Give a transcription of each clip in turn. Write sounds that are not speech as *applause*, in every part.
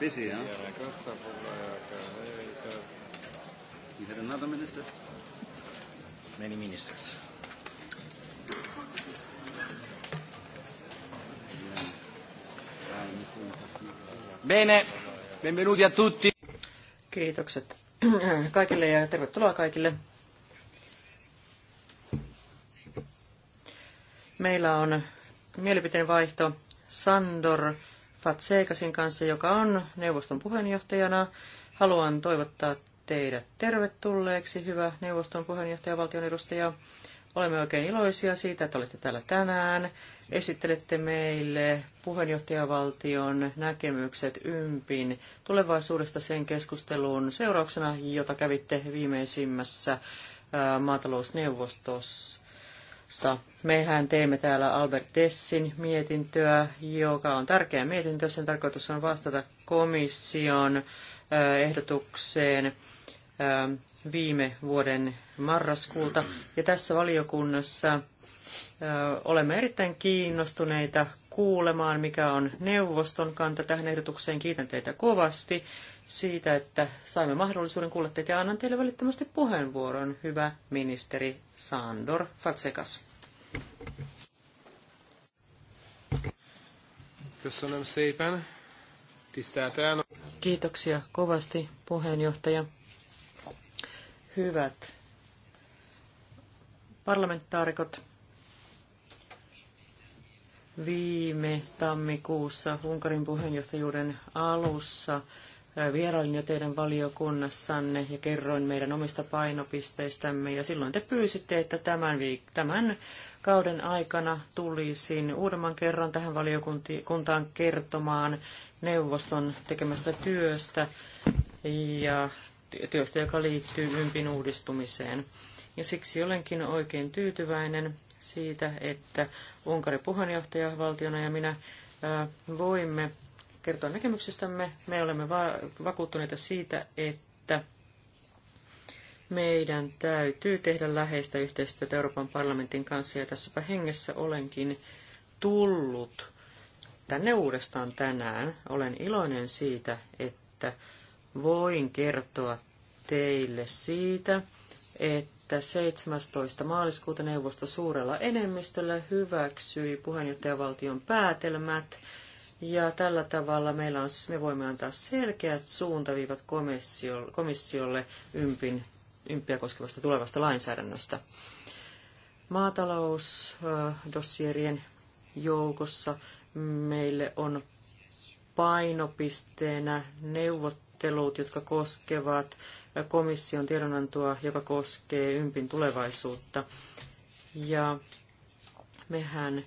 busy, huh? You had another minister? Many ministers. Bene, benvenuti a tutti. Kiitokset kaikille ja tervetuloa kaikille. Meillä on mielipiteen vaihto Sandor Fatseikasin kanssa, joka on neuvoston puheenjohtajana. Haluan toivottaa teidät tervetulleeksi, hyvä neuvoston puheenjohtaja, valtion edustaja. Olemme oikein iloisia siitä, että olette täällä tänään. Esittelette meille puheenjohtajavaltion näkemykset ympin tulevaisuudesta sen keskustelun seurauksena, jota kävitte viimeisimmässä maatalousneuvostossa kanssa. Mehän teemme täällä Albert Dessin mietintöä, joka on tärkeä mietintö. Sen tarkoitus on vastata komission ehdotukseen viime vuoden marraskuulta. Ja tässä valiokunnassa olemme erittäin kiinnostuneita kuulemaan, mikä on neuvoston kanta tähän ehdotukseen. Kiitän teitä kovasti siitä, että saimme mahdollisuuden kuulla teitä ja annan teille välittömästi puheenvuoron, hyvä ministeri Sandor Fatsekas. Kiitoksia kovasti, puheenjohtaja. Hyvät parlamentaarikot, viime tammikuussa Unkarin puheenjohtajuuden alussa vierailin jo teidän valiokunnassanne ja kerroin meidän omista painopisteistämme. Ja silloin te pyysitte, että tämän, viik- tämän kauden aikana tulisin uudemman kerran tähän valiokuntaan kertomaan neuvoston tekemästä työstä ja työstä, joka liittyy ympin uudistumiseen. Ja siksi olenkin oikein tyytyväinen siitä, että Unkari puheenjohtajavaltiona ja minä voimme kertoa näkemyksestämme. Me olemme va- vakuuttuneita siitä, että meidän täytyy tehdä läheistä yhteistyötä Euroopan parlamentin kanssa ja tässäpä hengessä olenkin tullut tänne uudestaan tänään. Olen iloinen siitä, että voin kertoa teille siitä, että 17. maaliskuuta neuvosto suurella enemmistöllä hyväksyi puheenjohtajavaltion päätelmät ja tällä tavalla meillä on, me voimme antaa selkeät suuntaviivat komissiolle, komissiolle ympin, ympiä koskevasta tulevasta lainsäädännöstä. Maatalousdossierien joukossa meille on painopisteenä neuvottelut, jotka koskevat komission tiedonantoa, joka koskee ympin tulevaisuutta. Ja mehän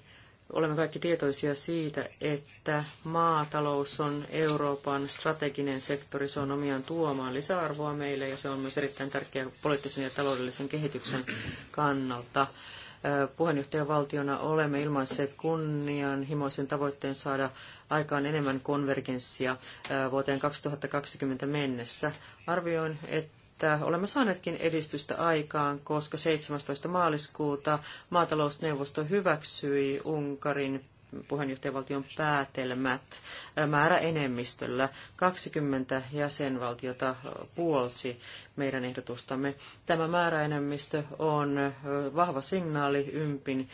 olemme kaikki tietoisia siitä, että maatalous on Euroopan strateginen sektori, se on omiaan tuomaan lisäarvoa meille ja se on myös erittäin tärkeä poliittisen ja taloudellisen kehityksen kannalta. Puheenjohtajavaltiona olemme ilmaisseet kunnianhimoisen tavoitteen saada aikaan enemmän konvergenssia vuoteen 2020 mennessä. Arvioin, että että olemme saaneetkin edistystä aikaan, koska 17. maaliskuuta maatalousneuvosto hyväksyi Unkarin puheenjohtajavaltion päätelmät määräenemmistöllä. 20 jäsenvaltiota puolsi meidän ehdotustamme. Tämä määräenemmistö on vahva signaali ympin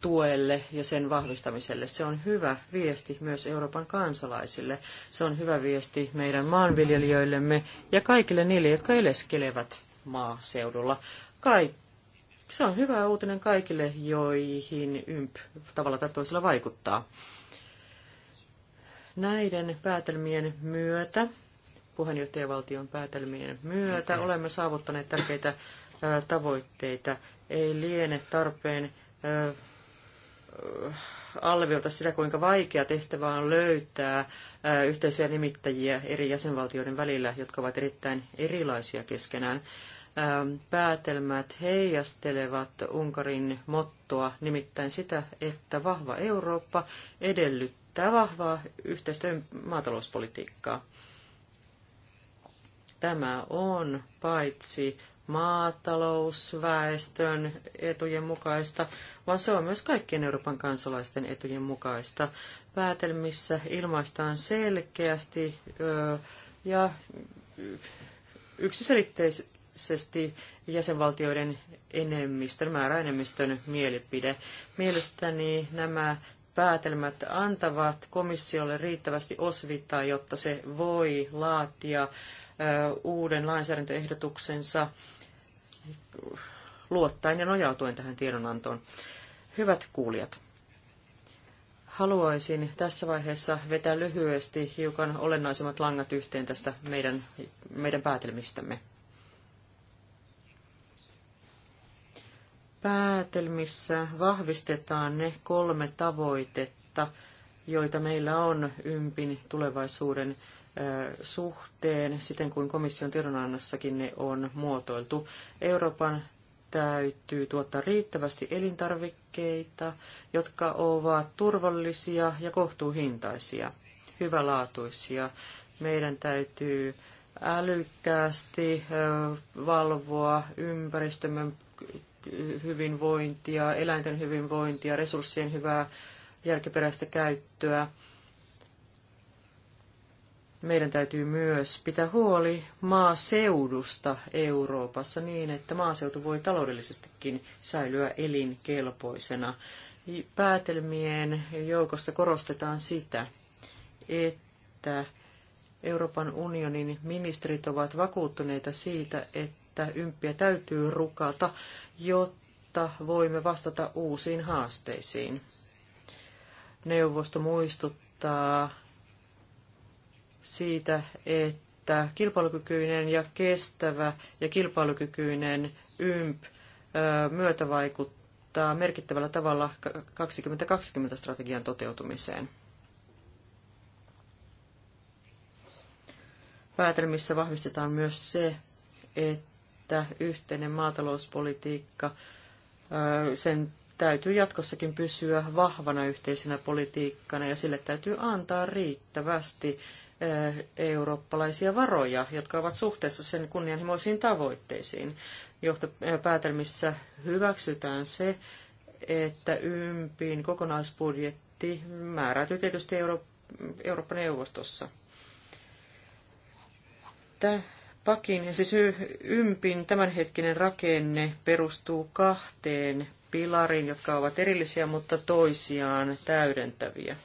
tuelle ja sen vahvistamiselle. Se on hyvä viesti myös Euroopan kansalaisille. Se on hyvä viesti meidän maanviljelijöillemme ja kaikille niille, jotka eleskelevät maaseudulla. Kaik- se on hyvä uutinen kaikille, joihin YMP tavalla tai toisella vaikuttaa. Näiden päätelmien myötä, puheenjohtajavaltion päätelmien myötä, olemme saavuttaneet tärkeitä tavoitteita. Ei liene tarpeen alleviota sitä, kuinka vaikea tehtävä on löytää yhteisiä nimittäjiä eri jäsenvaltioiden välillä, jotka ovat erittäin erilaisia keskenään. Päätelmät heijastelevat Unkarin mottoa, nimittäin sitä, että vahva Eurooppa edellyttää vahvaa yhteistä maatalouspolitiikkaa. Tämä on paitsi maatalousväestön etujen mukaista, vaan se on myös kaikkien Euroopan kansalaisten etujen mukaista. Päätelmissä ilmaistaan selkeästi ja yksiselitteisesti jäsenvaltioiden enemmistön, määräenemmistön mielipide. Mielestäni nämä päätelmät antavat komissiolle riittävästi osvittaa, jotta se voi laatia uuden lainsäädäntöehdotuksensa luottaen ja nojautuen tähän tiedonantoon. Hyvät kuulijat, haluaisin tässä vaiheessa vetää lyhyesti hiukan olennaisimmat langat yhteen tästä meidän, meidän päätelmistämme. Päätelmissä vahvistetaan ne kolme tavoitetta, joita meillä on ympin tulevaisuuden suhteen, siten kuin komission tiedonannossakin ne on muotoiltu. Euroopan täytyy tuottaa riittävästi elintarvikkeita, jotka ovat turvallisia ja kohtuuhintaisia, hyvälaatuisia. Meidän täytyy älykkäästi valvoa ympäristömme hyvinvointia, eläinten hyvinvointia, resurssien hyvää järkiperäistä käyttöä meidän täytyy myös pitää huoli maaseudusta Euroopassa niin, että maaseutu voi taloudellisestikin säilyä elinkelpoisena. Päätelmien joukossa korostetaan sitä, että Euroopan unionin ministerit ovat vakuuttuneita siitä, että ympiä täytyy rukata, jotta voimme vastata uusiin haasteisiin. Neuvosto muistuttaa siitä, että kilpailukykyinen ja kestävä ja kilpailukykyinen YMP myötävaikuttaa merkittävällä tavalla 2020-strategian toteutumiseen. Päätelmissä vahvistetaan myös se, että yhteinen maatalouspolitiikka, sen täytyy jatkossakin pysyä vahvana yhteisenä politiikkana ja sille täytyy antaa riittävästi eurooppalaisia varoja, jotka ovat suhteessa sen kunnianhimoisiin tavoitteisiin. Johtopäätelmissä hyväksytään se, että ympin kokonaisbudjetti määräytyy tietysti Euro- Euroopan neuvostossa. Tämä pakin, siis ympin tämänhetkinen rakenne perustuu kahteen pilariin, jotka ovat erillisiä, mutta toisiaan täydentäviä.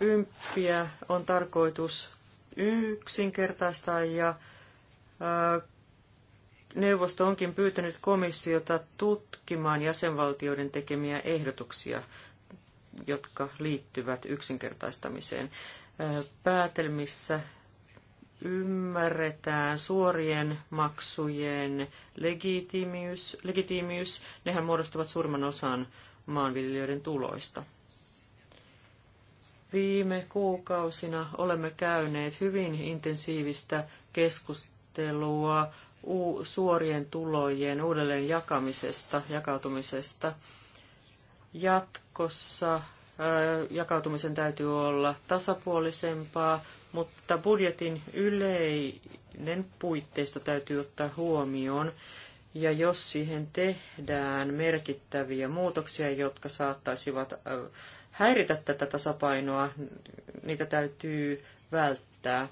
Ympiä on tarkoitus yksinkertaistaa ja neuvosto onkin pyytänyt komissiota tutkimaan jäsenvaltioiden tekemiä ehdotuksia, jotka liittyvät yksinkertaistamiseen. Päätelmissä ymmärretään suorien maksujen legitiimiys. legitiimiys. Nehän muodostavat suurimman osan maanviljelijöiden tuloista. Viime kuukausina olemme käyneet hyvin intensiivistä keskustelua suorien tulojen uudelleen jakamisesta, jakautumisesta. Jatkossa jakautumisen täytyy olla tasapuolisempaa, mutta budjetin yleinen puitteisto täytyy ottaa huomioon. Ja jos siihen tehdään merkittäviä muutoksia, jotka saattaisivat häiritä tätä tasapainoa, niitä täytyy välttää.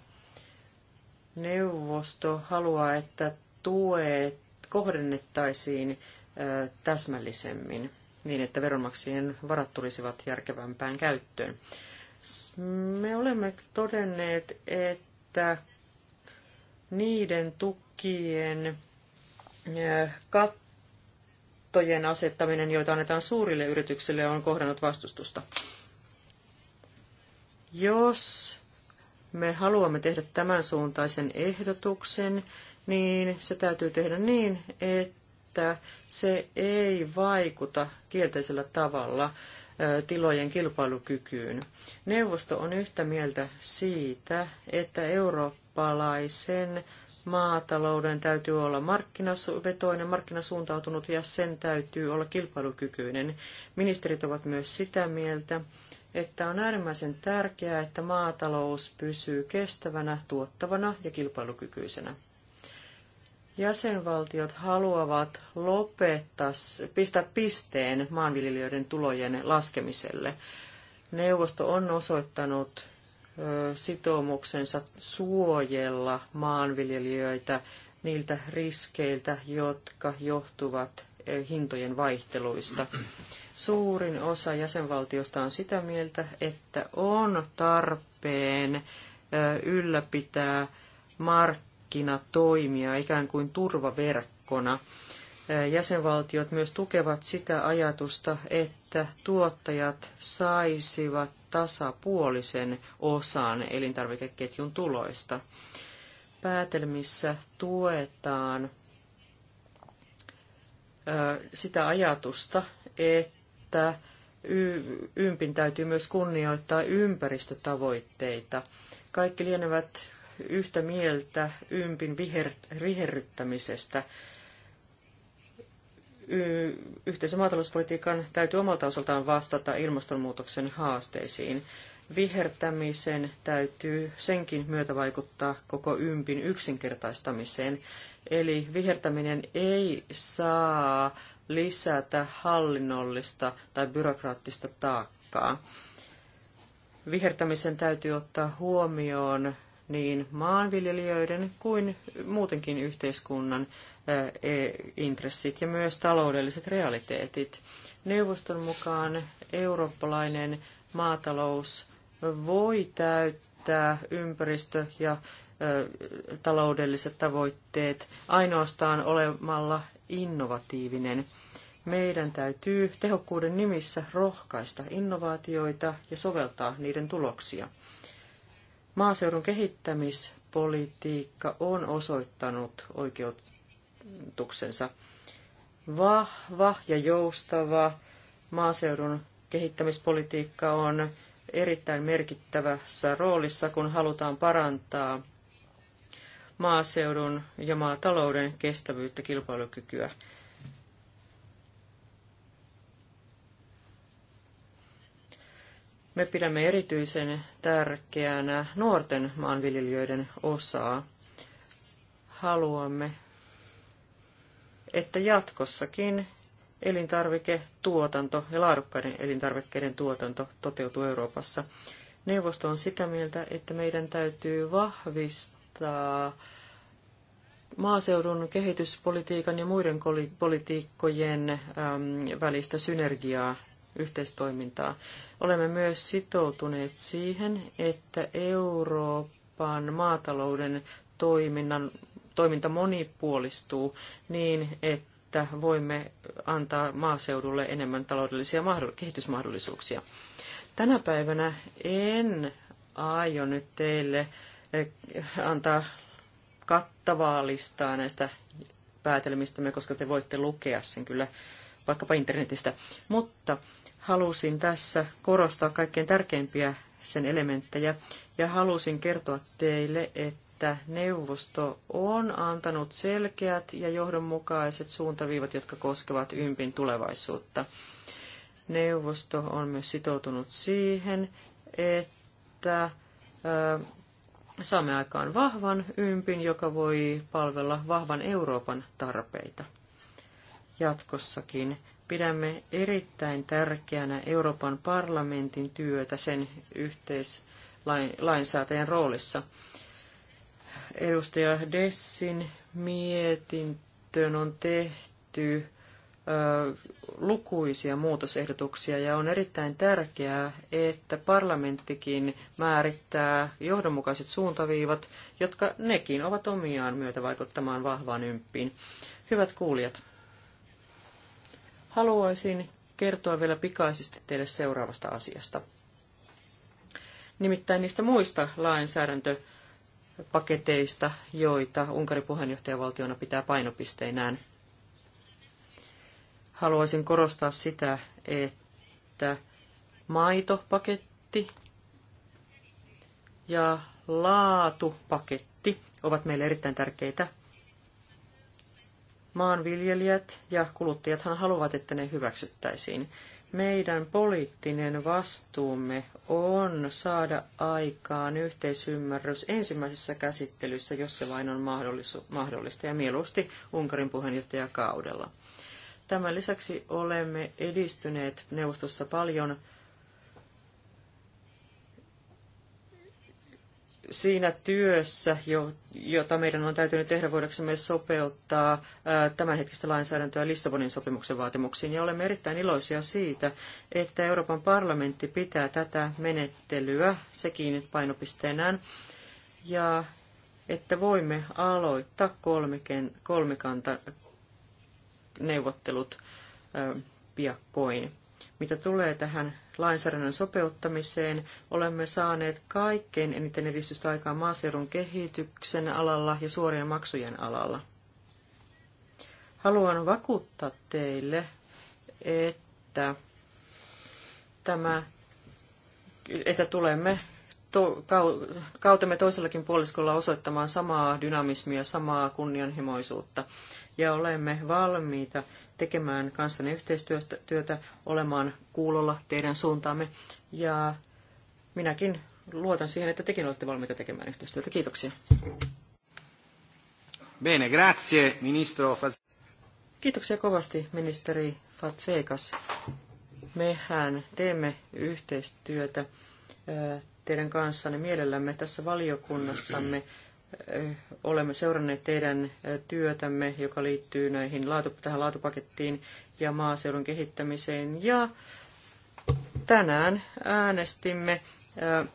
Neuvosto haluaa, että tuet kohdennettaisiin täsmällisemmin niin, että veronmaksajien varat tulisivat järkevämpään käyttöön. Me olemme todenneet, että niiden tukien kat kattojen asettaminen, joita annetaan suurille yrityksille, on kohdannut vastustusta. Jos me haluamme tehdä tämän suuntaisen ehdotuksen, niin se täytyy tehdä niin, että se ei vaikuta kielteisellä tavalla tilojen kilpailukykyyn. Neuvosto on yhtä mieltä siitä, että eurooppalaisen maatalouden täytyy olla markkinavetoinen, markkinasuuntautunut ja sen täytyy olla kilpailukykyinen. Ministerit ovat myös sitä mieltä, että on äärimmäisen tärkeää, että maatalous pysyy kestävänä, tuottavana ja kilpailukykyisenä. Jäsenvaltiot haluavat lopettaa, pistää pisteen maanviljelijöiden tulojen laskemiselle. Neuvosto on osoittanut sitoumuksensa suojella maanviljelijöitä niiltä riskeiltä, jotka johtuvat hintojen vaihteluista. Suurin osa jäsenvaltioista on sitä mieltä, että on tarpeen ylläpitää markkinatoimia ikään kuin turvaverkkona. Jäsenvaltiot myös tukevat sitä ajatusta, että tuottajat saisivat tasapuolisen osan elintarvikeketjun tuloista. Päätelmissä tuetaan sitä ajatusta, että ympin täytyy myös kunnioittaa ympäristötavoitteita. Kaikki lienevät yhtä mieltä ympin viher, viherryttämisestä yhteisen maatalouspolitiikan täytyy omalta osaltaan vastata ilmastonmuutoksen haasteisiin. Vihertämisen täytyy senkin myötä vaikuttaa koko ympin yksinkertaistamiseen. Eli vihertäminen ei saa lisätä hallinnollista tai byrokraattista taakkaa. Vihertämisen täytyy ottaa huomioon niin maanviljelijöiden kuin muutenkin yhteiskunnan E, intressit ja myös taloudelliset realiteetit. Neuvoston mukaan eurooppalainen maatalous voi täyttää ympäristö- ja taloudelliset tavoitteet ainoastaan olemalla innovatiivinen. Meidän täytyy tehokkuuden nimissä rohkaista innovaatioita ja soveltaa niiden tuloksia. Maaseudun kehittämispolitiikka on osoittanut oikeut, ehdotuksensa. Vahva ja joustava maaseudun kehittämispolitiikka on erittäin merkittävässä roolissa, kun halutaan parantaa maaseudun ja maatalouden kestävyyttä kilpailukykyä. Me pidämme erityisen tärkeänä nuorten maanviljelijöiden osaa. Haluamme että jatkossakin elintarviketuotanto ja laadukkaiden elintarvikkeiden tuotanto toteutuu Euroopassa. Neuvosto on sitä mieltä, että meidän täytyy vahvistaa maaseudun kehityspolitiikan ja muiden politiikkojen välistä synergiaa, yhteistoimintaa. Olemme myös sitoutuneet siihen, että Euroopan maatalouden toiminnan toiminta monipuolistuu niin, että voimme antaa maaseudulle enemmän taloudellisia kehitysmahdollisuuksia. Tänä päivänä en aio nyt teille eh, antaa kattavaa listaa näistä päätelmistämme, koska te voitte lukea sen kyllä vaikkapa internetistä. Mutta halusin tässä korostaa kaikkein tärkeimpiä sen elementtejä ja halusin kertoa teille, että että neuvosto on antanut selkeät ja johdonmukaiset suuntaviivat, jotka koskevat ympin tulevaisuutta. Neuvosto on myös sitoutunut siihen, että saamme aikaan vahvan ympin, joka voi palvella vahvan Euroopan tarpeita. Jatkossakin pidämme erittäin tärkeänä Euroopan parlamentin työtä sen yhteislainsäätäjän roolissa. Edustaja Dessin mietintöön on tehty lukuisia muutosehdotuksia ja on erittäin tärkeää, että parlamenttikin määrittää johdonmukaiset suuntaviivat, jotka nekin ovat omiaan vaikuttamaan vahvaan ymppiin. Hyvät kuulijat, haluaisin kertoa vielä pikaisesti teille seuraavasta asiasta. Nimittäin niistä muista lainsäädäntö paketeista, joita Unkari puheenjohtajavaltiona pitää painopisteinään. Haluaisin korostaa sitä, että maitopaketti ja laatupaketti ovat meille erittäin tärkeitä. Maanviljelijät ja kuluttajathan haluavat, että ne hyväksyttäisiin. Meidän poliittinen vastuumme on saada aikaan yhteisymmärrys ensimmäisessä käsittelyssä, jos se vain on mahdollista, ja mieluusti Unkarin puheenjohtajakaudella. Tämän lisäksi olemme edistyneet neuvostossa paljon siinä työssä, jota meidän on täytynyt tehdä, voidaksemme sopeuttaa tämänhetkistä lainsäädäntöä Lissabonin sopimuksen vaatimuksiin. Ja olemme erittäin iloisia siitä, että Euroopan parlamentti pitää tätä menettelyä, sekin painopisteenään, ja että voimme aloittaa kolmiken, kolmikantaneuvottelut piakkoin. Mitä tulee tähän lainsäädännön sopeuttamiseen. Olemme saaneet kaikkein eniten edistystä aikaan maaseudun kehityksen alalla ja suorien maksujen alalla. Haluan vakuuttaa teille, että tämä, että tulemme kautemme toisellakin puoliskolla osoittamaan samaa dynamismia, samaa kunnianhimoisuutta ja olemme valmiita tekemään kanssanne yhteistyötä, olemaan kuulolla teidän suuntaamme ja minäkin luotan siihen, että tekin olette valmiita tekemään yhteistyötä. Kiitoksia. Bene, grazie, ministro Kiitoksia kovasti, ministeri Fatsekas. Mehän teemme yhteistyötä teidän kanssanne mielellämme tässä valiokunnassamme Eh, olemme seuranneet teidän eh, työtämme, joka liittyy näihin laatu, tähän laatupakettiin ja maaseudun kehittämiseen. Ja tänään äänestimme eh,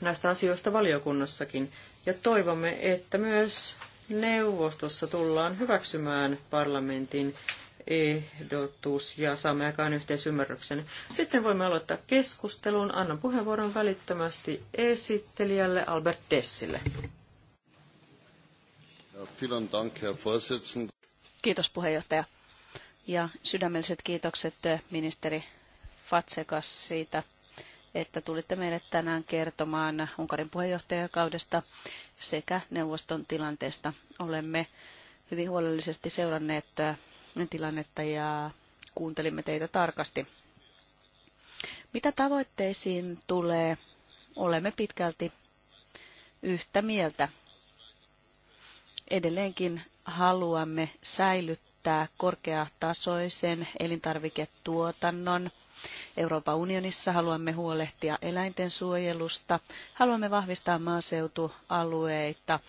näistä asioista valiokunnassakin ja toivomme, että myös neuvostossa tullaan hyväksymään parlamentin ehdotus ja saamme aikaan yhteisymmärryksen. Sitten voimme aloittaa keskustelun. Annan puheenvuoron välittömästi esittelijälle Albert Dessille. Kiitos puheenjohtaja ja sydämelliset kiitokset eh, ministeri Fatsekas siitä, että tulitte meille tänään kertomaan Unkarin puheenjohtajakaudesta sekä neuvoston tilanteesta. Olemme hyvin huolellisesti seuranneet eh, tilannetta ja kuuntelimme teitä tarkasti. Mitä tavoitteisiin tulee, olemme pitkälti yhtä mieltä edelleenkin haluamme säilyttää korkeatasoisen elintarviketuotannon. Euroopan unionissa haluamme huolehtia eläinten suojelusta, haluamme vahvistaa maaseutualueita,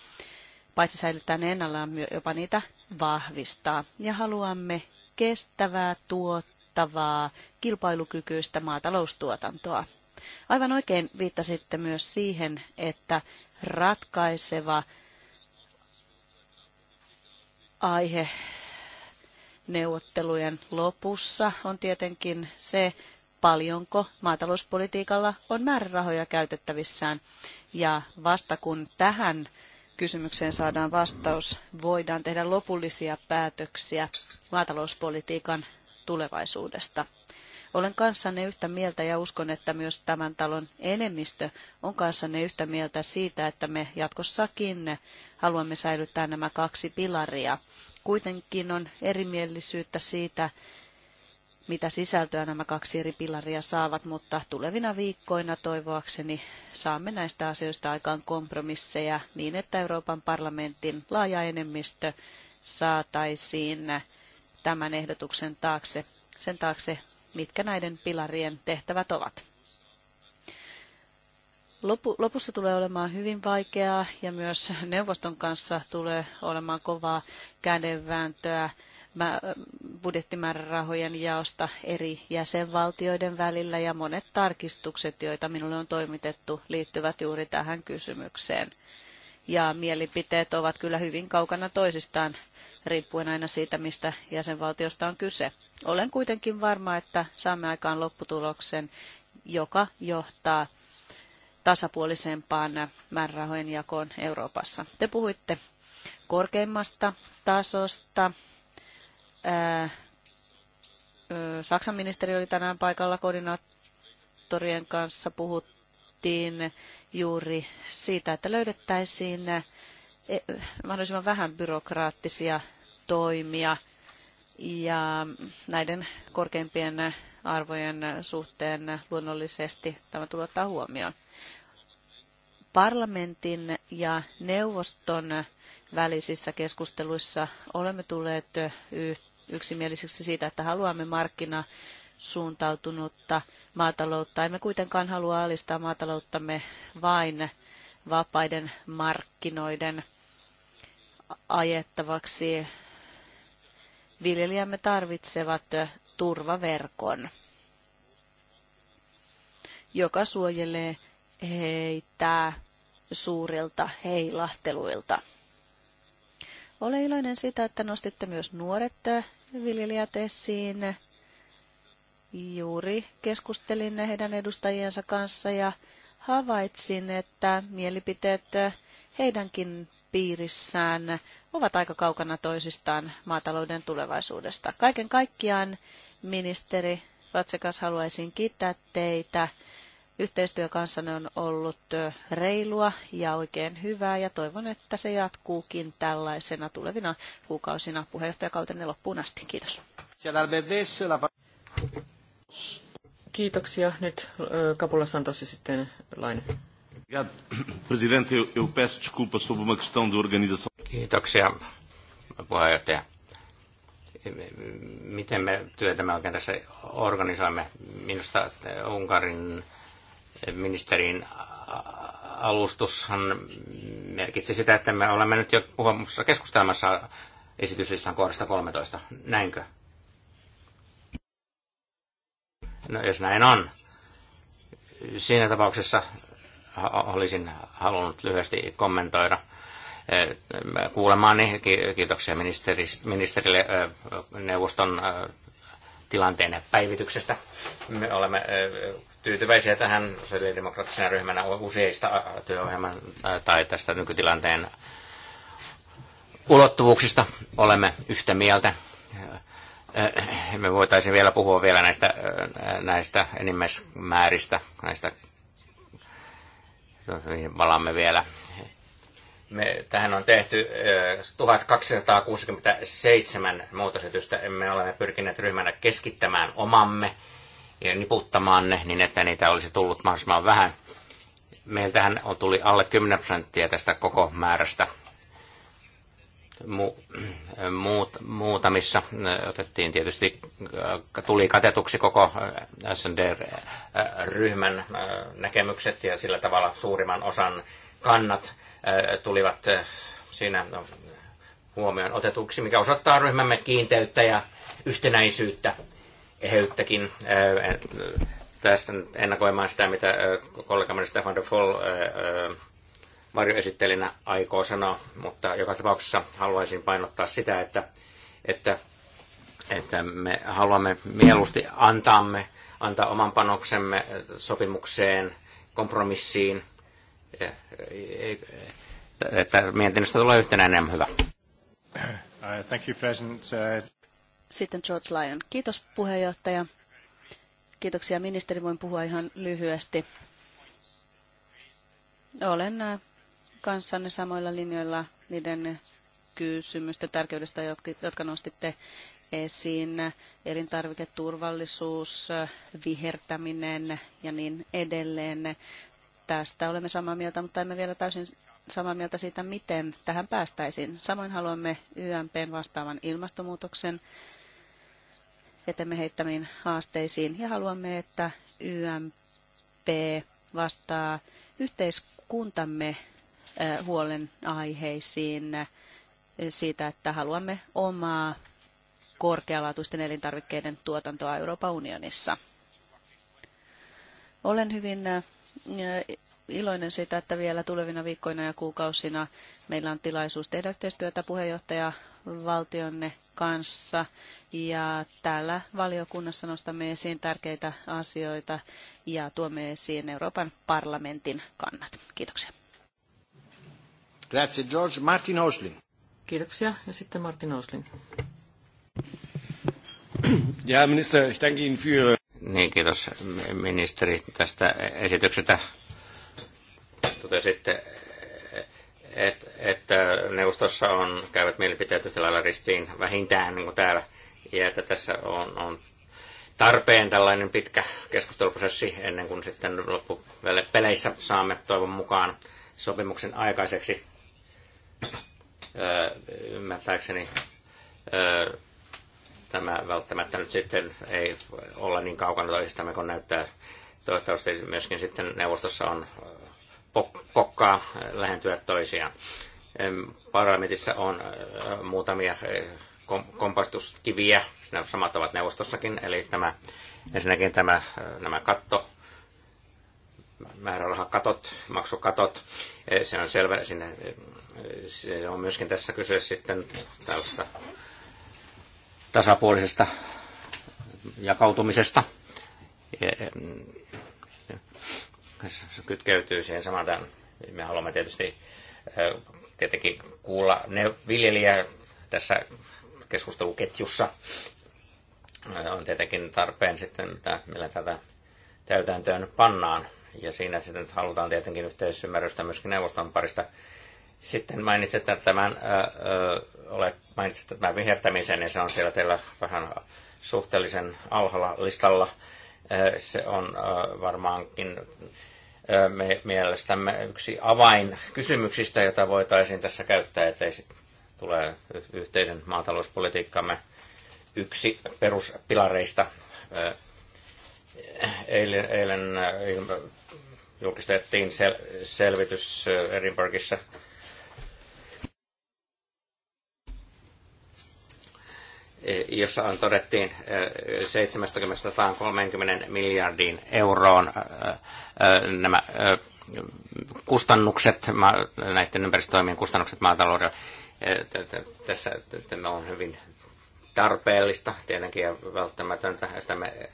paitsi säilyttää ne ennallaan, jopa niitä vahvistaa. Ja haluamme kestävää, tuottavaa, kilpailukykyistä maataloustuotantoa. Aivan oikein viittasitte myös siihen, että ratkaiseva aihe neuvottelujen lopussa on tietenkin se, paljonko maatalouspolitiikalla on määrärahoja käytettävissään. Ja vasta kun tähän kysymykseen saadaan vastaus, voidaan tehdä lopullisia päätöksiä maatalouspolitiikan tulevaisuudesta. Olen kanssanne yhtä mieltä ja uskon, että myös tämän talon enemmistö on kanssanne yhtä mieltä siitä, että me jatkossakin haluamme säilyttää nämä kaksi pilaria. Kuitenkin on erimielisyyttä siitä, mitä sisältöä nämä kaksi eri pilaria saavat, mutta tulevina viikkoina toivoakseni saamme näistä asioista aikaan kompromisseja niin, että Euroopan parlamentin laaja enemmistö saataisiin tämän ehdotuksen taakse, sen taakse, mitkä näiden pilarien tehtävät ovat. Lopussa tulee olemaan hyvin vaikeaa ja myös neuvoston kanssa tulee olemaan kovaa kädenvääntöä budjettimäärärahojen jaosta eri jäsenvaltioiden välillä ja monet tarkistukset, joita minulle on toimitettu, liittyvät juuri tähän kysymykseen. Ja mielipiteet ovat kyllä hyvin kaukana toisistaan, riippuen aina siitä, mistä jäsenvaltiosta on kyse. Olen kuitenkin varma, että saamme aikaan lopputuloksen, joka johtaa tasapuolisempaan määrärahojen jakoon Euroopassa. Te puhuitte korkeimmasta tasosta. Saksan ministeri oli tänään paikalla koordinaattorien kanssa. Puhuttiin juuri siitä, että löydettäisiin e, mahdollisimman vähän byrokraattisia toimia – ja näiden korkeimpien arvojen suhteen luonnollisesti tämä tulee ottaa huomioon. Parlamentin ja neuvoston välisissä keskusteluissa olemme tulleet yksimielisiksi siitä, että haluamme markkina suuntautunutta maataloutta. Emme kuitenkaan halua alistaa maatalouttamme vain vapaiden markkinoiden ajettavaksi viljelijämme tarvitsevat turvaverkon, joka suojelee heitä suurilta heilahteluilta. Ole iloinen sitä, että nostitte myös nuoret viljelijät esiin. Juuri keskustelin heidän edustajiensa kanssa ja havaitsin, että mielipiteet heidänkin piirissään ovat aika kaukana toisistaan maatalouden tulevaisuudesta. Kaiken kaikkiaan ministeri Vatsekas haluaisin kiittää teitä. Yhteistyö kanssanne on ollut reilua ja oikein hyvää ja toivon, että se jatkuukin tällaisena tulevina kuukausina puheenjohtajakautenne loppuun asti. Kiitos. Kiitoksia. Nyt Kapula Santos sitten Laine. *coughs* Presidente, eu peço desculpa sobre uma questão de organização. Kiitoksia, puheenjohtaja. Miten me työtämme oikein tässä organisoimme? Minusta Unkarin ministerin alustushan merkitsi sitä, että me olemme nyt jo puhumassa keskustelemassa esityslistan kohdasta 13. Näinkö? No jos näin on, siinä tapauksessa olisin halunnut lyhyesti kommentoida eh, kuulemaani. Kiitoksia ministerille eh, neuvoston eh, tilanteen päivityksestä. Me olemme tyytyväisiä tähän sosiaalidemokraattisena ryhmänä useista työohjelman tai tästä nykytilanteen ulottuvuuksista olemme yhtä mieltä. Me voitaisiin vielä puhua vielä näistä, näistä enimmäismääristä, näistä Niihin palaamme vielä. Me, tähän on tehty 1267 äh, muutosetystä. Me olemme pyrkineet ryhmänä keskittämään omamme ja niputtamaan ne niin, että niitä olisi tullut mahdollisimman vähän. Meiltähän tuli alle 10 prosenttia tästä koko määrästä – mu, muut, muutamissa otettiin tietysti, äh, tuli katetuksi koko äh, SND-ryhmän äh, näkemykset ja sillä tavalla suurimman osan kannat tulivat siinä no, huomioon otetuksi, mikä osoittaa ryhmämme kiinteyttä ja yhtenäisyyttä, eheyttäkin tässä ennakoimaan sitä, mitä kollegamme Stefan de Foll varjoesittelinä aikoo sanoa, mutta joka tapauksessa haluaisin painottaa sitä, että, että, että me haluamme mieluusti antaamme, antaa oman panoksemme sopimukseen, kompromissiin, että mietinnöstä tulee yhtenäinen hyvä. Uh, thank you, President. Uh, Sitten George Lyon. Kiitos puheenjohtaja. Kiitoksia ministeri. Voin puhua ihan lyhyesti. Olen uh, kanssanne samoilla linjoilla niiden kysymysten tärkeydestä, jotka nostitte esiin, elintarviketurvallisuus, vihertäminen ja niin edelleen. Tästä olemme samaa mieltä, mutta emme vielä täysin samaa mieltä siitä, miten tähän päästäisiin. Samoin haluamme YMPn vastaavan ilmastonmuutoksen etemme heittämiin haasteisiin ja haluamme, että YMP vastaa yhteiskuntamme huolenaiheisiin siitä, että haluamme omaa korkealaatuisten elintarvikkeiden tuotantoa Euroopan unionissa. Olen hyvin iloinen siitä, että vielä tulevina viikkoina ja kuukausina meillä on tilaisuus tehdä yhteistyötä puheenjohtaja valtionne kanssa. Ja täällä valiokunnassa nostamme esiin tärkeitä asioita ja tuomme esiin Euroopan parlamentin kannat. Kiitoksia. Grazie George. Martin Osling. Kiitoksia. Ja sitten Martin Osling. Ja minister, ich danke Ihnen für... Niin, kiitos ministeri tästä esityksestä. Totesitte, että neuvostossa on, käyvät mielipiteet yhtä lailla ristiin vähintään niin kuin täällä, ja että tässä on, on tarpeen tällainen pitkä keskusteluprosessi ennen kuin sitten loppupeleissä saamme toivon mukaan sopimuksen aikaiseksi ymmärtääkseni tämä välttämättä nyt sitten ei olla niin kaukana toisistamme kuin näyttää. Toivottavasti myöskin sitten neuvostossa on kokkaa lähentyä toisiaan. Parlamentissa on muutamia kompastuskiviä, nämä samat ovat neuvostossakin, eli tämä, ensinnäkin tämä, nämä katto, määrärahakatot, maksukatot. E, se on selvä, sinne, e, se on myöskin tässä kyse sitten tällaista tasapuolisesta jakautumisesta. E, se kytkeytyy siihen samaan. Me haluamme tietysti tietenkin kuulla ne viljelijä tässä keskusteluketjussa. On tietenkin tarpeen sitten, millä tätä täytäntöön pannaan ja siinä sitten halutaan tietenkin yhteisymmärrystä myöskin neuvoston parista. Sitten mainitsit tämän, olet, mainitsit tämän vihertämisen, niin se on siellä teillä vähän suhteellisen alhaalla listalla. Se on varmaankin me, mielestämme yksi avain kysymyksistä, jota voitaisiin tässä käyttää, ettei sitten tulee yhteisen maatalouspolitiikkamme yksi peruspilareista. Eilen, eilen julkistettiin sel- selvitys Edinburghissa. E, jossa on todettiin 70 30 miljardin euroon nämä kustannukset, näiden ympäristötoimien kustannukset maataloudelle. E, tässä tämä on hyvin tarpeellista tietenkin ja välttämätöntä, että me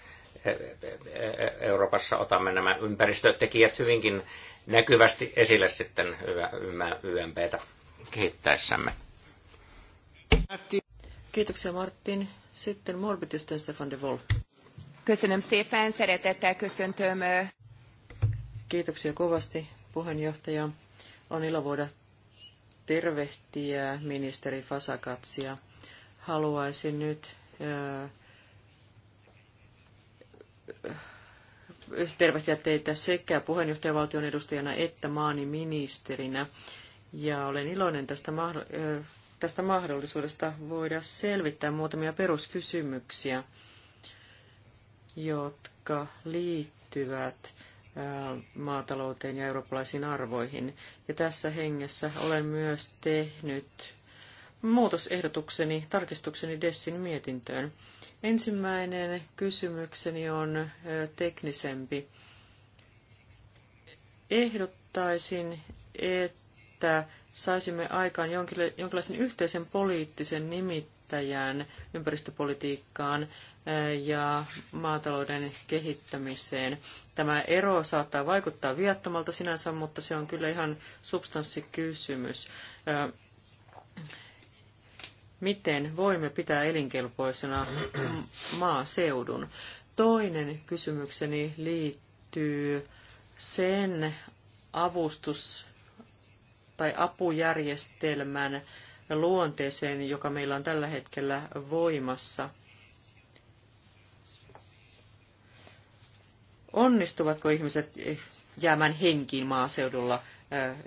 Euroopassa otamme nämä ympäristötekijät hyvinkin näkyvästi esille sitten YMPtä kehittäessämme. Kiitoksia Martin. Sitten Morbidista Stefan de Vol. Kiitoksia kovasti puheenjohtaja. On ilo voida tervehtiä ministeri Fasakatsia. Haluaisin nyt tervehtiä teitä sekä puheenjohtajavaltion edustajana että maani ministerinä. Ja olen iloinen tästä, tästä mahdollisuudesta voida selvittää muutamia peruskysymyksiä, jotka liittyvät maatalouteen ja eurooppalaisiin arvoihin. Ja tässä hengessä olen myös tehnyt muutosehdotukseni, tarkistukseni Dessin mietintöön. Ensimmäinen kysymykseni on teknisempi. Ehdottaisin, että saisimme aikaan jonkinlaisen yhteisen poliittisen nimittäjän ympäristöpolitiikkaan ja maatalouden kehittämiseen. Tämä ero saattaa vaikuttaa viattomalta sinänsä, mutta se on kyllä ihan substanssikysymys miten voimme pitää elinkelpoisena maaseudun. Toinen kysymykseni liittyy sen avustus- tai apujärjestelmän luonteeseen, joka meillä on tällä hetkellä voimassa. Onnistuvatko ihmiset jäämään henkiin maaseudulla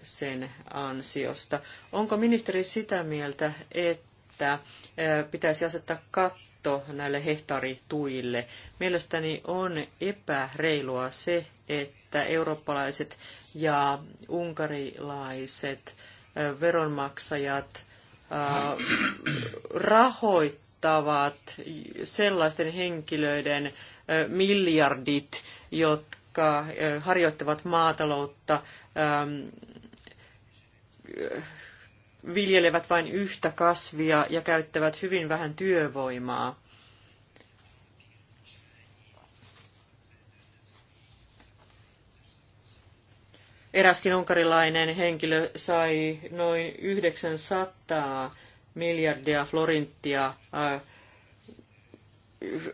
sen ansiosta? Onko ministeri sitä mieltä, että että Pitäisi asettaa katto näille hehtaarituille. Mielestäni on epäreilua se, että eurooppalaiset ja unkarilaiset veronmaksajat rahoittavat sellaisten henkilöiden miljardit, jotka harjoittavat maataloutta viljelevät vain yhtä kasvia ja käyttävät hyvin vähän työvoimaa. Eräskin unkarilainen henkilö sai noin 900 miljardia florinttia. Äh,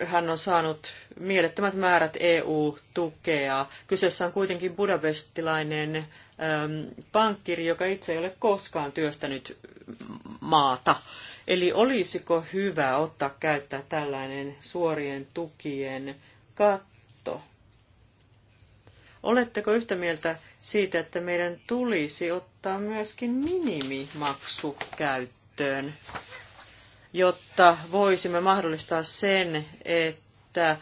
hän on saanut mielettömät määrät EU-tukea. Kyseessä on kuitenkin budapestilainen Ähm, pankkiri, joka itse ei ole koskaan työstänyt maata. Eli olisiko hyvä ottaa käyttää tällainen suorien tukien katto? Oletteko yhtä mieltä siitä, että meidän tulisi ottaa myöskin minimimaksu käyttöön, jotta voisimme mahdollistaa sen, että äh,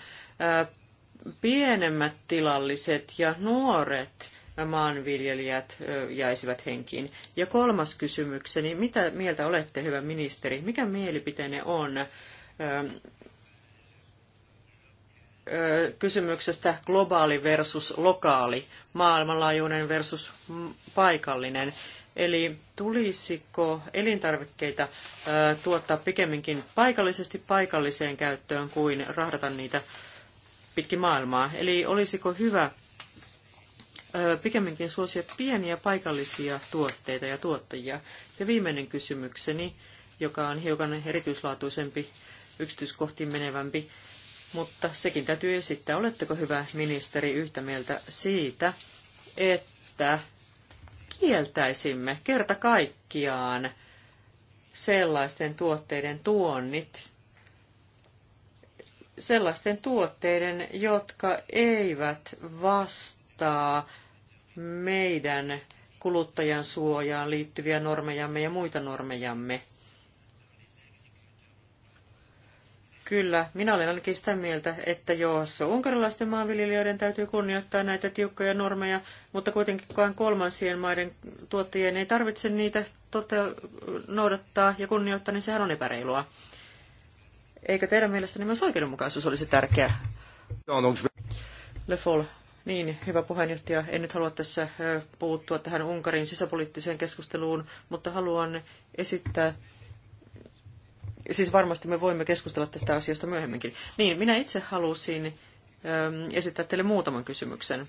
pienemmät tilalliset ja nuoret maanviljelijät jäisivät henkiin. Ja kolmas kysymykseni, mitä mieltä olette, hyvä ministeri, mikä mielipiteenne on kysymyksestä globaali versus lokaali, maailmanlaajuinen versus paikallinen. Eli tulisiko elintarvikkeita tuottaa pikemminkin paikallisesti paikalliseen käyttöön kuin rahdata niitä pitkin maailmaa? Eli olisiko hyvä pikemminkin suosia pieniä paikallisia tuotteita ja tuottajia. Ja viimeinen kysymykseni, joka on hiukan erityislaatuisempi, yksityiskohtiin menevämpi, mutta sekin täytyy esittää. Oletteko hyvä ministeri yhtä mieltä siitä, että kieltäisimme kerta kaikkiaan sellaisten tuotteiden tuonnit, sellaisten tuotteiden, jotka eivät vastaa meidän kuluttajan suojaan liittyviä normejamme ja muita normejamme. Kyllä, minä olen ainakin sitä mieltä, että jos unkarilaisten maanviljelijöiden täytyy kunnioittaa näitä tiukkoja normeja, mutta kuitenkin kolmansien maiden tuottajien ei tarvitse niitä tote- noudattaa ja kunnioittaa, niin sehän on epäreilua. Eikä teidän mielestänne myös oikeudenmukaisuus olisi tärkeää? No, Le Folle. Niin, hyvä puheenjohtaja. En nyt halua tässä puuttua tähän Unkarin sisäpoliittiseen keskusteluun, mutta haluan esittää siis varmasti me voimme keskustella tästä asiasta myöhemminkin. Niin, minä itse halusin esittää teille muutaman kysymyksen.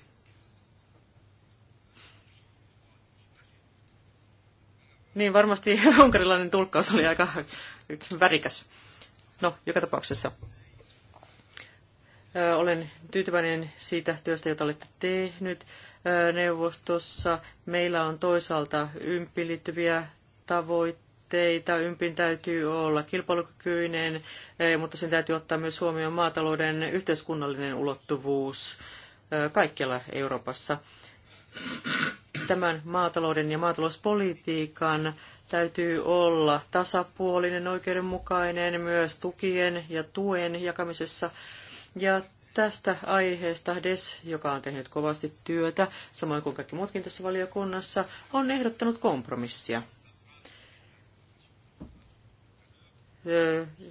Niin, varmasti *laughs* unkarilainen tulkkaus oli aika värikäs. No, joka tapauksessa. Olen tyytyväinen siitä työstä, jota olette tehnyt neuvostossa. Meillä on toisaalta ympiin liittyviä tavoitteita. Ympin täytyy olla kilpailukykyinen, mutta sen täytyy ottaa myös huomioon maatalouden yhteiskunnallinen ulottuvuus kaikkialla Euroopassa. Tämän maatalouden ja maatalouspolitiikan täytyy olla tasapuolinen, oikeudenmukainen myös tukien ja tuen jakamisessa – ja tästä aiheesta DES, joka on tehnyt kovasti työtä, samoin kuin kaikki muutkin tässä valiokunnassa, on ehdottanut kompromissia.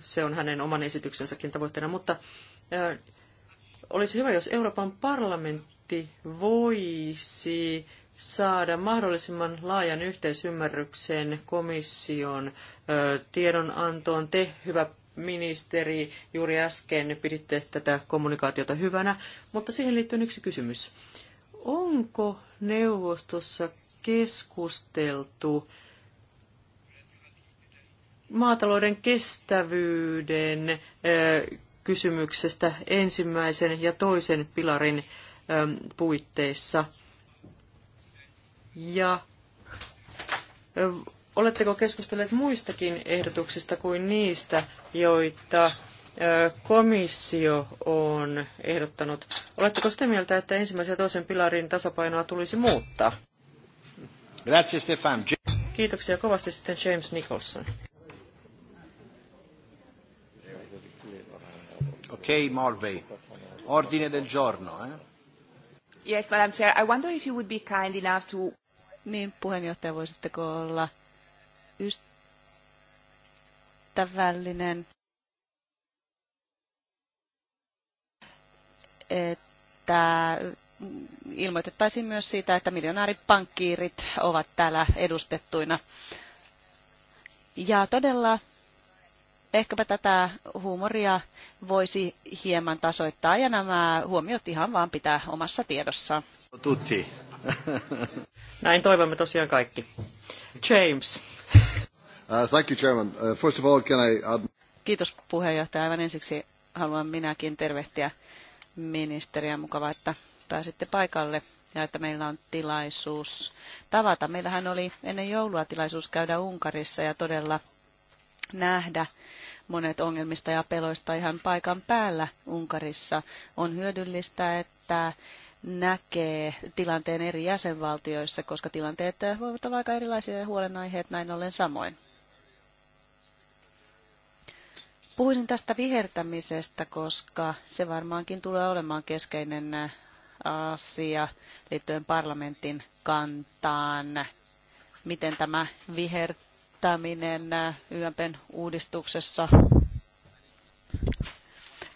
Se on hänen oman esityksensäkin tavoitteena, mutta olisi hyvä, jos Euroopan parlamentti voisi saada mahdollisimman laajan yhteisymmärryksen komission tiedonantoon. Te, hyvä ministeri, juuri äsken piditte tätä kommunikaatiota hyvänä, mutta siihen liittyy yksi kysymys. Onko neuvostossa keskusteltu maatalouden kestävyyden kysymyksestä ensimmäisen ja toisen pilarin puitteissa? Ja Oletteko keskustelleet muistakin ehdotuksista kuin niistä, joita komissio on ehdottanut? Oletteko sitä mieltä, että ensimmäisen ja toisen pilarin tasapainoa tulisi muuttaa? Kiitoksia kovasti sitten James Nicholson. Okei, okay, Morvey. Ordine del giorno, eh? Yes, Madam Chair, I wonder if you would be kind enough to... Niin, puheenjohtaja, voisitteko olla ystävällinen, että ilmoitettaisiin myös siitä, että miljonääripankkiirit ovat täällä edustettuina. Ja todella ehkäpä tätä huumoria voisi hieman tasoittaa ja nämä huomiot ihan vaan pitää omassa tiedossaan. Tutti. Näin toivomme tosiaan kaikki. James. Uh, uh, Kiitos puheenjohtaja. Aivan ensiksi haluan minäkin tervehtiä ministeriä. Mukava, että pääsitte paikalle ja että meillä on tilaisuus tavata. Meillähän oli ennen joulua tilaisuus käydä Unkarissa ja todella nähdä monet ongelmista ja peloista ihan paikan päällä Unkarissa. On hyödyllistä, että näkee tilanteen eri jäsenvaltioissa, koska tilanteet voivat olla aika erilaisia ja huolenaiheet näin ollen samoin. Puhuisin tästä vihertämisestä, koska se varmaankin tulee olemaan keskeinen äh, asia liittyen parlamentin kantaan. Miten tämä vihertäminen äh, YMPn uudistuksessa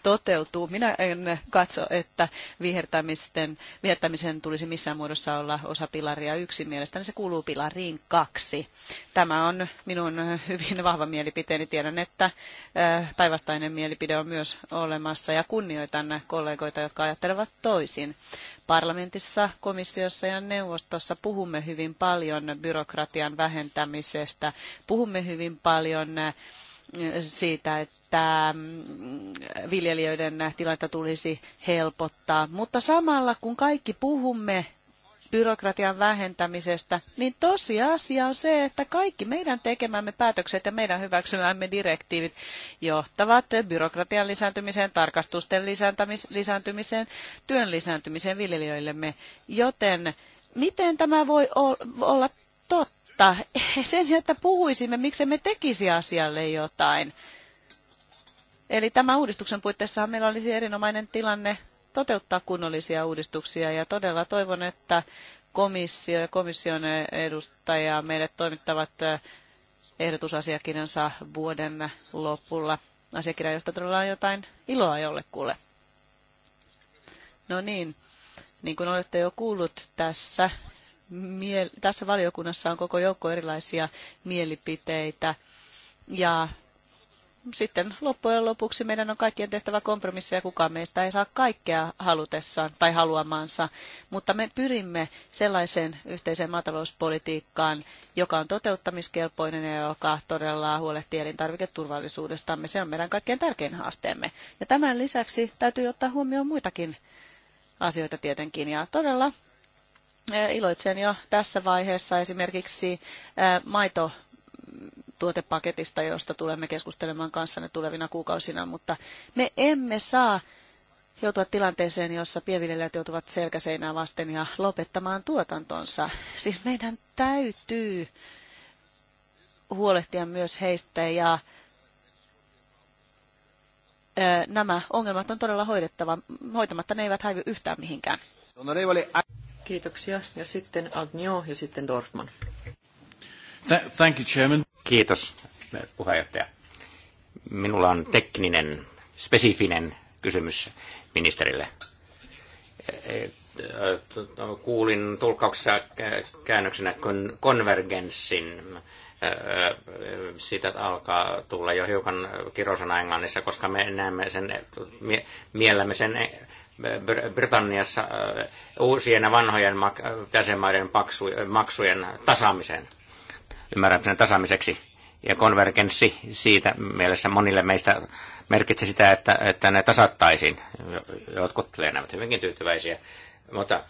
toteutuu. Minä en katso, että vihertämisen tulisi missään muodossa olla osa pilaria yksi. Mielestäni se kuuluu pilariin kaksi. Tämä on minun hyvin vahva mielipiteeni. Tiedän, että äh, päinvastainen mielipide on myös olemassa ja kunnioitan kollegoita, jotka ajattelevat toisin. Parlamentissa, komissiossa ja neuvostossa puhumme hyvin paljon byrokratian vähentämisestä. Puhumme hyvin paljon äh, siitä, että että mm, viljelijöiden tilannetta tulisi helpottaa. Mutta samalla kun kaikki puhumme byrokratian vähentämisestä, niin tosiasia on se, että kaikki meidän tekemämme päätökset ja meidän hyväksymämme direktiivit johtavat byrokratian lisääntymiseen, tarkastusten lisääntymiseen, työn lisääntymiseen viljelijöillemme. Joten miten tämä voi olla totta? *laughs* Sen sijaan, että puhuisimme, miksi me tekisi asialle jotain. Eli tämän uudistuksen puitteissa meillä olisi erinomainen tilanne toteuttaa kunnollisia uudistuksia ja todella toivon, että komissio ja komission edustaja meille toimittavat eh, ehdotusasiakirjansa vuoden lopulla. Asiakirja, josta todella on jotain iloa jollekulle. No niin, niin kuin olette jo kuullut tässä, tässä valiokunnassa on koko joukko erilaisia mielipiteitä ja sitten loppujen lopuksi meidän on kaikkien tehtävä kompromisseja, kukaan meistä ei saa kaikkea halutessaan tai haluamansa, mutta me pyrimme sellaiseen yhteiseen maatalouspolitiikkaan, joka on toteuttamiskelpoinen ja joka todella huolehtii elintarviketurvallisuudestamme. Se on meidän kaikkein tärkein haasteemme. Ja tämän lisäksi täytyy ottaa huomioon muitakin asioita tietenkin ja todella eh, iloitsen jo tässä vaiheessa esimerkiksi eh, maito tuotepaketista, josta tulemme keskustelemaan kanssanne tulevina kuukausina, mutta me emme saa joutua tilanteeseen, jossa pienviljelijät joutuvat selkäseinään vasten ja lopettamaan tuotantonsa. Siis meidän täytyy huolehtia myös heistä ja nämä ongelmat on todella hoidettava. Hoitamatta ne eivät häivy yhtään mihinkään. Kiitoksia. Ja sitten Agnio ja sitten Dorfman. Thank you, Chairman. Kiitos, puheenjohtaja. Minulla on tekninen, spesifinen kysymys ministerille. Kuulin tulkauksessa käännöksenä konvergenssin siitä alkaa tulla jo hiukan kirosana Englannissa, koska me näemme sen, miellämme sen Britanniassa uusien ja vanhojen jäsenmaiden maksujen tasaamiseen ymmärrämisen tasaamiseksi. Ja konvergenssi siitä mielessä monille meistä merkitsi sitä, että, että ne tasattaisiin. Jotkut lienevät hyvinkin tyytyväisiä. Mutta,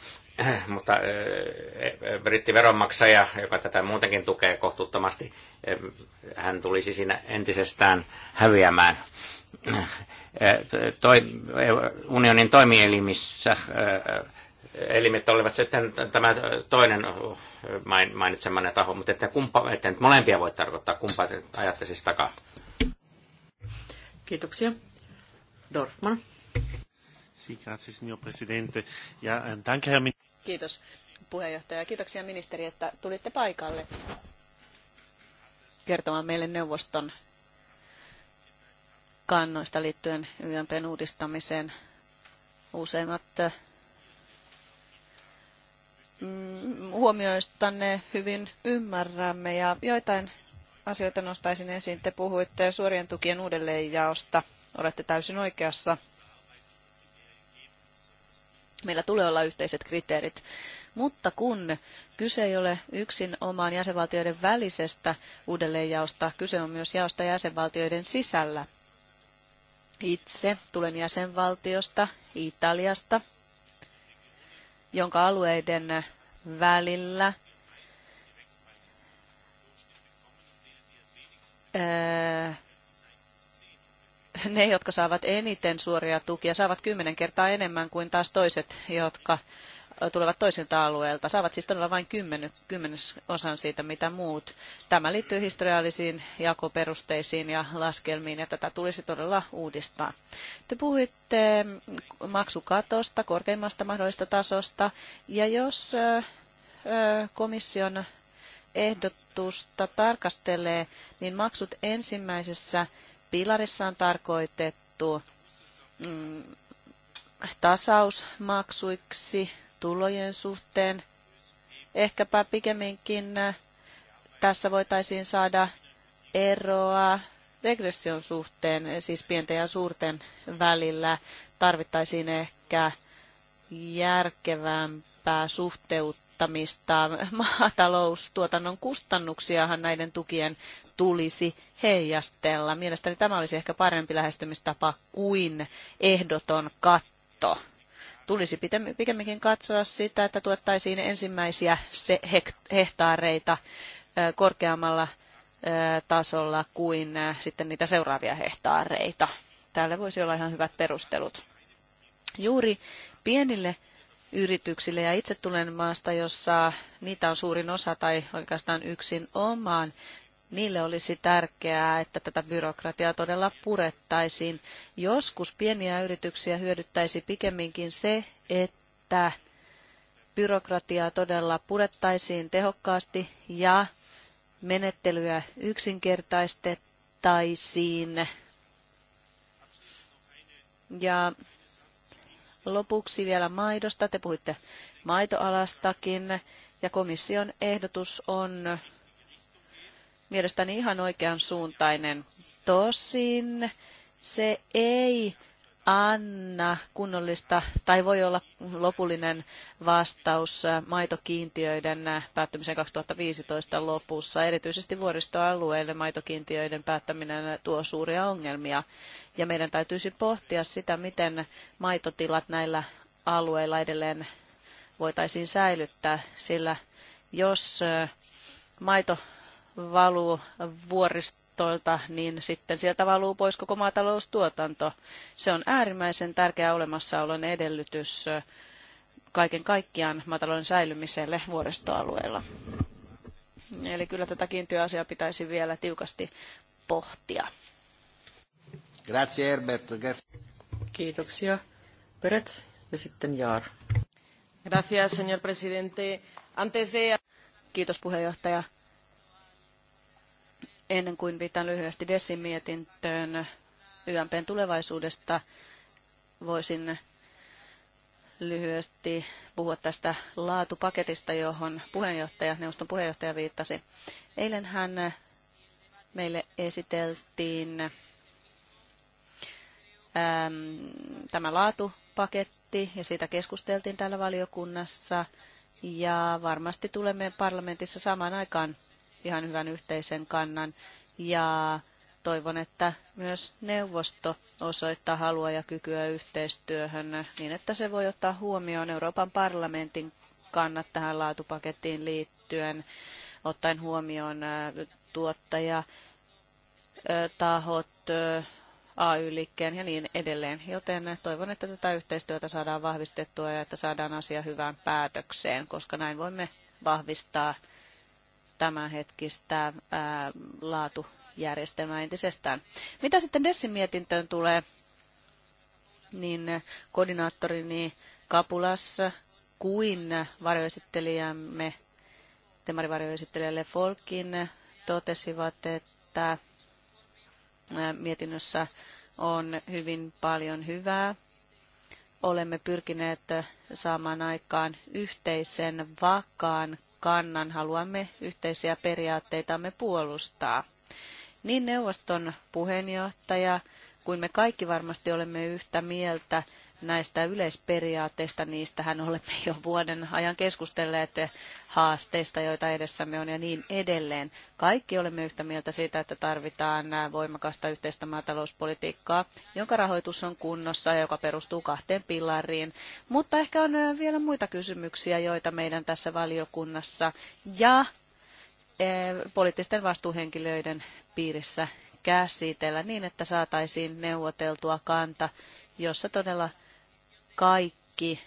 *clears throat* mutta eh, eh, veronmaksaja, joka tätä muutenkin tukee kohtuuttomasti, eh, hän tulisi siinä entisestään häviämään unionin toimielimissä elimet olivat sitten tämä toinen mainitsemainen taho, mutta että, kumpa, että nyt molempia voi tarkoittaa, kumpa ajatte siis takaa. Kiitoksia. Dorfman. Eh, Kiitos puheenjohtaja. Kiitoksia ministeri, että tulitte paikalle kertomaan meille neuvoston kannoista liittyen YMPn uudistamiseen. Useimmat eh, Mm, huomioistanne hyvin ymmärrämme ja joitain asioita nostaisin esiin. Te puhuitte suorien tukien uudelleenjaosta. Olette täysin oikeassa. Meillä tulee olla yhteiset kriteerit. Mutta kun kyse ei ole yksin omaan jäsenvaltioiden välisestä uudelleenjaosta, kyse on myös jaosta jäsenvaltioiden sisällä. Itse tulen jäsenvaltiosta, Italiasta, jonka alueiden välillä öö, ne, jotka saavat eniten suoria tukia, saavat kymmenen kertaa enemmän kuin taas toiset, jotka tulevat toisilta alueilta, saavat siis todella vain kymmen, kymmenesosan siitä, mitä muut. Tämä liittyy historiallisiin jakoperusteisiin ja laskelmiin, ja tätä tulisi todella uudistaa. Te puhuitte maksukatosta, korkeimmasta mahdollisesta tasosta, ja jos komission ehdotusta tarkastelee, niin maksut ensimmäisessä pilarissa on tarkoitettu mm, tasausmaksuiksi tulojen suhteen. Ehkäpä pikemminkin äh, tässä voitaisiin saada eroa regression suhteen, äh, siis pienten ja suurten välillä. Tarvittaisiin ehkä järkevämpää suhteuttamista. *laughs* Maataloustuotannon kustannuksiahan näiden tukien tulisi heijastella. Mielestäni tämä olisi ehkä parempi lähestymistapa kuin ehdoton katto tulisi pikemminkin katsoa sitä, että tuettaisiin ensimmäisiä hehtaareita korkeammalla tasolla kuin sitten niitä seuraavia hehtaareita. Täällä voisi olla ihan hyvät perustelut. Juuri pienille yrityksille ja itse tulen maasta, jossa niitä on suurin osa tai oikeastaan yksin omaan, niille olisi tärkeää, että tätä byrokratiaa todella purettaisiin. Joskus pieniä yrityksiä hyödyttäisi pikemminkin se, että byrokratiaa todella purettaisiin tehokkaasti ja menettelyä yksinkertaistettaisiin. Ja lopuksi vielä maidosta. Te puhuitte maitoalastakin ja komission ehdotus on mielestäni ihan oikean suuntainen. Tosin se ei anna kunnollista tai voi olla lopullinen vastaus äh, maitokiintiöiden äh, päättymiseen 2015 lopussa. Erityisesti vuoristoalueille maitokiintiöiden päättäminen tuo suuria ongelmia ja meidän täytyisi pohtia sitä, miten maitotilat näillä alueilla edelleen voitaisiin säilyttää, sillä jos äh, maito valuu vuoristoilta, niin sitten sieltä valuu pois koko maataloustuotanto. Se on äärimmäisen tärkeä olemassaolon edellytys kaiken kaikkiaan maatalouden säilymiselle vuoristoalueilla. Eli kyllä tätä kiintiöasiaa pitäisi vielä tiukasti pohtia. Grazie Herbert. Kiitoksia. Perez ja sitten Jaar. Gracias, señor presidente. Antes de... Kiitos puheenjohtaja. Ennen kuin viitan lyhyesti Dessin mietintöön YMPn tulevaisuudesta, voisin lyhyesti puhua tästä laatupaketista, johon puheenjohtaja, neuvoston puheenjohtaja viittasi. Eilen hän meille esiteltiin äm, tämä laatupaketti ja siitä keskusteltiin täällä valiokunnassa ja varmasti tulemme parlamentissa samaan aikaan ihan hyvän yhteisen kannan ja toivon, että myös neuvosto osoittaa halua ja kykyä yhteistyöhön niin, että se voi ottaa huomioon Euroopan parlamentin kannat tähän laatupakettiin liittyen, ottaen huomioon tuottaja, tahot, AY-liikkeen ja niin edelleen. Joten toivon, että tätä yhteistyötä saadaan vahvistettua ja että saadaan asia hyvään päätökseen, koska näin voimme vahvistaa tämänhetkistä ää, laatujärjestelmää entisestään. Mitä sitten Dessin mietintöön tulee, niin koordinaattorini Kapulassa kuin varjoesittelijämme, demarivarjoesittelijälle Folkin totesivat, että mietinnössä on hyvin paljon hyvää. Olemme pyrkineet saamaan aikaan yhteisen vakaan kannan. Haluamme yhteisiä periaatteitamme puolustaa. Niin neuvoston puheenjohtaja kuin me kaikki varmasti olemme yhtä mieltä näistä yleisperiaatteista. Niistähän olemme jo vuoden ajan keskustelleet haasteista, joita edessämme on ja niin edelleen. Kaikki olemme yhtä mieltä siitä, että tarvitaan voimakasta yhteistä maatalouspolitiikkaa, jonka rahoitus on kunnossa ja joka perustuu kahteen pilariin. Mutta ehkä on vielä muita kysymyksiä, joita meidän tässä valiokunnassa ja e, poliittisten vastuuhenkilöiden piirissä käsitellä niin, että saataisiin neuvoteltua kanta, jossa todella kaikki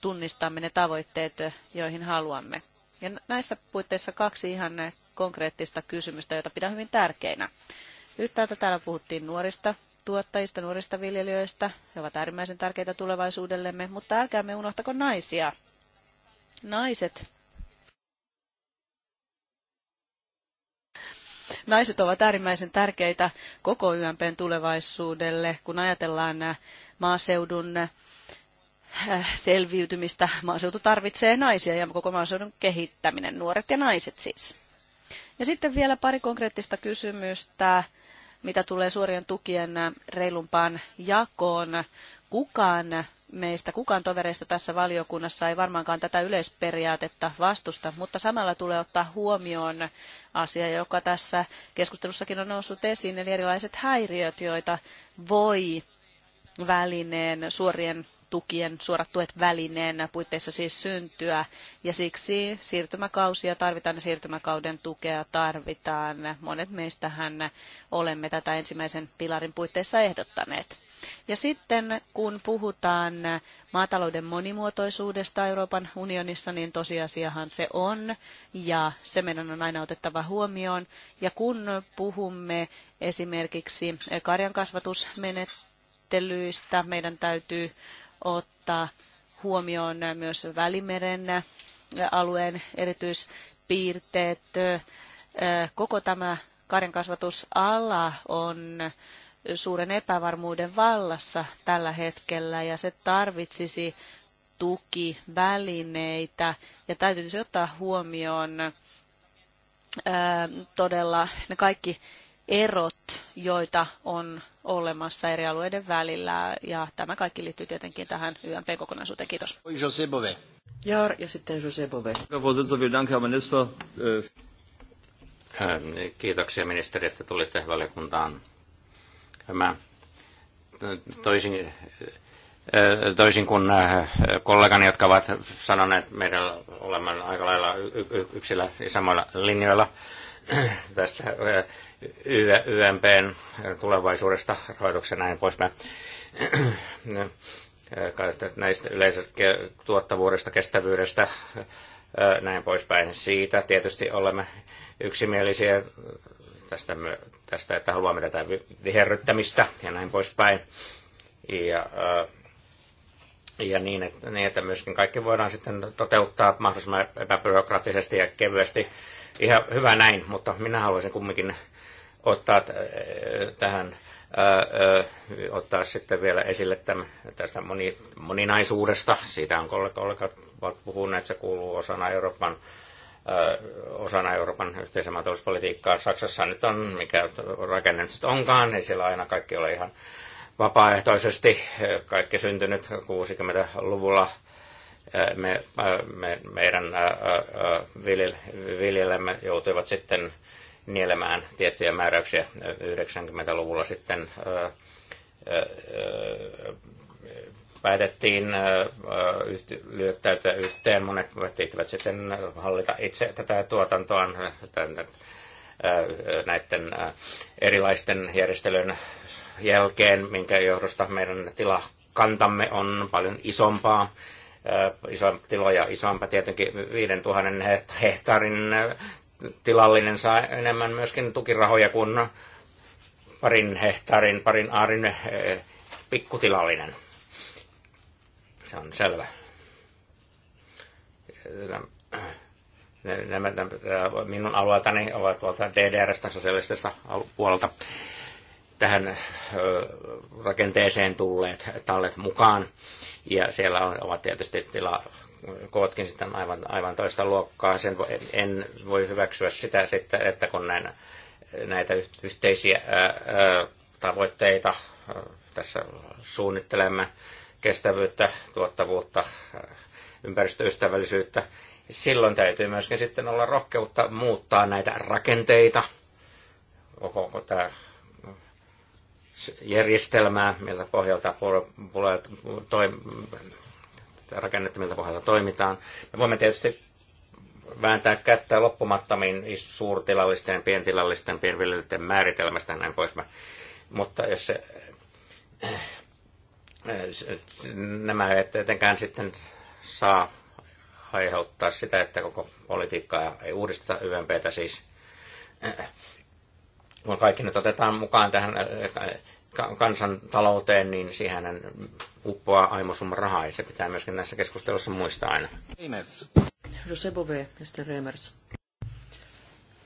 tunnistamme ne tavoitteet, joihin haluamme. Ja näissä puitteissa kaksi ihan konkreettista kysymystä, joita pidän hyvin tärkeinä. Yhtäältä täällä puhuttiin nuorista tuottajista, nuorista viljelijöistä. He ovat äärimmäisen tärkeitä tulevaisuudellemme, mutta älkäämme unohtako naisia. Naiset Naiset ovat äärimmäisen tärkeitä koko YMPn tulevaisuudelle, kun ajatellaan äh, maaseudun äh, selviytymistä. Maaseutu tarvitsee naisia ja koko maaseudun kehittäminen, nuoret ja naiset siis. Ja sitten vielä pari konkreettista kysymystä, mitä tulee suorien tukien äh, reilumpaan jakoon. Kukaan meistä, kukaan tovereista tässä valiokunnassa ei varmaankaan tätä yleisperiaatetta vastusta, mutta samalla tulee ottaa huomioon asia, joka tässä keskustelussakin on noussut esiin, eli erilaiset häiriöt, joita voi välineen, suorien tukien, suorat tuet välineen puitteissa siis syntyä. Ja siksi siirtymäkausia tarvitaan ja siirtymäkauden tukea tarvitaan. Monet meistähän olemme tätä ensimmäisen pilarin puitteissa ehdottaneet. Ja sitten kun puhutaan maatalouden monimuotoisuudesta Euroopan unionissa, niin tosiasiahan se on ja se meidän on aina otettava huomioon. Ja kun puhumme esimerkiksi karjankasvatusmenettelyistä, meidän täytyy ottaa huomioon myös Välimeren alueen erityispiirteet. Koko tämä karjankasvatusala on suuren epävarmuuden vallassa tällä hetkellä ja se tarvitsisi tukivälineitä ja täytyisi ottaa huomioon ää, todella ne kaikki erot, joita on olemassa eri alueiden välillä ja tämä kaikki liittyy tietenkin tähän YMP-kokonaisuuteen. Kiitos. José Bove. Jaar ja sitten Jose Bove. Äh, ähm, kiitoksia ministeri, että tulitte valiokuntaan Tämä toisin, äh, toisin kuin äh, kollegani, jotka ovat sanoneet meidän olemaan aika lailla yksillä ja samoilla linjoilla tästä äh, YMPn tulevaisuudesta, rahoituksen näin poispäin näistä yleisestä tuottavuudesta, kestävyydestä, näin poispäin. Siitä tietysti olemme yksimielisiä tästä, tästä että haluamme tätä viherryttämistä ja näin poispäin. Ja, äh, ja niin, että, niin, että myöskin kaikki voidaan sitten toteuttaa mahdollisimman epäbyrokraattisesti ja kevyesti. Ihan hyvä näin, mutta minä haluaisin kumminkin ottaa äh, tähän äh, ottaa sitten vielä esille tämän, tästä moni, moninaisuudesta. Siitä on kollegat puhuneet, se kuuluu osana Euroopan osana Euroopan yhteisen maatalouspolitiikkaa. Saksassa nyt on, mikä rakenne nyt onkaan, niin siellä aina kaikki ole ihan vapaaehtoisesti. Kaikki syntynyt 60-luvulla. Me, me, meidän viljelemme joutuivat sitten nielemään tiettyjä määräyksiä 90-luvulla sitten päätettiin lyöttäytyä yhteen. Monet liittyvät sitten hallita itse tätä tuotantoa näiden erilaisten järjestelyjen jälkeen, minkä johdosta meidän tilakantamme on paljon isompaa. Iso, tiloja isompaa tietenkin 5000 hehtaarin tilallinen saa enemmän myöskin tukirahoja kuin parin hehtaarin, parin aarin pikkutilallinen. Se on selvä. Nämä, nämä, minun alueeltani ovat tuolta DDRstä sosiaalisesta puolelta tähän rakenteeseen tulleet tallet mukaan. Ja siellä on, ovat tietysti tila, kootkin sitten aivan, aivan toista luokkaa. Sen voi, en voi hyväksyä sitä sitten, että kun näin, näitä yhteisiä ää, tavoitteita ää, tässä suunnittelemme, kestävyyttä, tuottavuutta, ympäristöystävällisyyttä. Silloin täytyy myöskin sitten olla rohkeutta muuttaa näitä rakenteita, koko tämä järjestelmää, miltä pohjalta toi, rakennetta, miltä pohjalta toimitaan. Me voimme tietysti vääntää kättä loppumattomiin suurtilallisten, pientilallisten, pienviljelijöiden määritelmästä ja näin poispäin. Mutta jos se nämä eivät tietenkään sitten saa aiheuttaa sitä, että koko politiikkaa ei uudisteta YMPtä siis. Kun kaikki nyt otetaan mukaan tähän kansantalouteen, niin siihen uppoaa aimosumma rahaa, ja se pitää myöskin näissä keskustelussa muistaa aina. Ines. Jose Bove ja sitten Remers.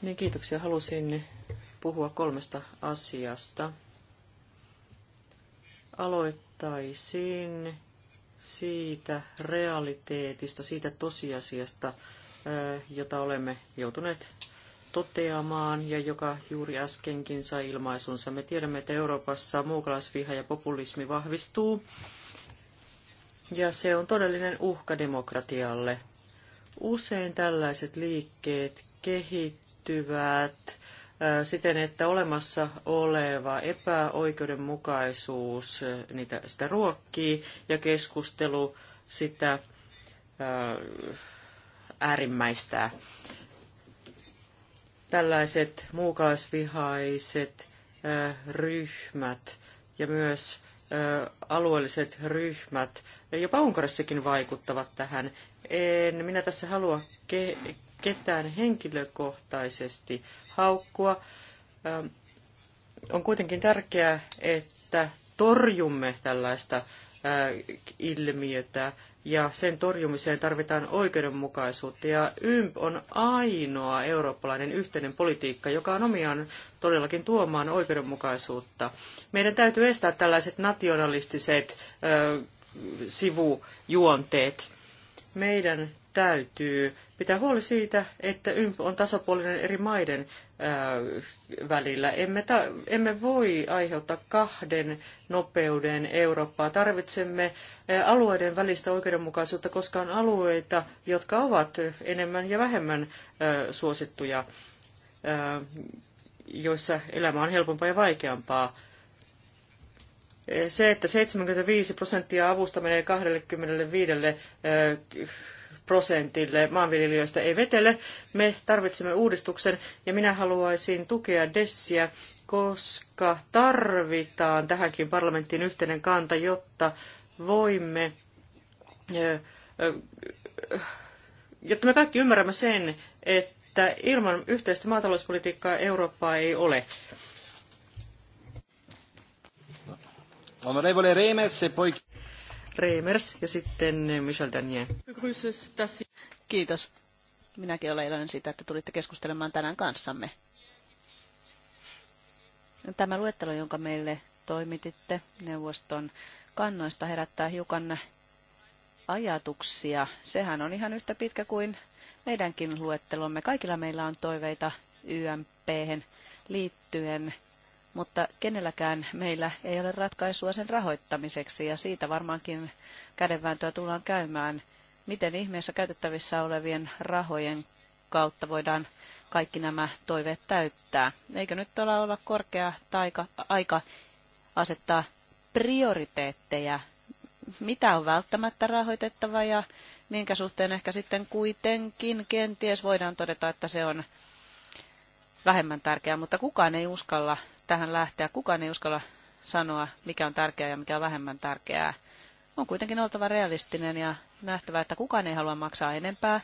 Niin, kiitoksia. Halusin puhua kolmesta asiasta. Aloittaisin siitä realiteetista, siitä tosiasiasta, jota olemme joutuneet toteamaan ja joka juuri äskenkin sai ilmaisunsa. Me tiedämme, että Euroopassa muukalaisviha ja populismi vahvistuu ja se on todellinen uhka demokratialle. Usein tällaiset liikkeet kehittyvät siten, että olemassa oleva epäoikeudenmukaisuus niitä, sitä ruokkii ja keskustelu sitä äärimmäistää. Tällaiset muukalaisvihaiset ryhmät ja myös alueelliset ryhmät, jopa Unkarissakin vaikuttavat tähän. En minä tässä halua ke- ketään henkilökohtaisesti haukkua. On kuitenkin tärkeää, että torjumme tällaista ilmiötä ja sen torjumiseen tarvitaan oikeudenmukaisuutta. Ja YMP on ainoa eurooppalainen yhteinen politiikka, joka on omiaan todellakin tuomaan oikeudenmukaisuutta. Meidän täytyy estää tällaiset nationalistiset ö, sivujuonteet. Meidän täytyy pitää huoli siitä, että YMP on tasapuolinen eri maiden välillä. Emme, ta, emme voi aiheuttaa kahden nopeuden Eurooppaa. Tarvitsemme alueiden välistä oikeudenmukaisuutta, koska on alueita, jotka ovat enemmän ja vähemmän suosittuja, joissa elämä on helpompaa ja vaikeampaa se, että 75 prosenttia avusta menee 25 prosentille maanviljelijöistä ei vetele. Me tarvitsemme uudistuksen ja minä haluaisin tukea Dessiä, koska tarvitaan tähänkin parlamenttiin yhteinen kanta, jotta voimme, jotta me kaikki ymmärrämme sen, että ilman yhteistä maatalouspolitiikkaa Eurooppaa ei ole. Onorevole Remes Reimers ja sitten Michel Danier. Kiitos. Minäkin olen iloinen siitä, että tulitte keskustelemaan tänään kanssamme. Tämä luettelo, jonka meille toimititte neuvoston kannoista, herättää hiukan ajatuksia. Sehän on ihan yhtä pitkä kuin meidänkin luettelomme. Kaikilla meillä on toiveita YMP liittyen mutta kenelläkään meillä ei ole ratkaisua sen rahoittamiseksi ja siitä varmaankin kädenvääntöä tullaan käymään. Miten ihmeessä käytettävissä olevien rahojen kautta voidaan kaikki nämä toiveet täyttää? Eikö nyt ole olla korkea taika, aika asettaa prioriteetteja, mitä on välttämättä rahoitettava ja minkä suhteen ehkä sitten kuitenkin kenties voidaan todeta, että se on vähemmän tärkeää, mutta kukaan ei uskalla tähän lähteä. Kukaan ei uskalla sanoa, mikä on tärkeää ja mikä on vähemmän tärkeää. On kuitenkin oltava realistinen ja nähtävä, että kukaan ei halua maksaa enempää,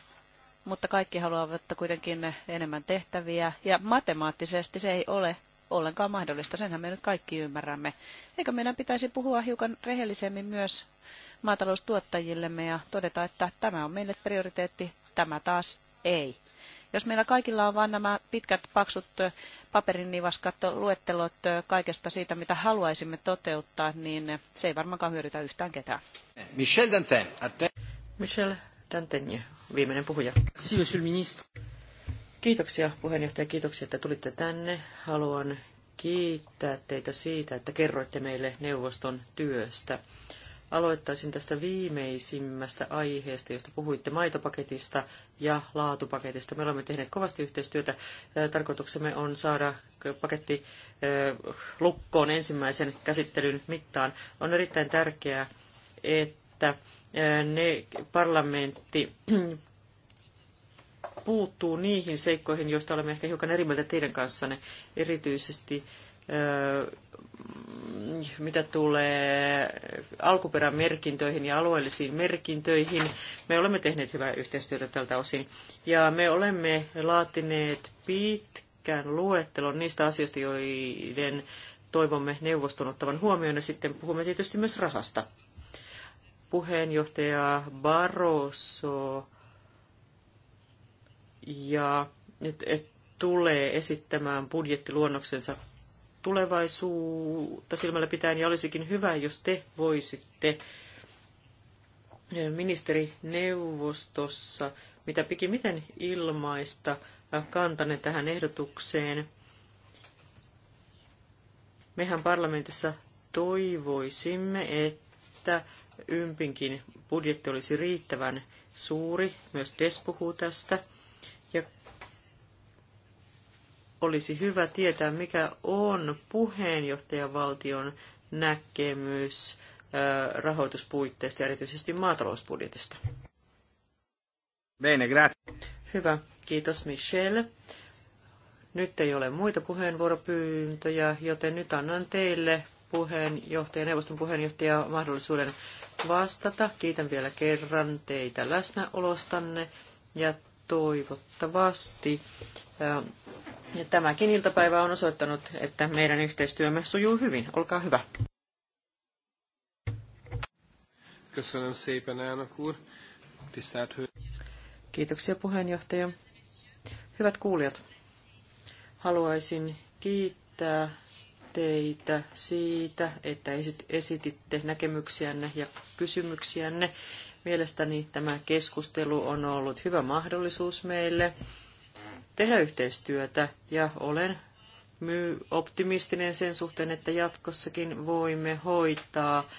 mutta kaikki haluavat kuitenkin enemmän tehtäviä. Ja matemaattisesti se ei ole ollenkaan mahdollista, senhän me nyt kaikki ymmärrämme. Eikö meidän pitäisi puhua hiukan rehellisemmin myös maataloustuottajillemme ja todeta, että tämä on meille prioriteetti, tämä taas ei. Jos meillä kaikilla on vain nämä pitkät, paksut paperinivaskat luettelot kaikesta siitä, mitä haluaisimme toteuttaa, niin se ei varmaankaan hyödytä yhtään ketään. Michel Dantin, Michel Dantin, viimeinen puhuja. Kiitoksia puheenjohtaja, kiitoksia, että tulitte tänne. Haluan kiittää teitä siitä, että kerroitte meille neuvoston työstä. Aloittaisin tästä viimeisimmästä aiheesta, josta puhuitte maitopaketista ja laatupaketista. Me olemme tehneet kovasti yhteistyötä. Tarkoituksemme on saada paketti lukkoon ensimmäisen käsittelyn mittaan. On erittäin tärkeää, että ne parlamentti *clears throat* puuttuu niihin seikkoihin, joista olemme ehkä hiukan eri mieltä teidän kanssanne, erityisesti mitä tulee alkuperämerkintöihin ja alueellisiin merkintöihin. Me olemme tehneet hyvää yhteistyötä tältä osin. Ja me olemme laatineet pitkän luettelon niistä asioista, joiden toivomme neuvoston ottavan huomioon. Ja sitten puhumme tietysti myös rahasta. Puheenjohtaja Barroso ja nyt, et, tulee esittämään budjettiluonnoksensa tulevaisuutta silmällä pitäen, ja olisikin hyvä, jos te voisitte ministerineuvostossa mitä pikimiten ilmaista kantanne tähän ehdotukseen. Mehän parlamentissa toivoisimme, että ympinkin budjetti olisi riittävän suuri. Myös Des puhuu tästä. olisi hyvä tietää, mikä on puheenjohtajavaltion näkemys rahoituspuitteista, erityisesti maatalousbudjetista. Bene, grazie. Hyvä, kiitos Michelle. Nyt ei ole muita puheenvuoropyyntöjä, joten nyt annan teille puheenjohtaja, neuvoston puheenjohtaja mahdollisuuden vastata. Kiitän vielä kerran teitä läsnäolostanne ja toivottavasti ja tämäkin iltapäivä on osoittanut, että meidän yhteistyömme sujuu hyvin. Olkaa hyvä. Kiitoksia puheenjohtaja. Hyvät kuulijat, haluaisin kiittää teitä siitä, että esititte näkemyksiänne ja kysymyksiänne. Mielestäni tämä keskustelu on ollut hyvä mahdollisuus meille tehdä yhteistyötä ja olen optimistinen sen suhteen, että jatkossakin voimme hoitaa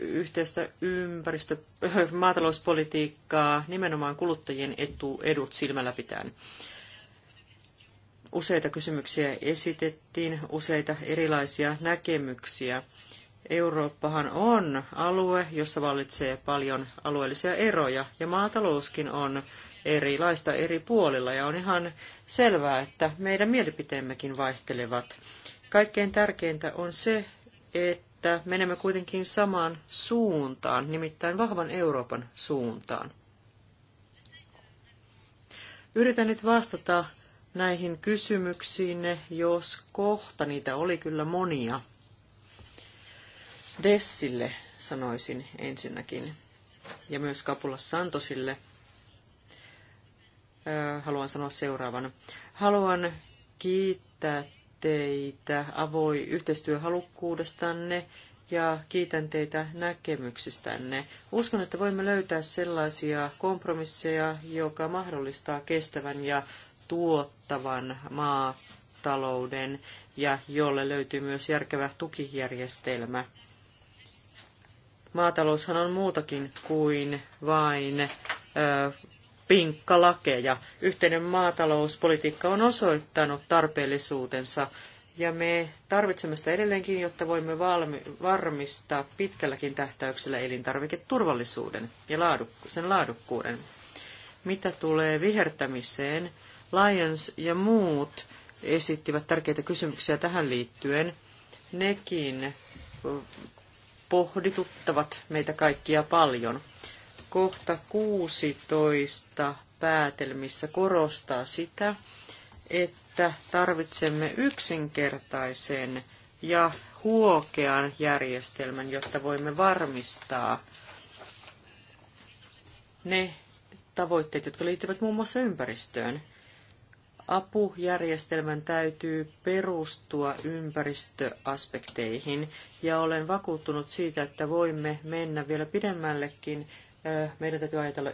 yhteistä ympäristö- *laughs* maatalouspolitiikkaa nimenomaan kuluttajien etu, edut silmällä pitäen. Useita kysymyksiä esitettiin, useita erilaisia näkemyksiä. Eurooppahan on alue, jossa vallitsee paljon alueellisia eroja, ja maatalouskin on erilaista eri puolilla ja on ihan selvää, että meidän mielipiteemmekin vaihtelevat. Kaikkein tärkeintä on se, että menemme kuitenkin samaan suuntaan, nimittäin vahvan Euroopan suuntaan. Yritän nyt vastata näihin kysymyksiinne, jos kohta niitä oli kyllä monia. Dessille sanoisin ensinnäkin, ja myös Kapula Santosille – Äh, haluan sanoa seuraavan. Haluan kiittää teitä avoi yhteistyöhalukkuudestanne ja kiitän teitä näkemyksistänne. Uskon, että voimme löytää sellaisia kompromisseja, joka mahdollistaa kestävän ja tuottavan maatalouden ja jolle löytyy myös järkevä tukijärjestelmä. Maataloushan on muutakin kuin vain pinkkalakeja. Yhteinen maatalouspolitiikka on osoittanut tarpeellisuutensa ja me tarvitsemme sitä edelleenkin, jotta voimme varmistaa pitkälläkin tähtäyksellä elintarviketurvallisuuden ja sen laadukkuuden. Mitä tulee vihertämiseen, Lions ja muut esittivät tärkeitä kysymyksiä tähän liittyen. Nekin pohdituttavat meitä kaikkia paljon kohta 16 päätelmissä korostaa sitä, että tarvitsemme yksinkertaisen ja huokean järjestelmän, jotta voimme varmistaa ne tavoitteet, jotka liittyvät muun muassa ympäristöön. Apujärjestelmän täytyy perustua ympäristöaspekteihin, ja olen vakuuttunut siitä, että voimme mennä vielä pidemmällekin meidän täytyy ajatella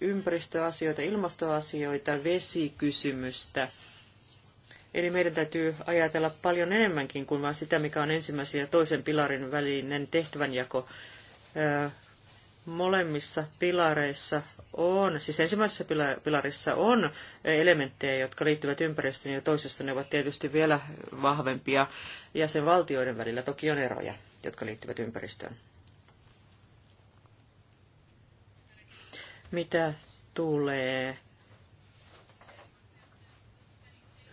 ympäristöasioita, ilmastoasioita, vesikysymystä. Eli meidän täytyy ajatella paljon enemmänkin kuin vain sitä, mikä on ensimmäisen ja toisen pilarin välinen tehtävänjako. Molemmissa pilareissa on, siis ensimmäisessä pilarissa on elementtejä, jotka liittyvät ympäristöön ja toisessa ne ovat tietysti vielä vahvempia. Jäsenvaltioiden välillä toki on eroja, jotka liittyvät ympäristöön. mitä tulee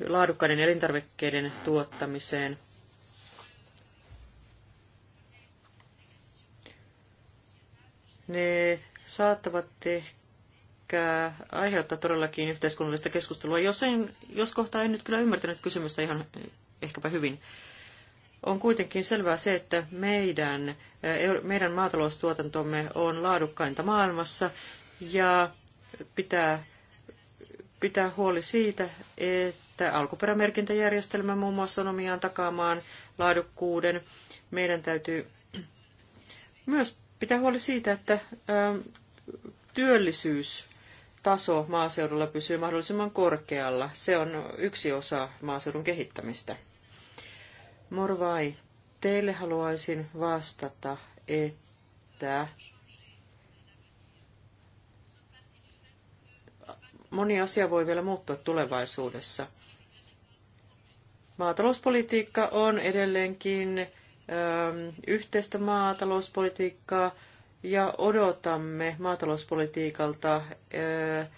laadukkaiden elintarvikkeiden tuottamiseen. Ne saattavat ehkä aiheuttaa todellakin yhteiskunnallista keskustelua, jos, en, jos kohta en nyt kyllä ymmärtänyt kysymystä ihan ehkäpä hyvin. On kuitenkin selvää se, että meidän, eh, meidän maataloustuotantomme on laadukkainta maailmassa ja pitää pitää huoli siitä, että alkuperämerkintäjärjestelmä muun muassa on omiaan takaamaan laadukkuuden. Meidän täytyy myös pitää huoli siitä, että ähm, työllisyystaso maaseudulla pysyy mahdollisimman korkealla. Se on yksi osa maaseudun kehittämistä. Morvai, teille haluaisin vastata, että moni asia voi vielä muuttua tulevaisuudessa. Maatalouspolitiikka on edelleenkin ö, ähm, yhteistä maatalouspolitiikkaa ja odotamme maatalouspolitiikalta ö, äh,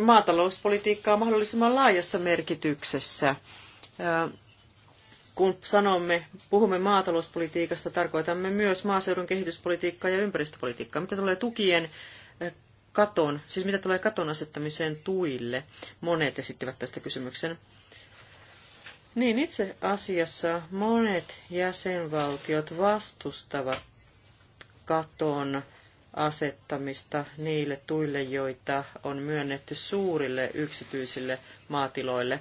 maatalouspolitiikkaa mahdollisimman laajassa merkityksessä. Äh, kun sanomme, puhumme maatalouspolitiikasta, tarkoitamme myös maaseudun kehityspolitiikkaa ja ympäristöpolitiikkaa. Mitä tulee tukien katon, siis mitä tulee katon asettamiseen tuille, monet esittivät tästä kysymyksen. Niin itse asiassa monet jäsenvaltiot vastustavat katon asettamista niille tuille, joita on myönnetty suurille yksityisille maatiloille.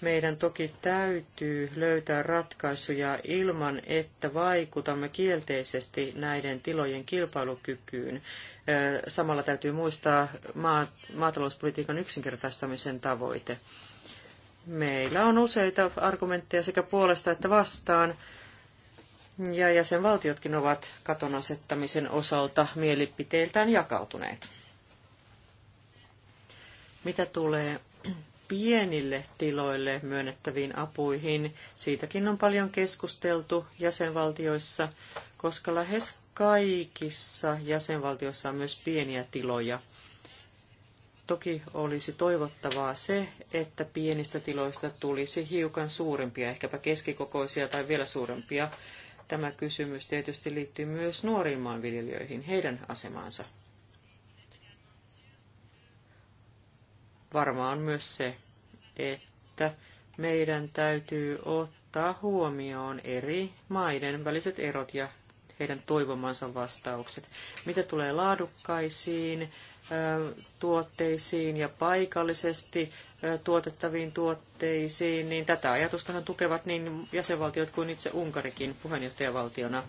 Meidän toki täytyy löytää ratkaisuja ilman, että vaikutamme kielteisesti näiden tilojen kilpailukykyyn Samalla täytyy muistaa maatalouspolitiikan yksinkertaistamisen tavoite. Meillä on useita argumentteja sekä puolesta että vastaan, ja jäsenvaltiotkin ovat katon asettamisen osalta mielipiteiltään jakautuneet. Mitä tulee pienille tiloille myönnettäviin apuihin, siitäkin on paljon keskusteltu jäsenvaltioissa, koska lähes kaikissa jäsenvaltioissa on myös pieniä tiloja. Toki olisi toivottavaa se, että pienistä tiloista tulisi hiukan suurempia, ehkäpä keskikokoisia tai vielä suurempia. Tämä kysymys tietysti liittyy myös nuoriin maanviljelijöihin, heidän asemaansa. Varmaan myös se, että meidän täytyy ottaa huomioon eri maiden väliset erot ja heidän toivomansa vastaukset. Mitä tulee laadukkaisiin tuotteisiin ja paikallisesti tuotettaviin tuotteisiin, niin tätä ajatustahan tukevat niin jäsenvaltiot kuin itse Unkarikin puheenjohtajavaltiona.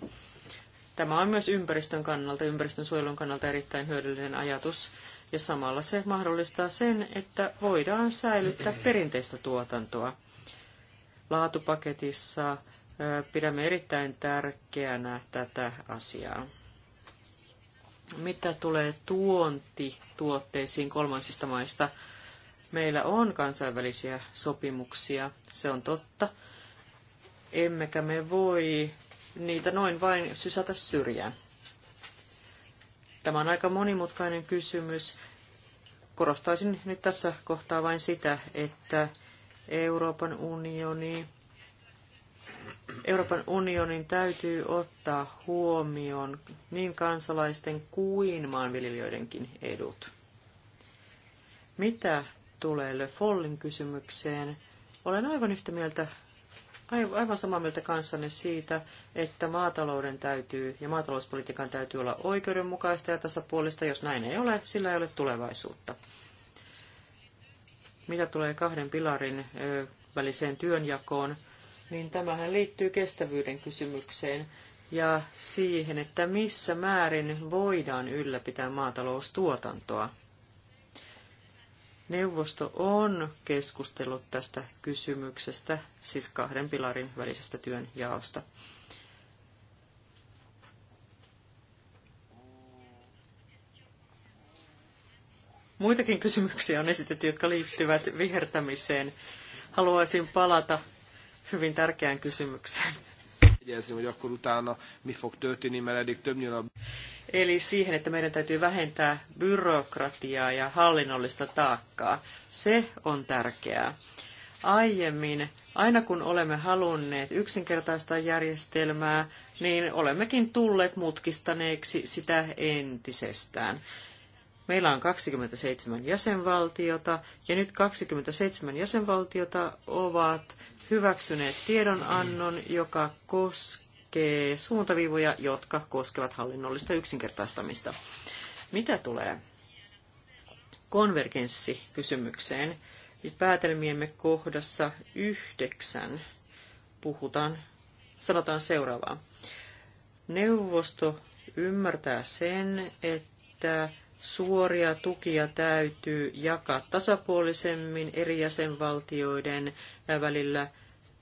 Tämä on myös ympäristön kannalta, ympäristön suojelun kannalta erittäin hyödyllinen ajatus, ja samalla se mahdollistaa sen, että voidaan säilyttää perinteistä tuotantoa. Laatupaketissa Pidämme erittäin tärkeänä tätä asiaa. Mitä tulee tuontituotteisiin kolmansista maista, meillä on kansainvälisiä sopimuksia, se on totta. Emmekä me voi niitä noin vain sysätä syrjään. Tämä on aika monimutkainen kysymys. Korostaisin nyt tässä kohtaa vain sitä, että Euroopan unioni Euroopan unionin täytyy ottaa huomioon niin kansalaisten kuin maanviljelijöidenkin edut. Mitä tulee Le Follin kysymykseen, olen aivan yhtä mieltä, aivan samaa mieltä kanssanne siitä, että maatalouden täytyy ja maatalouspolitiikan täytyy olla oikeudenmukaista ja tasapuolista. Jos näin ei ole, sillä ei ole tulevaisuutta. Mitä tulee kahden pilarin väliseen työnjakoon, niin tämähän liittyy kestävyyden kysymykseen ja siihen, että missä määrin voidaan ylläpitää maataloustuotantoa. Neuvosto on keskustellut tästä kysymyksestä, siis kahden pilarin välisestä työnjaosta. Muitakin kysymyksiä on esitetty, jotka liittyvät vihertämiseen. Haluaisin palata hyvin tärkeään kysymykseen. Eli siihen, että meidän täytyy vähentää byrokratiaa ja hallinnollista taakkaa. Se on tärkeää. Aiemmin, aina kun olemme halunneet yksinkertaistaa järjestelmää, niin olemmekin tulleet mutkistaneeksi sitä entisestään. Meillä on 27 jäsenvaltiota ja nyt 27 jäsenvaltiota ovat hyväksyneet tiedonannon, joka koskee suuntaviivoja, jotka koskevat hallinnollista yksinkertaistamista. Mitä tulee konvergenssikysymykseen, niin päätelmiemme kohdassa yhdeksän puhutaan, sanotaan seuraavaa. Neuvosto ymmärtää sen, että suoria tukia täytyy jakaa tasapuolisemmin eri jäsenvaltioiden välillä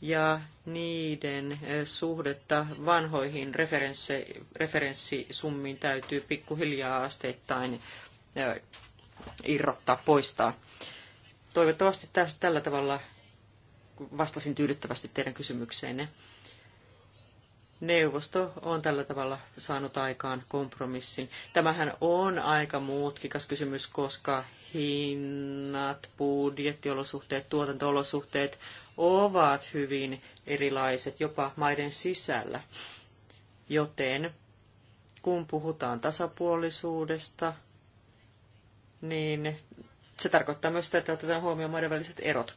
ja niiden eh, suhdetta vanhoihin referenssisummiin täytyy pikkuhiljaa asteittain eh, irrottaa, poistaa. Toivottavasti tällä tavalla vastasin tyydyttävästi teidän kysymykseenne. Neuvosto on tällä tavalla saanut aikaan kompromissin. Tämähän on aika muutkikas kysymys, koska hinnat, budjettiolosuhteet, tuotantoolosuhteet ovat hyvin erilaiset jopa maiden sisällä. Joten kun puhutaan tasapuolisuudesta, niin se tarkoittaa myös sitä, että otetaan huomioon maiden väliset erot.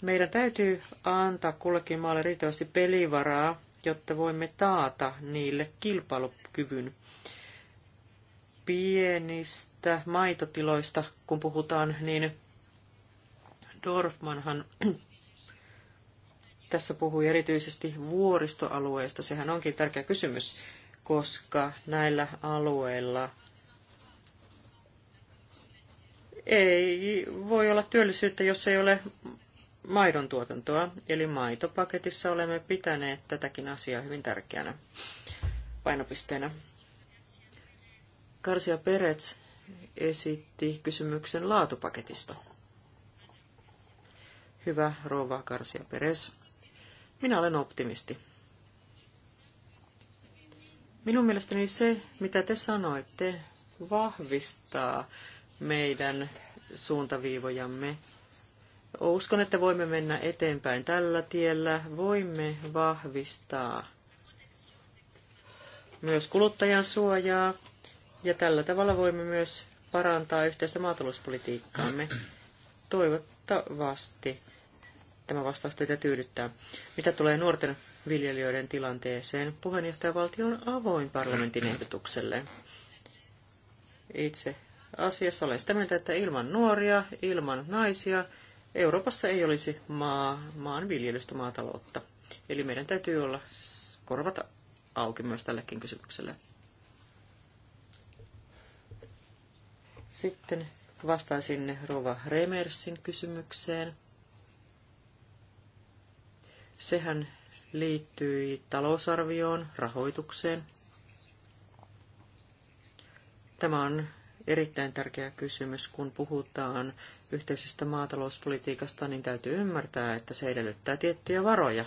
Meidän täytyy antaa kullekin maalle riittävästi pelivaraa, jotta voimme taata niille kilpailukyvyn pienistä maitotiloista, kun puhutaan, niin Dorfmanhan *clears throat* tässä puhui erityisesti vuoristoalueista. Sehän onkin tärkeä kysymys, koska näillä alueilla ei voi olla työllisyyttä, jos ei ole maidon tuotantoa. Eli maitopaketissa olemme pitäneet tätäkin asiaa hyvin tärkeänä painopisteenä. Karsia Perets esitti kysymyksen laatupaketista. Hyvä rouva Karsia Peres, minä olen optimisti. Minun mielestäni se, mitä te sanoitte, vahvistaa meidän suuntaviivojamme. Uskon, että voimme mennä eteenpäin tällä tiellä. Voimme vahvistaa myös kuluttajan suojaa ja tällä tavalla voimme myös parantaa yhteistä maatalouspolitiikkaamme. Toivottavasti tämä vastaus teitä tyydyttää. Mitä tulee nuorten viljelijöiden tilanteeseen, puheenjohtajavaltio on avoin parlamentin ehdotukselle. Itse asiassa olen sitä mieltä, että ilman nuoria, ilman naisia, Euroopassa ei olisi maa, maan viljelystä maataloutta. Eli meidän täytyy olla korvata auki myös tällekin kysymykselle. Sitten vastaisin Rova Remersin kysymykseen. Sehän liittyi talousarvioon, rahoitukseen. Tämä on erittäin tärkeä kysymys, kun puhutaan yhteisestä maatalouspolitiikasta, niin täytyy ymmärtää, että se edellyttää tiettyjä varoja.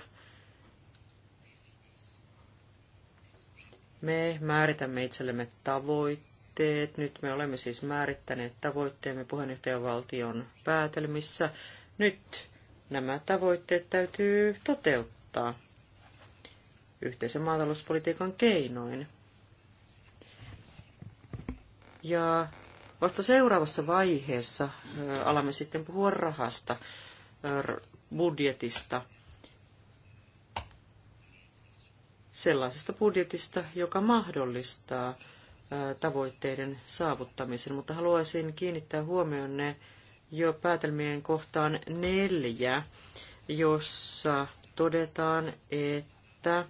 Me määritämme itsellemme tavoitteet tavoitteet. Nyt me olemme siis määrittäneet tavoitteemme puheenjohtajavaltion päätelmissä. Nyt nämä tavoitteet täytyy toteuttaa yhteisen maatalouspolitiikan keinoin. Ja vasta seuraavassa vaiheessa alamme sitten puhua rahasta, budjetista, sellaisesta budjetista, joka mahdollistaa tavoitteiden saavuttamisen, mutta haluaisin kiinnittää huomionne jo päätelmien kohtaan neljä, jossa todetaan, että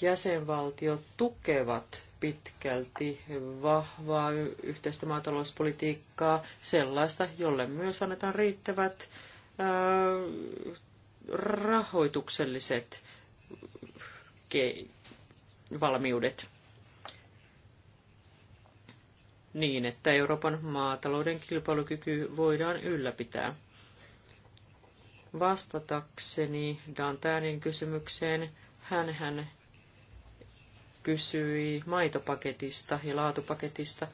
jäsenvaltiot tukevat pitkälti vahvaa yhteistä maatalouspolitiikkaa, sellaista, jolle myös annetaan riittävät ää, rahoitukselliset valmiudet niin, että Euroopan maatalouden kilpailukyky voidaan ylläpitää. Vastatakseni Dantanin kysymykseen, hän, hän kysyi maitopaketista ja laatupaketista,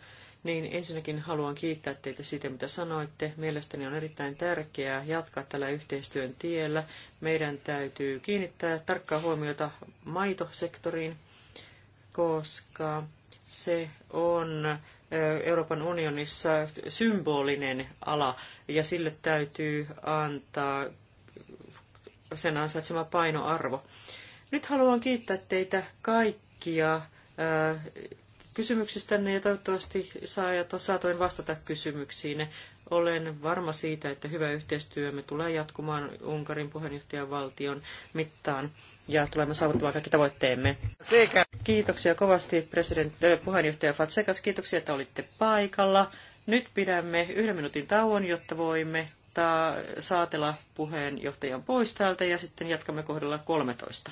niin ensinnäkin haluan kiittää teitä siitä, mitä sanoitte. Mielestäni on erittäin tärkeää jatkaa tällä yhteistyön tiellä. Meidän täytyy kiinnittää tarkkaa huomiota maitosektoriin, koska se on Euroopan unionissa symbolinen ala ja sille täytyy antaa sen ansaitsema painoarvo. Nyt haluan kiittää teitä kaikkia kysymyksistänne ja toivottavasti saatoin vastata kysymyksiinne. Olen varma siitä, että hyvä yhteistyömme tulee jatkumaan Unkarin valtion mittaan ja tulemme saavuttamaan kaikki tavoitteemme. Sekä. Kiitoksia kovasti president, äh, puheenjohtaja Fatsekas, kiitoksia, että olitte paikalla. Nyt pidämme yhden minuutin tauon, jotta voimme saatella puheenjohtajan pois täältä ja sitten jatkamme kohdalla 13.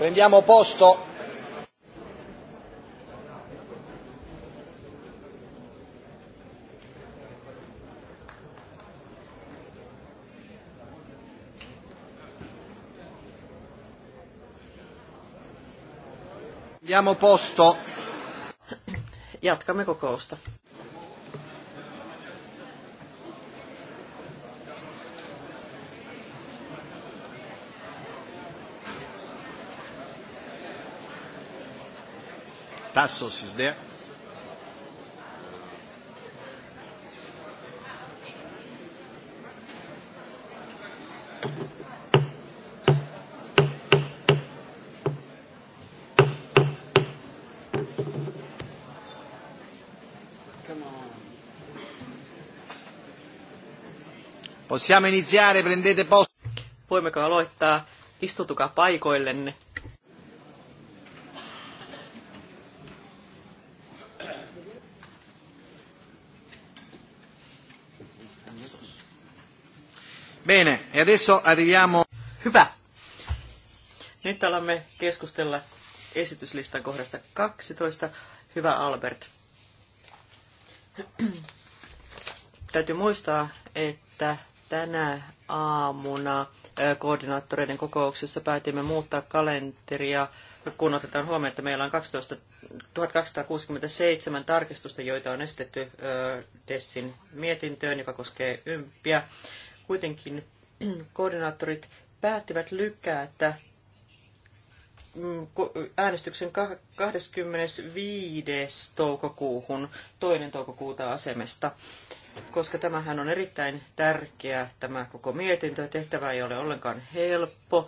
Prendiamo posto. Prendiamo posto. Jatkamme kokousta. Passos is there. Possiamo iniziare, prendete posto. Voimmeko aloittaa? Istutukaa paikoillenne. Adesso arriviamo... Hyvä. Nyt alamme keskustella esityslistan kohdasta 12. Hyvä Albert. Täytyy muistaa, että tänä aamuna koordinaattoreiden kokouksessa päätimme muuttaa kalenteria, kun otetaan huomioon, että meillä on 12, 1267 tarkistusta, joita on esitetty Dessin mietintöön, joka koskee ympiä. Kuitenkin *clears throat* koordinaattorit päättivät lykätä mm, äänestyksen 25. toukokuuhun, toinen toukokuuta asemesta, koska tämähän on erittäin tärkeä, tämä koko mietintö, tehtävä ei ole ollenkaan helppo,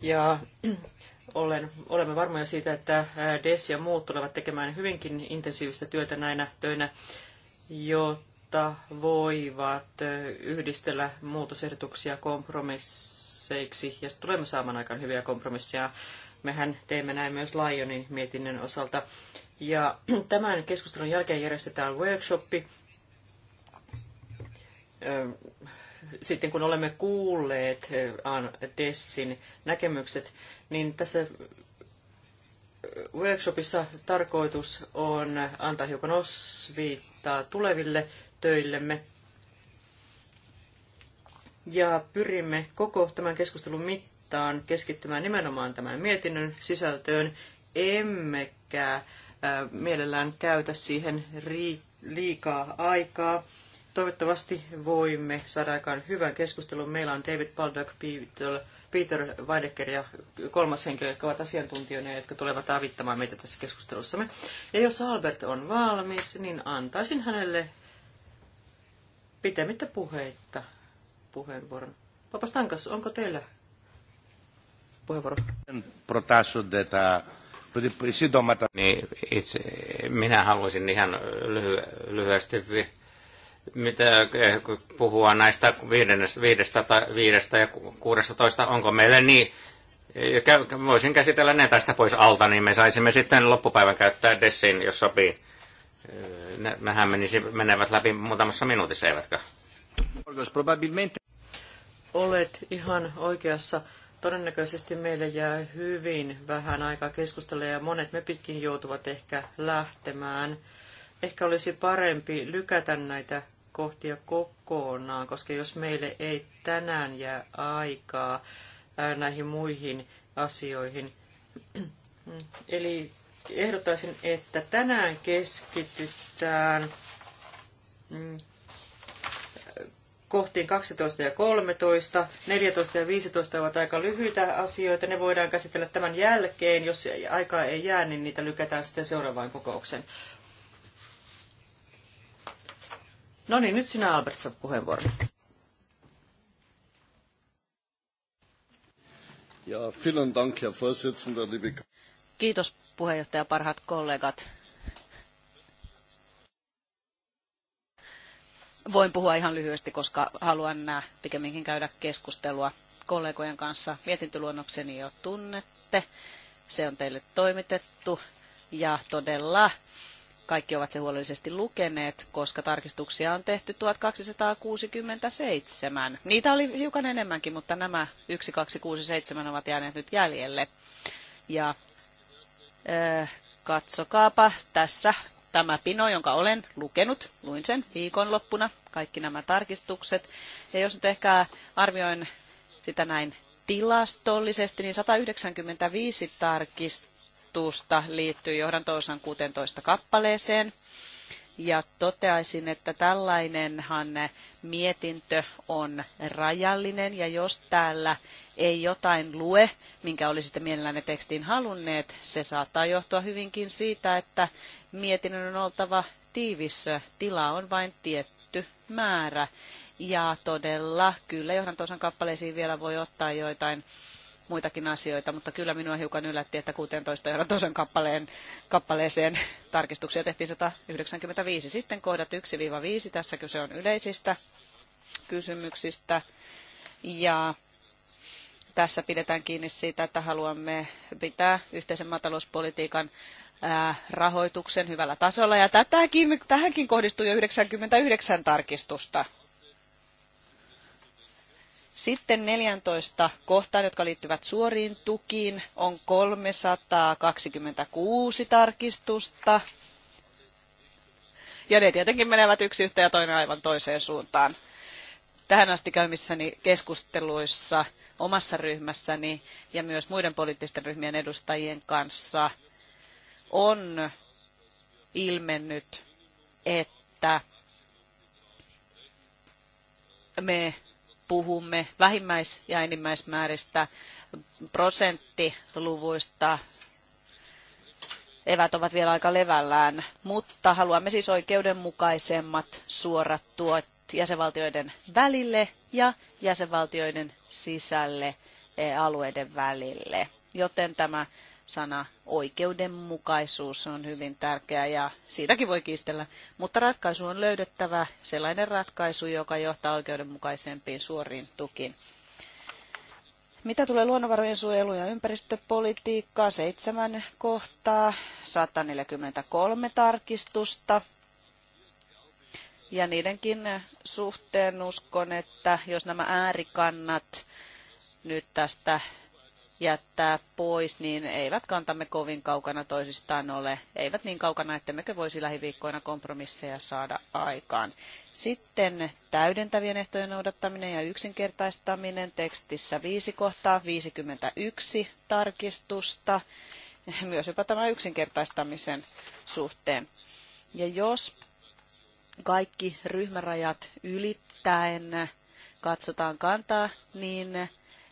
ja *clears throat* olen, olemme varmoja siitä, että DES ja muut tulevat tekemään hyvinkin intensiivistä työtä näinä töinä, jotta jotta voivat yhdistellä muutosehdotuksia kompromisseiksi, ja tulemme saamaan aikaan hyviä kompromisseja. Mehän teemme näin myös Lionin mietinnön osalta. Ja *clears throat* tämän keskustelun jälkeen järjestetään workshoppi. Sitten kun olemme kuulleet Dessin näkemykset, niin tässä workshopissa tarkoitus on antaa hiukan osviittaa tuleville töillemme. Ja pyrimme koko tämän keskustelun mittaan keskittymään nimenomaan tämän mietinnön sisältöön, emmekä äh, mielellään käytä siihen liikaa aikaa. Toivottavasti voimme saada aikaan hyvän keskustelun. Meillä on David Baldock, Peter, Peter Weidecker ja kolmas henkilö, jotka ovat asiantuntijoita, jotka tulevat avittamaan meitä tässä keskustelussamme. Ja jos Albert on valmis, niin antaisin hänelle pitemmittä puheitta puheenvuoron. Papastankas, onko teillä puheenvuoro? Protassunde tämä niin, itse, minä haluaisin ihan lyhy- lyhyesti vi- mitä puhua näistä viidennestä, viidestä, tai viidestä ja kuudesta toista. Onko meille niin, voisin käsitellä ne tästä pois alta, niin me saisimme sitten loppupäivän käyttää dessin jos sopii. Nähän menisi, menevät läpi muutamassa minuutissa, probabilmente Olet ihan oikeassa. Todennäköisesti meille jää hyvin vähän aikaa keskustella ja monet mepitkin joutuvat ehkä lähtemään. Ehkä olisi parempi lykätä näitä kohtia kokonaan, koska jos meille ei tänään jää aikaa näihin muihin asioihin, *clears throat* eli ehdottaisin, että tänään keskitytään mm, kohtiin 12 ja 13. 14 ja 15 ovat aika lyhyitä asioita. Ne voidaan käsitellä tämän jälkeen. Jos aikaa ei jää, niin niitä lykätään sitten seuraavaan kokoukseen. No niin, nyt sinä Albert saat puheenvuoron. Ja, vielen Dank, Herr Vorsitzender, liebe Kiitos puheenjohtaja, parhaat kollegat. Voin puhua ihan lyhyesti, koska haluan nää äh, pikemminkin käydä keskustelua kollegojen kanssa. Mietintöluonnokseni jo tunnette. Se on teille toimitettu ja todella kaikki ovat se huolellisesti lukeneet, koska tarkistuksia on tehty 1267. Niitä oli hiukan enemmänkin, mutta nämä 1267 ovat jääneet nyt jäljelle. Ja Äh, katsokaapa tässä tämä pino, jonka olen lukenut. Luin sen viikonloppuna, kaikki nämä tarkistukset. Ja jos nyt ehkä arvioin sitä näin tilastollisesti, niin 195 tarkistusta liittyy johdantoosan 16 kappaleeseen – ja toteaisin, että tällainenhan mietintö on rajallinen ja jos täällä ei jotain lue, minkä olisitte mielellänne tekstiin halunneet, se saattaa johtua hyvinkin siitä, että mietinnön on oltava tiivis, tila on vain tietty määrä. Ja todella, kyllä johdantosan kappaleisiin vielä voi ottaa joitain muitakin asioita, mutta kyllä minua hiukan yllätti, että 16 euron toisen kappaleen, kappaleeseen tarkistuksia tehtiin 195. Sitten kohdat 1-5, tässä kyse on yleisistä kysymyksistä. Ja tässä pidetään kiinni siitä, että haluamme pitää yhteisen maatalouspolitiikan rahoituksen hyvällä tasolla. Ja tätäkin, tähänkin kohdistuu jo 99 tarkistusta. Sitten 14 kohtaan, jotka liittyvät suoriin tukiin, on 326 tarkistusta. Ja ne tietenkin menevät yksi yhteen ja toinen aivan toiseen suuntaan. Tähän asti käymissäni keskusteluissa omassa ryhmässäni ja myös muiden poliittisten ryhmien edustajien kanssa on ilmennyt, että me puhumme vähimmäis- ja enimmäismääristä prosenttiluvuista. Evät ovat vielä aika levällään, mutta haluamme siis oikeudenmukaisemmat suorat tuot jäsenvaltioiden välille ja jäsenvaltioiden sisälle eh, alueiden välille. Joten tämä sana oikeudenmukaisuus on hyvin tärkeä ja siitäkin voi kiistellä. Mutta ratkaisu on löydettävä sellainen ratkaisu, joka johtaa oikeudenmukaisempiin suoriin tukiin. Mitä tulee luonnonvarojen suojelu- ja ympäristöpolitiikkaa, seitsemän kohtaa, 143 tarkistusta. Ja niidenkin suhteen uskon, että jos nämä äärikannat nyt tästä jättää pois, niin eivät kantamme kovin kaukana toisistaan ole. Eivät niin kaukana, että mekö voisi lähiviikkoina kompromisseja saada aikaan. Sitten täydentävien ehtojen noudattaminen ja yksinkertaistaminen. Tekstissä viisi kohtaa, 51 tarkistusta, *laughs* myös jopa tämä yksinkertaistamisen suhteen. Ja jos kaikki ryhmärajat ylittäen katsotaan kantaa, niin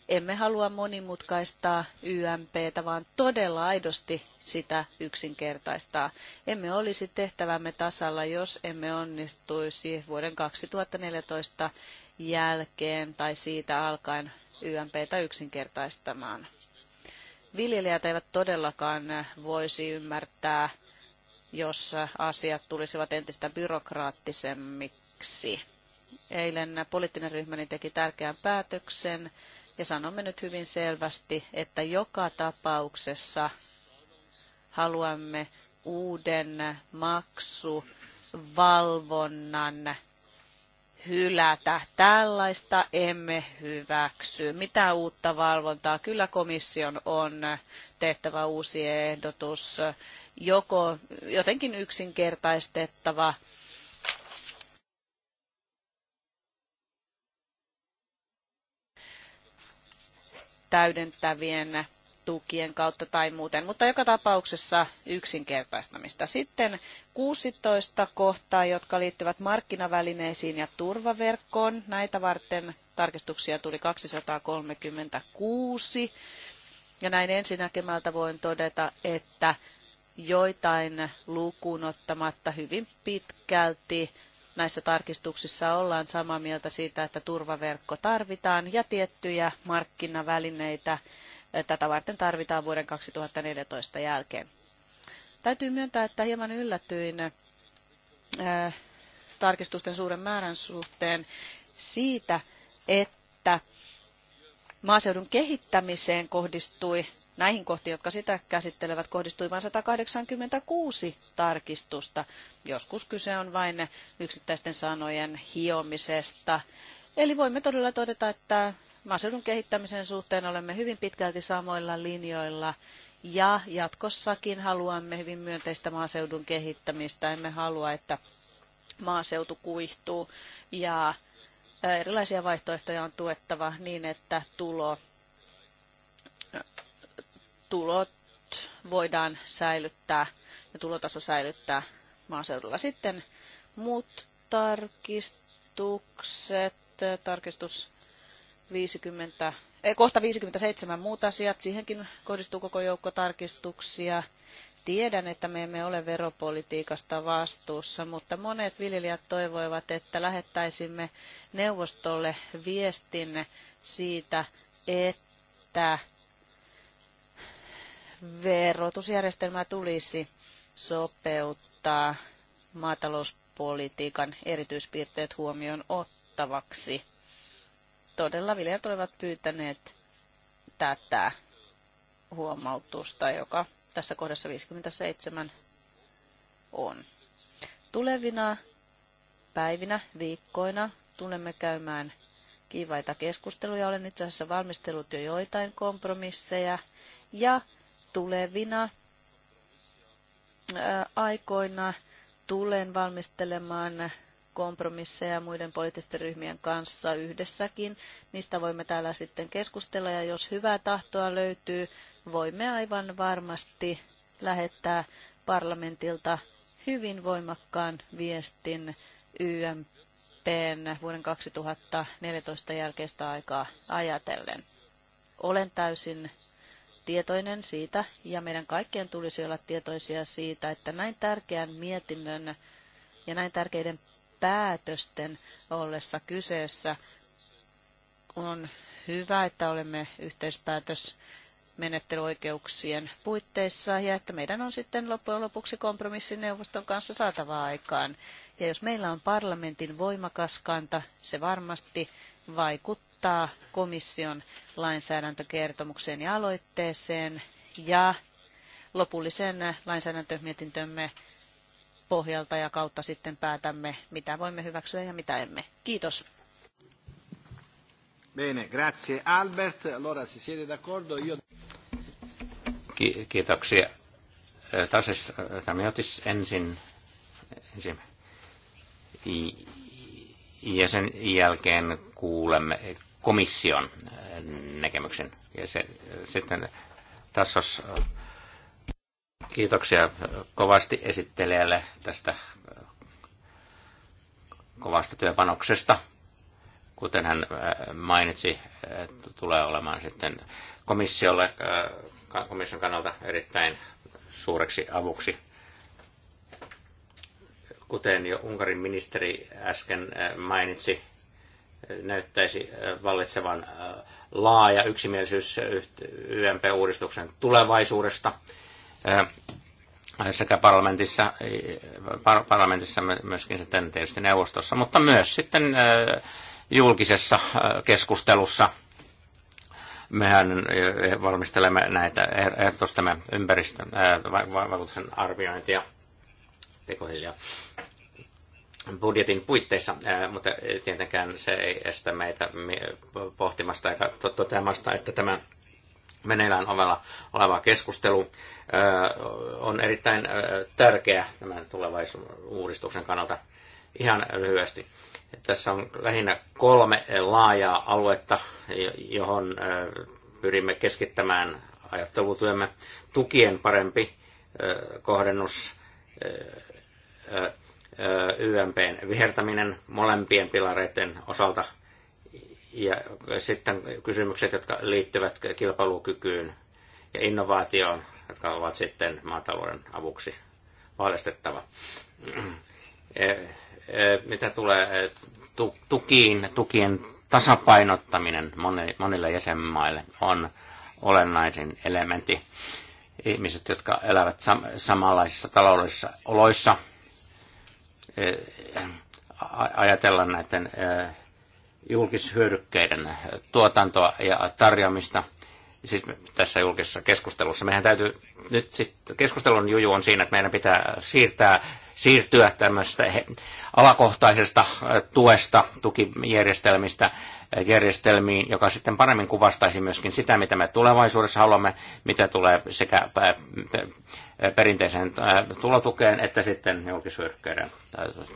emme halua monimutkaistaa YMPtä, vaan todella aidosti sitä yksinkertaistaa. Emme olisi tehtävämme tasalla, jos emme onnistuisi vuoden 2014 jälkeen tai siitä alkaen YMPtä yksinkertaistamaan. Viljelijät eivät todellakaan voisi ymmärtää, jos asiat tulisivat entistä byrokraattisemmiksi. Eilen poliittinen ryhmäni teki tärkeän päätöksen ja sanomme nyt hyvin selvästi, että joka tapauksessa haluamme uuden maksuvalvonnan hylätä. Tällaista emme hyväksy. Mitä uutta valvontaa? Kyllä komission on tehtävä uusi ehdotus, joko jotenkin yksinkertaistettava – täydentävien tukien kautta tai muuten, mutta joka tapauksessa yksinkertaistamista. Sitten 16 kohtaa, jotka liittyvät markkinavälineisiin ja turvaverkkoon. Näitä varten tarkistuksia tuli 236. Ja näin ensinäkemältä voin todeta, että joitain lukuun ottamatta hyvin pitkälti näissä tarkistuksissa ollaan samaa mieltä siitä, että turvaverkko tarvitaan ja tiettyjä markkinavälineitä eh, tätä varten tarvitaan vuoden 2014 jälkeen. Täytyy myöntää, että hieman yllätyin eh, tarkistusten suuren määrän suhteen siitä, että maaseudun kehittämiseen kohdistui näihin kohtiin, jotka sitä käsittelevät, kohdistui vain 186 tarkistusta. Joskus kyse on vain yksittäisten sanojen hiomisesta. Eli voimme todella todeta, että maaseudun kehittämisen suhteen olemme hyvin pitkälti samoilla linjoilla ja jatkossakin haluamme hyvin myönteistä maaseudun kehittämistä. Emme halua, että maaseutu kuihtuu ja erilaisia vaihtoehtoja on tuettava niin, että tulo tulot voidaan säilyttää ja tulotaso säilyttää maaseudulla. Sitten muut tarkistukset, tarkistus 50, ei kohta 57 muut asiat, siihenkin kohdistuu koko joukko tarkistuksia. Tiedän, että me emme ole veropolitiikasta vastuussa, mutta monet viljelijät toivoivat, että lähettäisimme neuvostolle viestin siitä, että verotusjärjestelmää tulisi sopeuttaa maatalouspolitiikan erityispiirteet huomioon ottavaksi. Todella viljelijät olivat pyytäneet tätä huomautusta, joka tässä kohdassa 57 on. Tulevina päivinä, viikkoina tulemme käymään kiivaita keskusteluja. Olen itse asiassa valmistellut jo joitain kompromisseja ja tulevina aikoina tulen valmistelemaan kompromisseja muiden poliittisten ryhmien kanssa yhdessäkin. Niistä voimme täällä sitten keskustella ja jos hyvää tahtoa löytyy, voimme aivan varmasti lähettää parlamentilta hyvin voimakkaan viestin YMPn vuoden 2014 jälkeistä aikaa ajatellen. Olen täysin tietoinen siitä, ja meidän kaikkien tulisi olla tietoisia siitä, että näin tärkeän mietinnön ja näin tärkeiden päätösten ollessa kyseessä on hyvä, että olemme yhteispäätös menettelyoikeuksien puitteissa ja että meidän on sitten loppujen lopuksi kompromissineuvoston kanssa saatava aikaan. Ja jos meillä on parlamentin voimakas kanta, se varmasti vaikuttaa johtaa komission lainsäädäntökertomukseen ja aloitteeseen ja lopullisen lainsäädäntömietintömme pohjalta ja kautta sitten päätämme, mitä voimme hyväksyä ja mitä emme. Kiitos. Bene, grazie Albert. Allora, se siete d'accordo, io... Ki- kiitoksia. Tasis Tamiotis ensin, ensin. Ja sen jälkeen kuulemme komission äh, näkemyksen. Ja se, äh, sitten äh, tässä olisi kiitoksia kovasti esittelijälle tästä kovasta työpanoksesta. Kuten hän mainitsi, tulee olemaan sitten komissiolle, komission kannalta erittäin suureksi avuksi. Kuten jo Unkarin ministeri äsken mainitsi, näyttäisi äh, vallitsevan äh, laaja yksimielisyys äh, YMP-uudistuksen tulevaisuudesta sekä parlamentissa, parlamentissa myöskin sitten tietysti neuvostossa, mutta myös sitten julkisessa keskustelussa. Mehän valmistelemme näitä er-, ehdotustamme ympäristön vaikutusten arviointia tekohiljaa budjetin puitteissa, mutta tietenkään se ei estä meitä pohtimasta eikä toteamasta, että tämä meneillään ovella oleva keskustelu on erittäin tärkeä tämän tulevaisuudistuksen kannalta ihan lyhyesti. Tässä on lähinnä kolme laajaa aluetta, johon pyrimme keskittämään ajattelutyömme. Tukien parempi kohdennus, YMPn vihertäminen molempien pilareiden osalta ja sitten kysymykset, jotka liittyvät kilpailukykyyn ja innovaatioon, jotka ovat sitten maatalouden avuksi vaalistettava. Mitä tulee tukiin, tukien tasapainottaminen monille jäsenmaille on olennaisin elementti. Ihmiset, jotka elävät samanlaisissa taloudellisissa oloissa, Eh, ajatella näiden eh, julkishyödykkeiden tuotantoa ja tarjoamista siis tässä julkisessa keskustelussa. Meidän täytyy nyt sitten, keskustelun juju on siinä, että meidän pitää siirtää siirtyä tämmöistä alakohtaisesta äh, tuesta tukijärjestelmistä äh, järjestelmiin, joka sitten paremmin kuvastaisi myöskin sitä, mitä me tulevaisuudessa haluamme, mitä tulee sekä äh, perinteiseen tulotukeen että sitten julkisyrkkeiden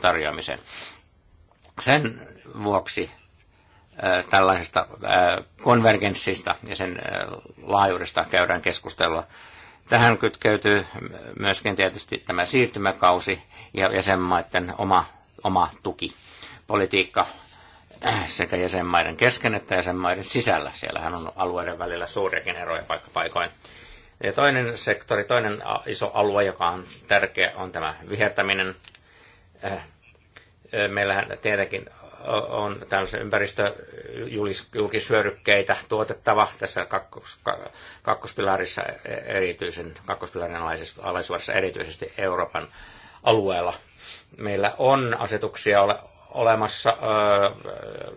tarjoamiseen. Sen vuoksi tällaisesta konvergenssista ja sen laajuudesta käydään keskustelua Tähän kytkeytyy myöskin tietysti tämä siirtymäkausi ja jäsenmaiden oma, oma tuki, politiikka sekä jäsenmaiden kesken että jäsenmaiden sisällä. Siellähän on alueiden välillä suuriakin eroja paikka paikoin. Ja toinen sektori, toinen iso alue, joka on tärkeä, on tämä vihertäminen. Äh, äh, meillähän tietenkin on tällaisia ympäristöjulkishyödykkeitä tuotettava tässä kakkos, kakkospilarissa e- erityisen, kakkospilarin alaisuudessa erityisesti Euroopan alueella. Meillä on asetuksia ole, olemassa öö,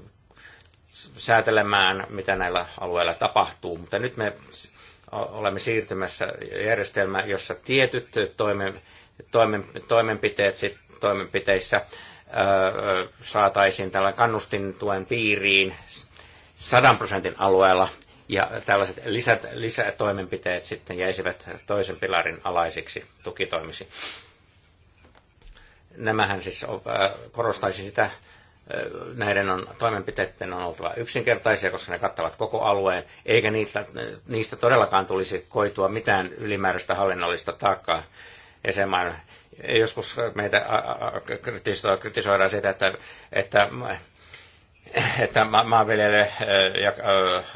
säätelemään, mitä näillä alueilla tapahtuu, mutta nyt me olemme siirtymässä järjestelmään, jossa tietyt toimen, toimen, toimenpiteet sit, toimenpiteissä saataisiin tällainen kannustintuen piiriin 100 prosentin alueella, ja tällaiset lisät, lisätoimenpiteet sitten jäisivät toisen pilarin alaisiksi tukitoimisiin. Nämähän siis korostaisi sitä, näiden on, toimenpiteiden on oltava yksinkertaisia, koska ne kattavat koko alueen, eikä niistä, niistä todellakaan tulisi koitua mitään ylimääräistä hallinnollista taakkaa jäsenmaan Joskus meitä kritisoidaan sitä, että, että että maanviljelijöille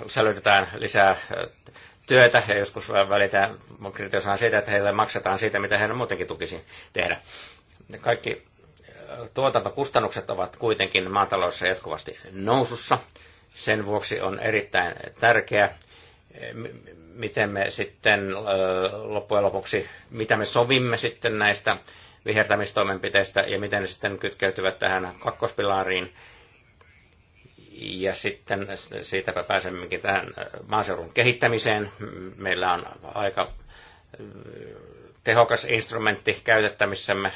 sälytetään lisää työtä ja joskus välitään kritisoidaan siitä, että heille maksetaan siitä, mitä heidän muutenkin tukisi tehdä. Kaikki tuotantokustannukset ovat kuitenkin maataloudessa jatkuvasti nousussa. Sen vuoksi on erittäin tärkeää, miten me sitten loppujen lopuksi, mitä me sovimme sitten näistä vihertämistoimenpiteistä ja miten ne sitten kytkeytyvät tähän kakkospilariin. Ja sitten siitäpä pääsemmekin tähän maaseudun kehittämiseen. Meillä on aika tehokas instrumentti käytettämissämme,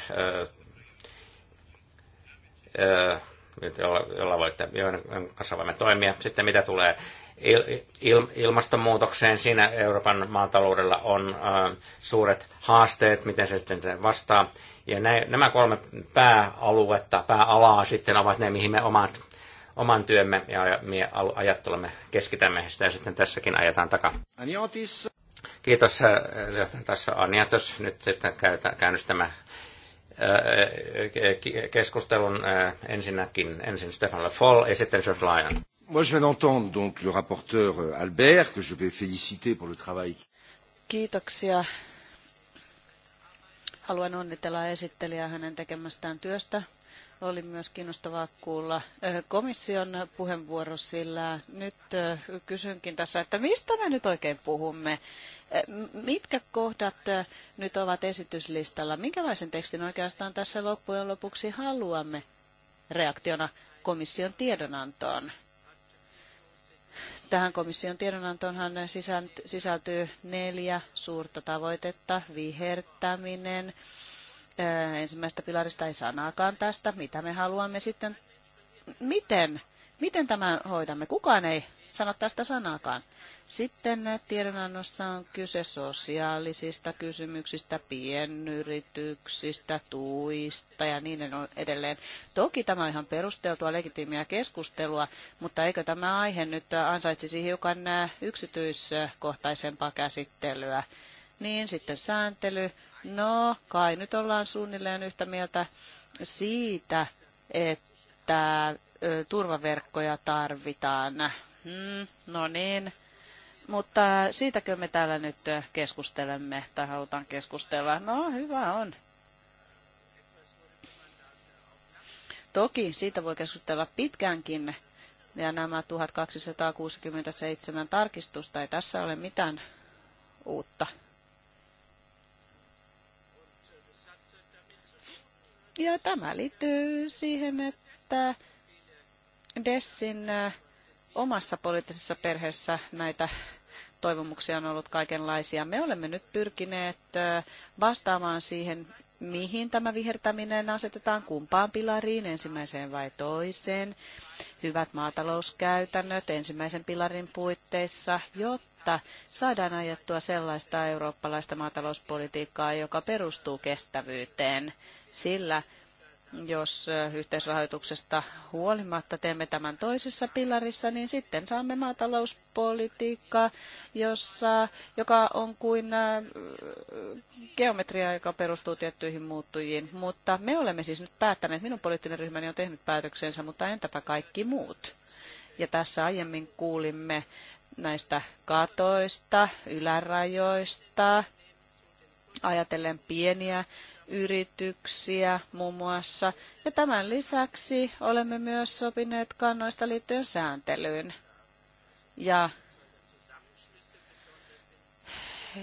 jolla, jolla voitte, joiden kanssa voimme toimia. Sitten mitä tulee il, ilmastonmuutokseen. Siinä Euroopan maataloudella on suuret haasteet, miten se sitten sen vastaa. Ja ne, nämä kolme pääaluetta, pääalaa sitten ovat ne, mihin me omat, oman työmme ja me ajattelumme keskitämme. Sitä sitten tässäkin ajetaan takaa. Aniotis. Kiitos, tässä Aniotis. Nyt sitten käynnistämme keskustelun ensinnäkin ensin Stefan Le Foll ja sitten George Lyon. Moi, je viens d'entendre donc le rapporteur euh, Albert, que je vais féliciter pour le travail. Kiitoksia. Haluan onnitella esittelijää hänen tekemästään työstä. Oli myös kiinnostavaa kuulla äh, komission puheenvuoro, sillä nyt äh, kysynkin tässä, että mistä me nyt oikein puhumme? Äh, mitkä kohdat nyt ovat esityslistalla? Minkälaisen tekstin oikeastaan tässä loppujen lopuksi haluamme reaktiona komission tiedonantoon? Tähän komission tiedonantoonhan sisältyy neljä suurta tavoitetta. Vihertäminen, ensimmäistä pilarista ei sanaakaan tästä, mitä me haluamme sitten, miten, miten tämän hoidamme. Kukaan ei sano tästä sanakaan. Sitten tiedonannossa on kyse sosiaalisista kysymyksistä, pienyrityksistä, tuista ja niin edelleen. Toki tämä on ihan perusteltua, legitiimiä keskustelua, mutta eikö tämä aihe nyt ansaitsisi hiukan yksityiskohtaisempaa käsittelyä? Niin sitten sääntely. No, kai nyt ollaan suunnilleen yhtä mieltä siitä, että turvaverkkoja tarvitaan Hmm, no niin. Mutta siitäkö me täällä nyt keskustelemme tai halutaan keskustella? No, hyvä on. Toki siitä voi keskustella pitkäänkin, ja nämä 1267 tarkistusta ei tässä ole mitään uutta. Ja tämä liittyy siihen, että Dessin äh, omassa poliittisessa perheessä näitä toivomuksia on ollut kaikenlaisia. Me olemme nyt pyrkineet vastaamaan siihen, mihin tämä vihertäminen asetetaan, kumpaan pilariin, ensimmäiseen vai toiseen, hyvät maatalouskäytännöt ensimmäisen pilarin puitteissa, jotta saadaan ajettua sellaista eurooppalaista maatalouspolitiikkaa, joka perustuu kestävyyteen, sillä jos yhteisrahoituksesta huolimatta teemme tämän toisessa pilarissa, niin sitten saamme maatalouspolitiikkaa, jossa, joka on kuin geometria, joka perustuu tiettyihin muuttujiin. Mutta me olemme siis nyt päättäneet, minun poliittinen ryhmäni on tehnyt päätöksensä, mutta entäpä kaikki muut? Ja tässä aiemmin kuulimme näistä katoista, ylärajoista, ajatellen pieniä yrityksiä muun muassa. Ja tämän lisäksi olemme myös sopineet kannoista liittyen sääntelyyn. Ja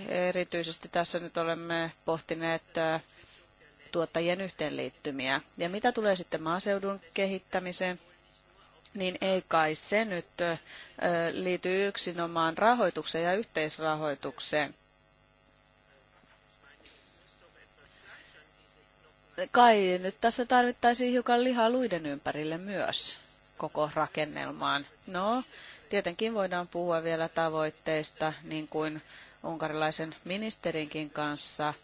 erityisesti tässä nyt olemme pohtineet tuottajien yhteenliittymiä. Ja mitä tulee sitten maaseudun kehittämiseen, niin ei kai se nyt liity yksinomaan rahoitukseen ja yhteisrahoitukseen. kai nyt tässä tarvittaisiin hiukan lihaa luiden ympärille myös koko rakennelmaan. No, tietenkin voidaan puhua vielä tavoitteista, niin kuin unkarilaisen ministerinkin kanssa,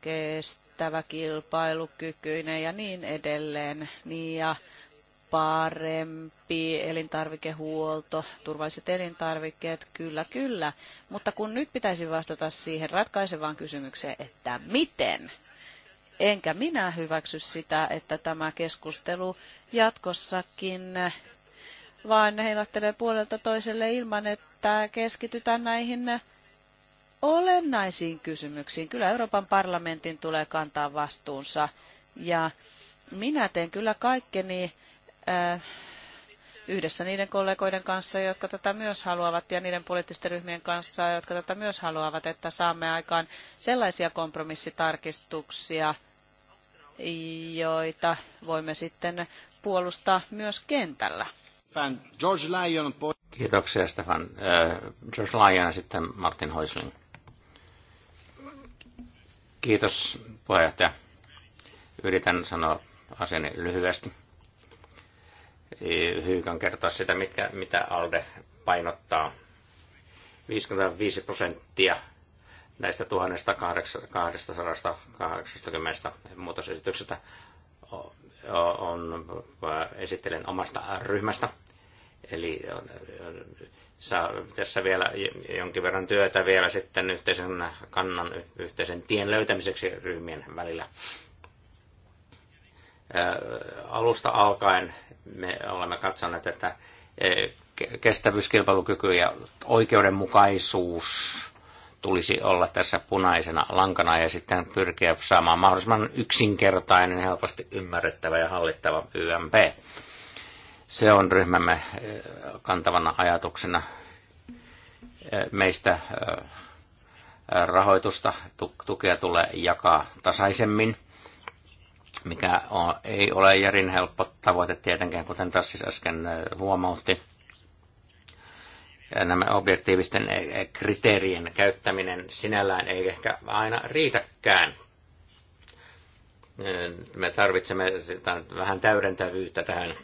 kestävä, kilpailukykyinen ja niin edelleen. Niin ja parempi elintarvikehuolto, turvalliset elintarvikkeet, kyllä, kyllä. Mutta kun nyt pitäisi vastata siihen ratkaisevaan kysymykseen, että miten enkä minä hyväksy sitä, että tämä keskustelu jatkossakin vaan heilattelee puolelta toiselle ilman, että keskitytään näihin olennaisiin kysymyksiin. Kyllä Euroopan parlamentin tulee kantaa vastuunsa ja minä teen kyllä kaikkeni äh, yhdessä niiden kollegoiden kanssa, jotka tätä myös haluavat, ja niiden poliittisten ryhmien kanssa, jotka tätä myös haluavat, että saamme aikaan sellaisia kompromissitarkistuksia, joita voimme sitten puolustaa myös kentällä. George Lyon. Kiitoksia Stefan. Äh, George Lyon ja sitten Martin Hoisling. Kiitos puheenjohtaja. Yritän sanoa asiani lyhyesti. Hyykan kertoa sitä, mitkä, mitä ALDE painottaa. 55 prosenttia näistä 1280 muutosesityksestä on, esittelen omasta ryhmästä. Eli saa tässä vielä jonkin verran työtä vielä sitten yhteisen kannan, yhteisen tien löytämiseksi ryhmien välillä. Alusta alkaen me olemme katsoneet, että e, kestävyyskilpailukyky ja oikeudenmukaisuus tulisi olla tässä punaisena lankana ja sitten pyrkiä saamaan mahdollisimman yksinkertainen, helposti ymmärrettävä ja hallittava YMP. Se on ryhmämme eh, kantavana ajatuksena eh, meistä eh, rahoitusta, tukea tulee jakaa tasaisemmin, mikä on, ei ole järin helppo tavoite tietenkään, kuten tässä siis äsken huomautti nämä objektiivisten kriteerien käyttäminen sinällään ei ehkä aina riitäkään. Me tarvitsemme vähän täydentävyyttä tähän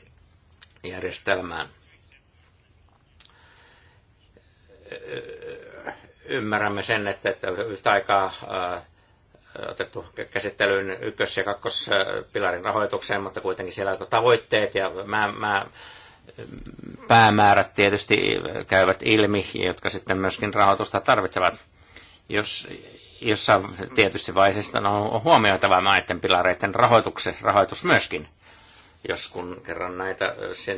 järjestelmään. Ymmärrämme sen, että yhtä aikaa otettu käsittelyyn ykkös- ja kakkospilarin rahoitukseen, mutta kuitenkin siellä on tavoitteet ja mä, mä päämäärät tietysti käyvät ilmi, jotka sitten myöskin rahoitusta tarvitsevat. Jos, jossa tietysti vaiheessa on huomioitava näiden pilareiden rahoituksen, rahoitus myöskin, jos kun kerran näitä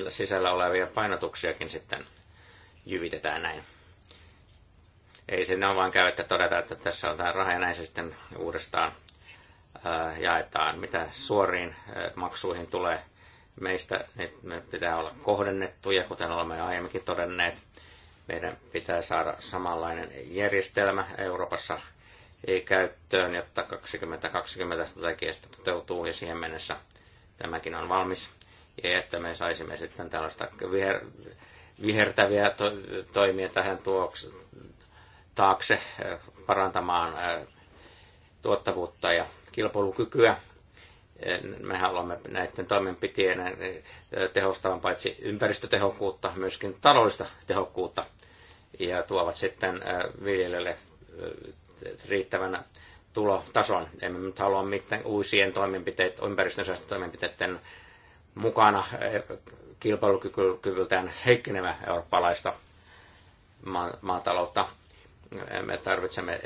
sisällä olevia painotuksiakin sitten jyvitetään näin. Ei sinne ole vain käy, että todeta, että tässä on tämä raha ja näin se sitten uudestaan jaetaan. Mitä suoriin maksuihin tulee, meistä ne pitää olla kohdennettuja, kuten olemme aiemminkin todenneet. Meidän pitää saada samanlainen järjestelmä Euroopassa ei käyttöön, jotta 2020 strategiasta toteutuu ja siihen mennessä tämäkin on valmis. Ja että me saisimme sitten tällaista viher, vihertäviä to, toimia tähän tuoksi, taakse eh, parantamaan eh, tuottavuutta ja kilpailukykyä me haluamme näiden toimenpiteiden eh, tehostavan paitsi ympäristötehokkuutta, myöskin taloudellista tehokkuutta ja tuovat sitten eh, viljelijöille eh, riittävän tulotason. Emme nyt halua mitään uusien toimenpiteet, ympäristötoimenpiteiden mukana kilpailukyvyltään heikkenevä eurooppalaista maataloutta. Me tarvitsemme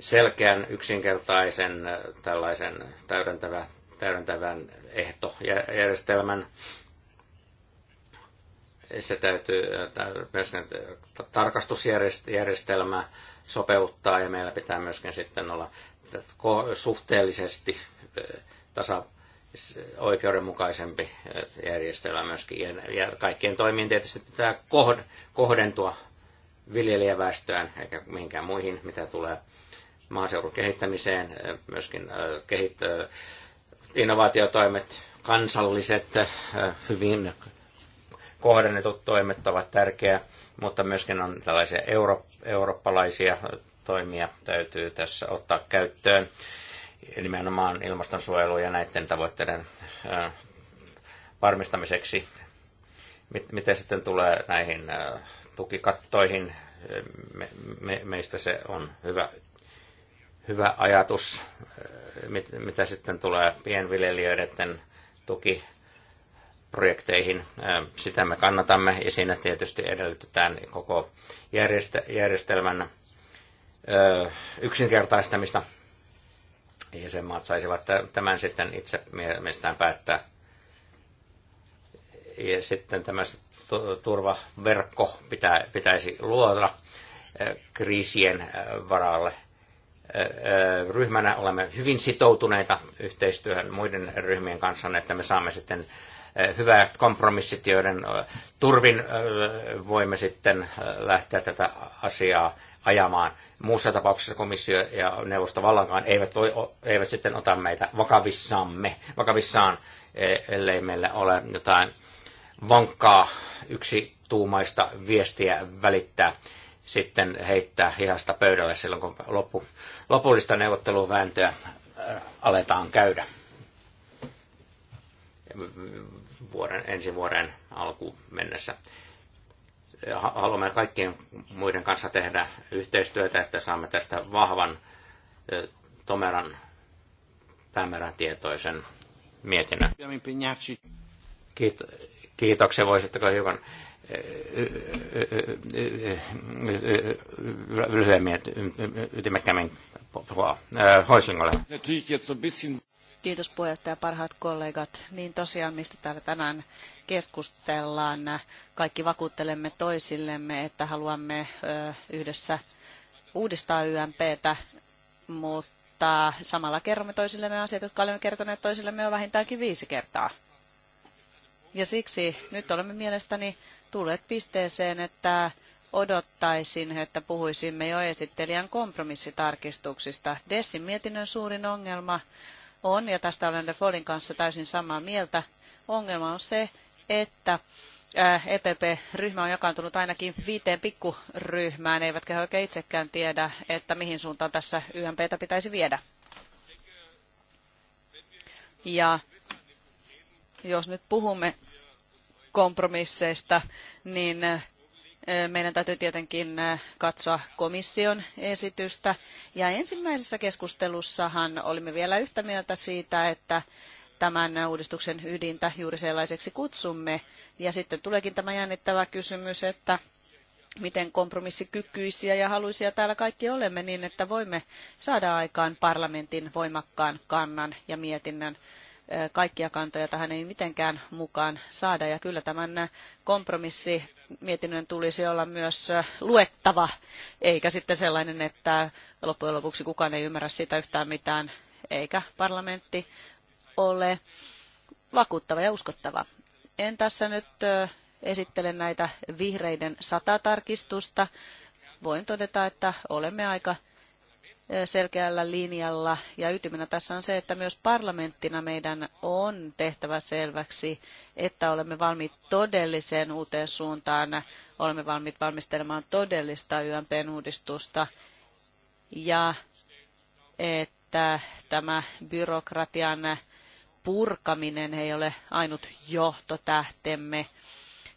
selkeän, yksinkertaisen, tällaisen täydentävä täydentävän ehtojärjestelmän. Se täytyy myös tarkastusjärjestelmä sopeuttaa ja meillä pitää myöskin sitten olla suhteellisesti tasa oikeudenmukaisempi järjestelmä myöskin. Ja kaikkien toimiin tietysti pitää kohdentua viljelijäväestöön eikä mihinkään muihin, mitä tulee maaseudun kehittämiseen, myöskin kehittää innovaatiotoimet, kansalliset, eh, hyvin kohdennetut toimet ovat tärkeä, mutta myöskin on tällaisia euro, eurooppalaisia toimia täytyy tässä ottaa käyttöön nimenomaan ilmastonsuojelu ja näiden tavoitteiden eh, varmistamiseksi. Miten sitten tulee näihin eh, tukikattoihin? Me, me, meistä se on hyvä hyvä ajatus, eh, mitä sitten tulee pienviljelijöiden tukiprojekteihin. projekteihin. Sitä me kannatamme ja siinä tietysti edellytetään koko järjestelmän eh, yksinkertaistamista. ja maat saisivat tämän sitten itse mielestään päättää. Ja sitten tämä turvaverkko pitäisi luoda eh, kriisien varalle – ryhmänä olemme hyvin sitoutuneita yhteistyöhön muiden ryhmien kanssa, että me saamme sitten hyvät kompromissit, joiden turvin voimme sitten lähteä tätä asiaa ajamaan. Muussa tapauksessa komissio ja neuvosto vallankaan eivät, voi, eivät sitten ota meitä vakavissamme, vakavissaan, e, ellei meillä ole jotain vankkaa yksituumaista viestiä välittää sitten heittää hihasta pöydälle silloin, kun loppu, lopullista neuvotteluvääntöä äh, aletaan käydä vuoden, ensi vuoden alkuun mennessä. Haluamme kaikkien muiden kanssa tehdä yhteistyötä, että saamme tästä vahvan, tomeran, päämäärätietoisen mietinnän. kiitoksia. Voisitteko hiukan ytimekkäämmin äh, Hoislingolle. Kiitos puheenjohtaja, parhaat kollegat. Niin tosiaan, mistä täällä tänään keskustellaan, kaikki vakuuttelemme toisillemme, että haluamme yhdessä uudistaa YMPtä, mutta samalla kerromme toisillemme asiat, jotka olemme kertoneet toisillemme jo vähintäänkin viisi kertaa. Ja siksi nyt olemme mielestäni tulleet pisteeseen, että odottaisin, että puhuisimme jo esittelijän kompromissitarkistuksista. Dessin mietinnön suurin ongelma on, ja tästä olen Lefolin kanssa täysin samaa mieltä, ongelma on se, että äh, EPP-ryhmä on jakaantunut ainakin viiteen pikkuryhmään, eivätkä he oikein itsekään tiedä, että mihin suuntaan tässä YMPtä pitäisi viedä. Ja jos nyt puhumme kompromisseista, niin eh, meidän täytyy tietenkin eh, katsoa komission esitystä. Ja ensimmäisessä keskustelussahan olimme vielä yhtä mieltä siitä, että tämän uudistuksen ydintä juuri sellaiseksi kutsumme. Ja sitten tuleekin tämä jännittävä kysymys, että miten kompromissikykyisiä ja haluisia täällä kaikki olemme niin, että voimme saada aikaan parlamentin voimakkaan kannan ja mietinnön kaikkia kantoja tähän ei mitenkään mukaan saada. Ja kyllä tämän kompromissi mietinnön tulisi olla myös luettava, eikä sitten sellainen, että loppujen lopuksi kukaan ei ymmärrä siitä yhtään mitään, eikä parlamentti ole vakuuttava ja uskottava. En tässä nyt esittele näitä vihreiden sata tarkistusta. Voin todeta, että olemme aika selkeällä linjalla. Ja ytimenä tässä on se, että myös parlamenttina meidän on tehtävä selväksi, että olemme valmiit todelliseen uuteen suuntaan, olemme valmiit valmistelemaan todellista YMPn uudistusta ja että tämä byrokratian purkaminen ei ole ainut johtotähtemme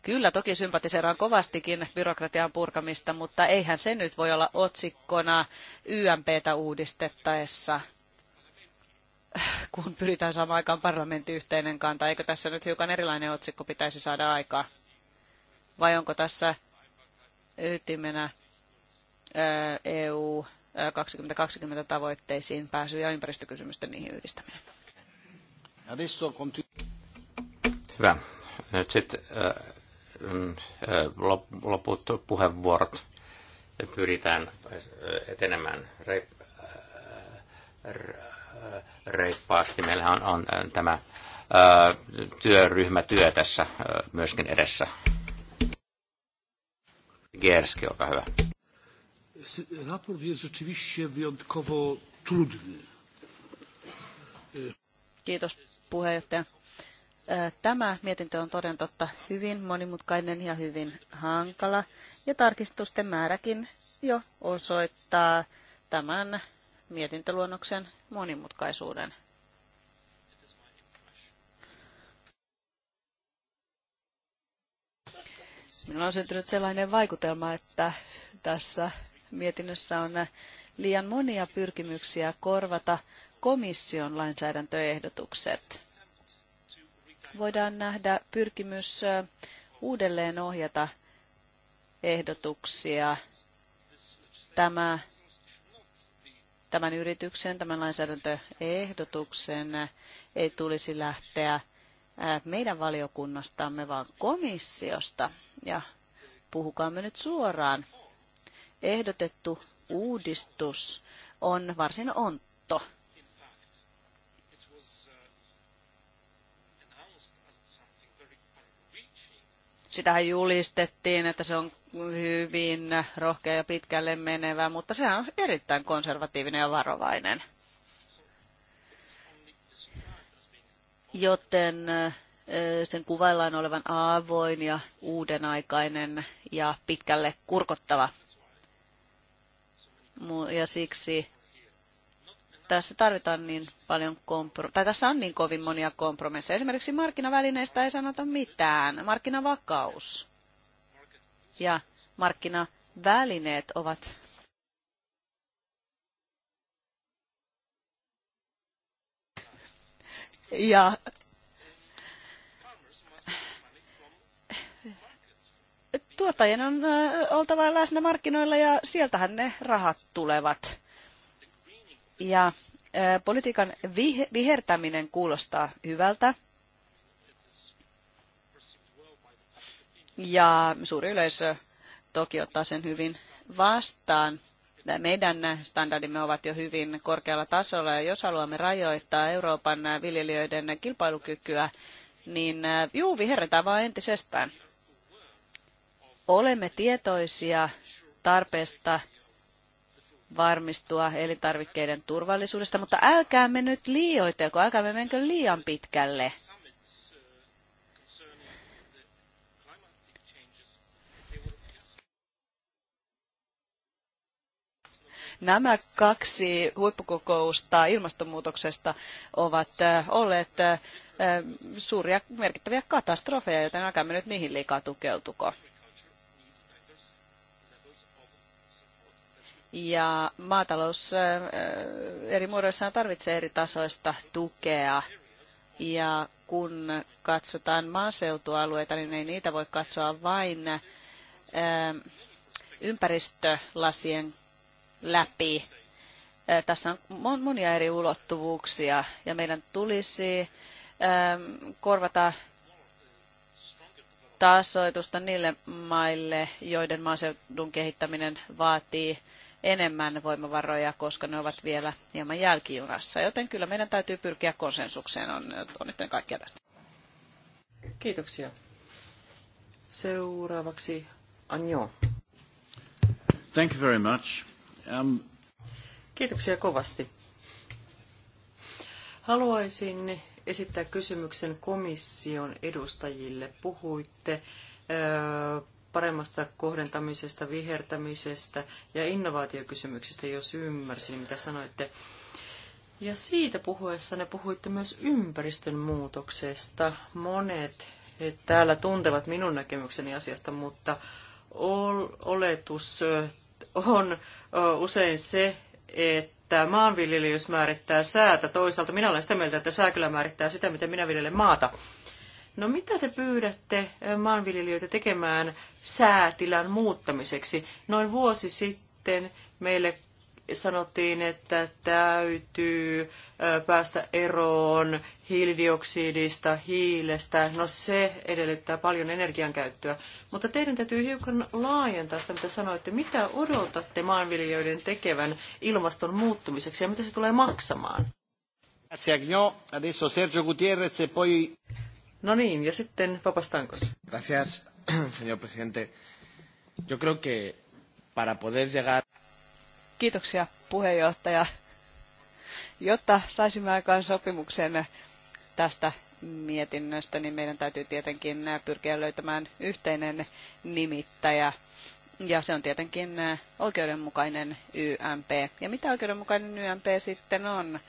Kyllä, toki sympatiseeraan kovastikin byrokratian purkamista, mutta eihän se nyt voi olla otsikkona YMPtä uudistettaessa, kun pyritään saamaan aikaan parlamentin yhteinen kanta. Eikö tässä nyt hiukan erilainen otsikko pitäisi saada aikaa? Vai onko tässä ytimenä EU 2020 tavoitteisiin pääsy ja ympäristökysymysten niihin yhdistäminen? Hyvä. Nyt sitten Mm, äh, loput puheenvuorot pyritään äh, etenemään äh, reippaasti. Meillähän on, on tämä työryhmätyö tässä myöskin edessä. Gerski, olkaa hyvä. Kiitos puheenjohtaja. Tämä mietintö on toden totta hyvin monimutkainen ja hyvin hankala, ja tarkistusten määräkin jo osoittaa tämän mietintöluonnoksen monimutkaisuuden. Minulla on syntynyt sellainen vaikutelma, että tässä mietinnössä on liian monia pyrkimyksiä korvata komission lainsäädäntöehdotukset voidaan nähdä pyrkimys uudelleen ohjata ehdotuksia. Tämä, tämän yrityksen, tämän lainsäädäntöehdotuksen ei tulisi lähteä meidän valiokunnastamme, vaan komissiosta. Ja puhukaamme nyt suoraan. Ehdotettu uudistus on varsin ontto sitähän julistettiin, että se on hyvin rohkea ja pitkälle menevä, mutta se on erittäin konservatiivinen ja varovainen. Joten eh, sen kuvaillaan olevan avoin ja uudenaikainen ja pitkälle kurkottava. Ja siksi tässä tarvitaan niin paljon kompro- tai tässä on niin kovin monia kompromisseja. Esimerkiksi markkinavälineistä ei sanota mitään. Markkinavakaus ja markkinavälineet ovat ja tuottajien on oltava läsnä markkinoilla ja sieltähän ne rahat tulevat. Ja politiikan vihertäminen kuulostaa hyvältä. Ja suuri yleisö toki ottaa sen hyvin vastaan. Meidän standardimme ovat jo hyvin korkealla tasolla ja jos haluamme rajoittaa Euroopan viljelijöiden kilpailukykyä, niin juu, viherretään vaan entisestään. Olemme tietoisia tarpeesta varmistua elintarvikkeiden turvallisuudesta, mutta älkäämme nyt liioitelko, älkäämme menkö liian pitkälle. Nämä kaksi huippukokousta ilmastonmuutoksesta ovat olleet suuria merkittäviä katastrofeja, joten älkäämme nyt niihin liikaa tukeutuko. Ja maatalous eri muodoissaan tarvitsee eri tasoista tukea. Ja kun katsotaan maaseutualueita, niin ei niitä voi katsoa vain ympäristölasien läpi. Tässä on monia eri ulottuvuuksia ja meidän tulisi korvata tasoitusta niille maille, joiden maaseudun kehittäminen vaatii enemmän voimavaroja, koska ne ovat vielä hieman jälkijunassa. Joten kyllä meidän täytyy pyrkiä konsensukseen. On, onnittelen kaikkia tästä. Kiitoksia. Seuraavaksi Anjo. Thank you very much. Um... Kiitoksia kovasti. Haluaisin esittää kysymyksen komission edustajille. Puhuitte paremmasta kohdentamisesta, vihertämisestä ja innovaatiokysymyksistä, jos ymmärsin, mitä sanoitte. Ja siitä puhuessanne puhuitte myös ympäristön muutoksesta. Monet täällä tuntevat minun näkemykseni asiasta, mutta oletus on usein se, että maanviljelijys määrittää säätä. Toisaalta minä olen sitä mieltä, että sää kyllä määrittää sitä, miten minä viljelen maata. No mitä te pyydätte maanviljelijöitä tekemään säätilan muuttamiseksi. Noin vuosi sitten meille sanottiin, että täytyy päästä eroon hiilidioksidista, hiilestä. No se edellyttää paljon energian käyttöä. Mutta teidän täytyy hiukan laajentaa sitä, mitä sanoitte. Mitä odotatte maanviljelijöiden tekevän ilmaston muuttumiseksi ja mitä se tulee maksamaan? Grazie Agnò. Adesso Sergio Gutierrez e poi... No niin, ja sitten Papastankos. *clears throat* señor presidente. Yo creo que para poder llegar... Kiitoksia, puheenjohtaja. Jotta saisimme aikaan sopimuksen tästä mietinnöstä, niin meidän täytyy tietenkin pyrkiä löytämään yhteinen nimittäjä. Ja se on tietenkin oikeudenmukainen YMP. Ja mitä oikeudenmukainen YMP sitten on?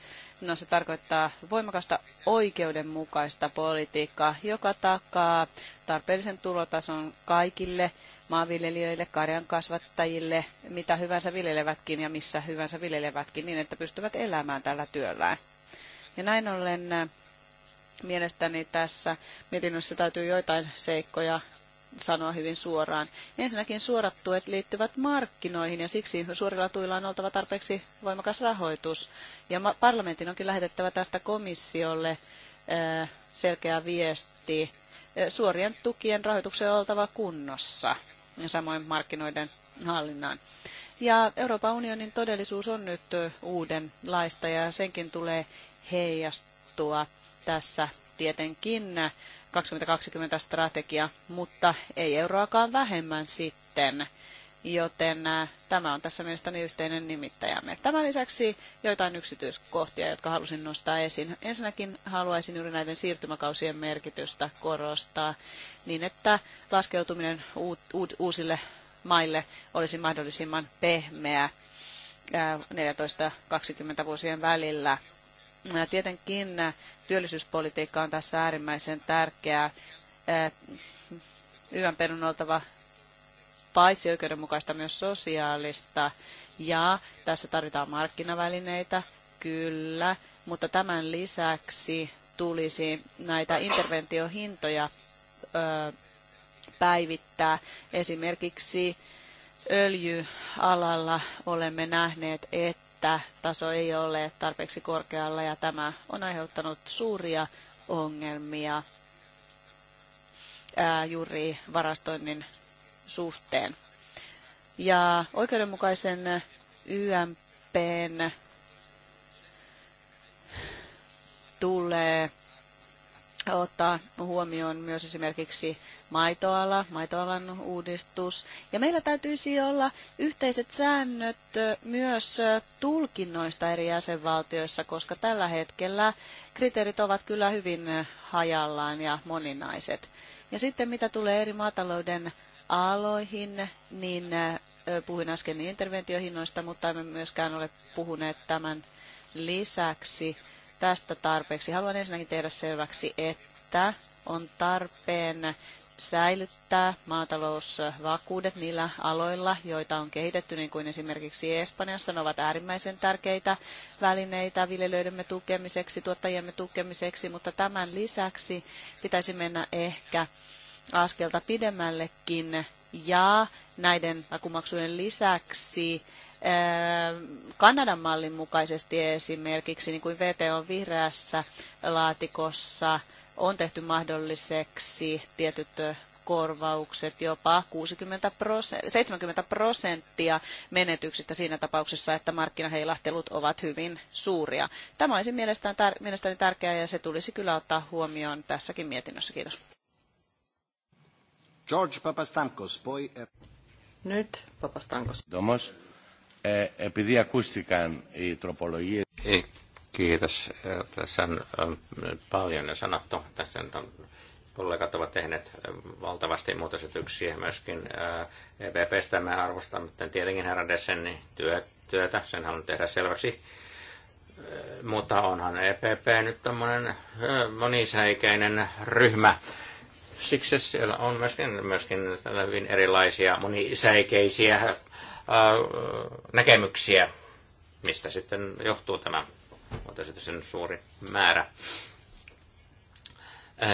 No se tarkoittaa voimakasta oikeudenmukaista politiikkaa, joka takaa tarpeellisen tulotason kaikille maanviljelijöille, karjan kasvattajille, mitä hyvänsä viljelevätkin ja missä hyvänsä viljelevätkin, niin että pystyvät elämään tällä työllään. Ja näin ollen äh, mielestäni tässä mietinnössä täytyy joitain seikkoja sanoa hyvin suoraan. Ensinnäkin suorat tuet liittyvät markkinoihin ja siksi suorilla tuilla on oltava tarpeeksi voimakas rahoitus. Ja parlamentin onkin lähetettävä tästä komissiolle äh, selkeä viesti suorien tukien rahoituksen on oltava kunnossa, samoin markkinoiden hallinnan. Ja Euroopan unionin todellisuus on nyt uudenlaista ja senkin tulee heijastua tässä tietenkin 2020 strategia, mutta ei euroakaan vähemmän sitten joten äh, tämä on tässä mielestäni yhteinen nimittäjämme. Tämän lisäksi joitain yksityiskohtia, jotka halusin nostaa esiin. Ensinnäkin haluaisin juuri näiden siirtymäkausien merkitystä korostaa niin, että laskeutuminen uusille maille olisi mahdollisimman pehmeä 14-20 äh, vuosien välillä. Äh, tietenkin työllisyyspolitiikka on tässä äärimmäisen tärkeää. YMP on oltava paitsi oikeudenmukaista myös sosiaalista. Ja tässä tarvitaan markkinavälineitä, kyllä, mutta tämän lisäksi tulisi näitä interventiohintoja ö, päivittää. Esimerkiksi öljyalalla olemme nähneet, että taso ei ole tarpeeksi korkealla ja tämä on aiheuttanut suuria ongelmia ää, juuri varastoinnin suhteen. Ja oikeudenmukaisen YMPn tulee ottaa huomioon myös esimerkiksi maitoala, maitoalan uudistus. Ja meillä täytyisi olla yhteiset säännöt myös tulkinnoista eri jäsenvaltioissa, koska tällä hetkellä kriteerit ovat kyllä hyvin hajallaan ja moninaiset. Ja sitten mitä tulee eri maatalouden aloihin, niin puhuin äsken interventiohinnoista, mutta emme myöskään ole puhuneet tämän lisäksi tästä tarpeeksi. Haluan ensinnäkin tehdä selväksi, että on tarpeen säilyttää maatalousvakuudet niillä aloilla, joita on kehitetty, niin kuin esimerkiksi Espanjassa. Ne ovat äärimmäisen tärkeitä välineitä viljelijöidemme tukemiseksi, tuottajiemme tukemiseksi, mutta tämän lisäksi pitäisi mennä ehkä askelta pidemmällekin ja näiden akumaksujen lisäksi eh, Kanadan mallin mukaisesti esimerkiksi, niin kuin VTO vihreässä laatikossa on tehty mahdolliseksi tietyt korvaukset jopa 60 prosenttia, 70 prosenttia menetyksistä siinä tapauksessa, että markkinaheilahtelut ovat hyvin suuria. Tämä olisi mielestäni tärkeää ja se tulisi kyllä ottaa huomioon tässäkin mietinnössä. Kiitos. George Papastamkos, poi... Nyt Papastamkos. Domos, ε, eh, επειδή ακούστηκαν οι τροπολογίες... Ε, Kiitos. Eh, tässä on eh, paljon sanottu. Tässä on kollegat ovat tehneet valtavasti muutosesityksiä myöskin EPPstä. E Mä arvostan mutta tietenkin herra Dessenin työtä, sen haluan tehdä selväksi. Mutta onhan EPP nyt tämmöinen monisäikeinen ryhmä Siksi siellä on myöskin, myöskin hyvin erilaisia monisäikeisiä äh, näkemyksiä, mistä sitten johtuu tämä sen suuri määrä.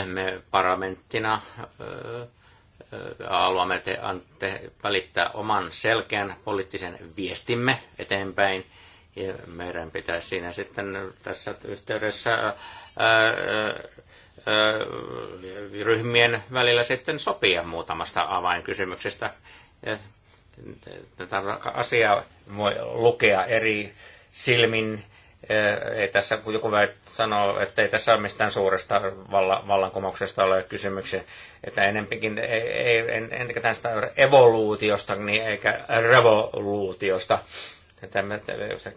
Me parlamenttina äh, haluamme te, te, välittää oman selkeän poliittisen viestimme eteenpäin. Ja meidän pitää siinä sitten tässä yhteydessä ää, äh, ryhmien välillä sitten sopia muutamasta avainkysymyksestä. Tätä asiaa voi lukea eri silmin. Ei tässä, kun joku sanoo, että ei tässä ole mistään suuresta vallankumouksesta ole kysymyksiä, että enempikin, ei, ei, en, en, tästä evoluutiosta, niin eikä revoluutiosta. Tämä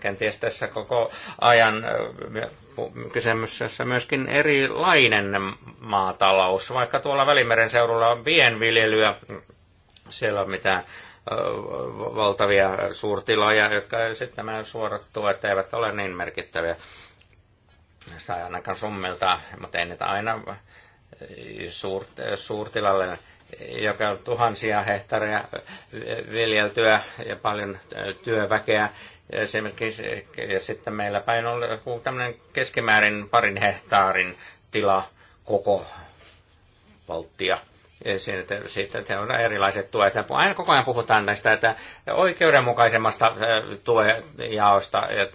kenties tässä koko ajan kysymyksessä myöskin erilainen maatalous, vaikka tuolla Välimeren seudulla on pienviljelyä, siellä on mitään valtavia suurtiloja, jotka sitten nämä suorat tuet eivät ole niin merkittäviä. Saa ainakaan summilta, mutta ei niitä aina suurt, suurtilalle joka on tuhansia hehtaareja viljeltyä ja paljon työväkeä. Esimerkiksi, ja sitten meillä päin on tämmöinen keskimäärin parin hehtaarin tila koko valttia. Siitä, siitä on erilaiset tuet. Aina koko ajan puhutaan näistä että oikeudenmukaisemmasta tuejaosta ja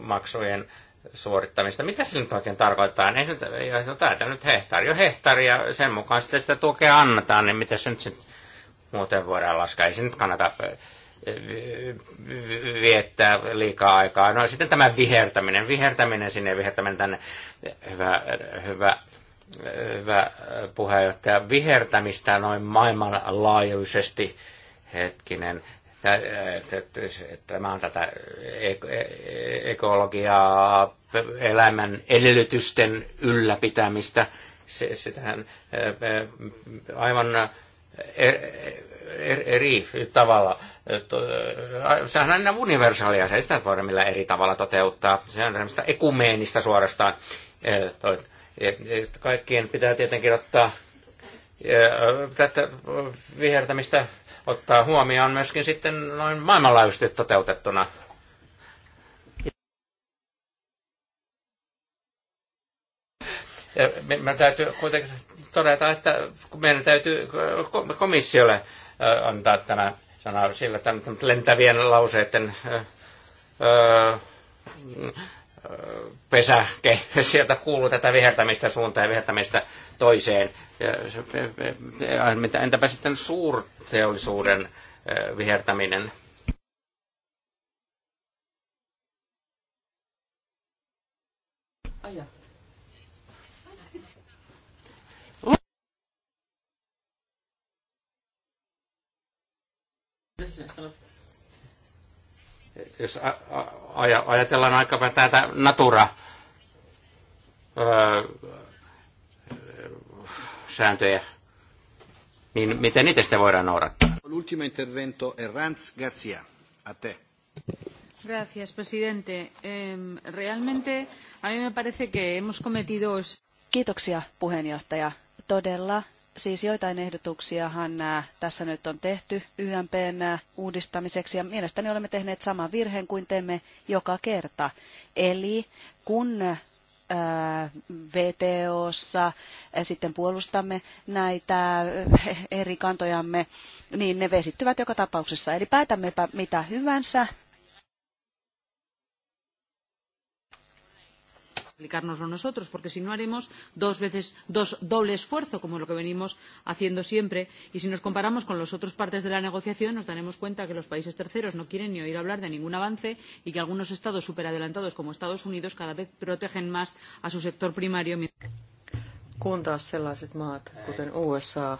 maksujen suorittamista. Mitä se nyt oikein tarkoittaa? Ei nyt, jos täältä nyt hehtaari on hehtaari ja sen mukaan sitten sitä tukea annetaan, niin mitä se nyt sitten muuten voidaan laskea? Ei se nyt kannata viettää liikaa aikaa. No sitten tämä vihertäminen, vihertäminen sinne ja vihertäminen tänne. Hyvä, hyvä, hyvä puheenjohtaja. Vihertämistä noin maailmanlaajuisesti hetkinen. Tämä on tätä ekologiaa, elämän edellytysten ylläpitämistä. Se, sitähän aivan er, eri tavalla. Sehän on aina universaalia, se ei sitä voida millä eri tavalla toteuttaa. Se on tämmöistä ekumeenista suorastaan. E, e, kaikkien pitää tietenkin ottaa tätä vihertämistä ottaa huomioon myöskin sitten noin maailmanlaajuisesti toteutettuna. Me täytyy kuitenkin todeta, että meidän täytyy komissiolle antaa tämä sana sillä lentävien lauseiden pesäke, *laughs* sieltä kuuluu tätä vihertämistä suuntaan ja vihertämistä toiseen. E, e, e, ah, entäpä sitten suurteollisuuden vihertäminen? Aja. Mitä sinä sanot? jos ajatellaan aika tätä Natura sääntöjä, niin miten niitä sitten voidaan noudattaa? L'ultimo intervento Garcia. A te. Gracias, presidente. realmente a mí me parece que hemos cometido... Kiitoksia, puheenjohtaja. Todella Siis joitain ehdotuksiahan tässä nyt on tehty YMPn uudistamiseksi ja mielestäni olemme tehneet saman virheen kuin teemme joka kerta. Eli kun VTOssa sitten puolustamme näitä eri kantojamme, niin ne vesittyvät joka tapauksessa. Eli päätämmepä mitä hyvänsä, explicárnoslo nosotros, porque si no haremos dos veces dos doble esfuerzo, como lo que venimos haciendo siempre, y si nos comparamos con las otras partes de la negociación, nos daremos cuenta que los países terceros no quieren ni oír hablar de ningún avance y que algunos estados superadelantados como Estados Unidos cada vez protegen más a su sector primario. Kun taas sellaiset maat, kuten USA,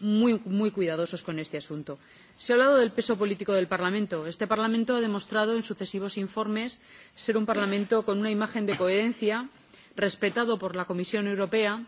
Muy, muy, cuidadosos con este asunto. Se ha hablado del peso político del Parlamento. Este Parlamento ha demostrado en sucesivos informes ser un Parlamento con una imagen de coherencia, respetado por la Comisión Europea.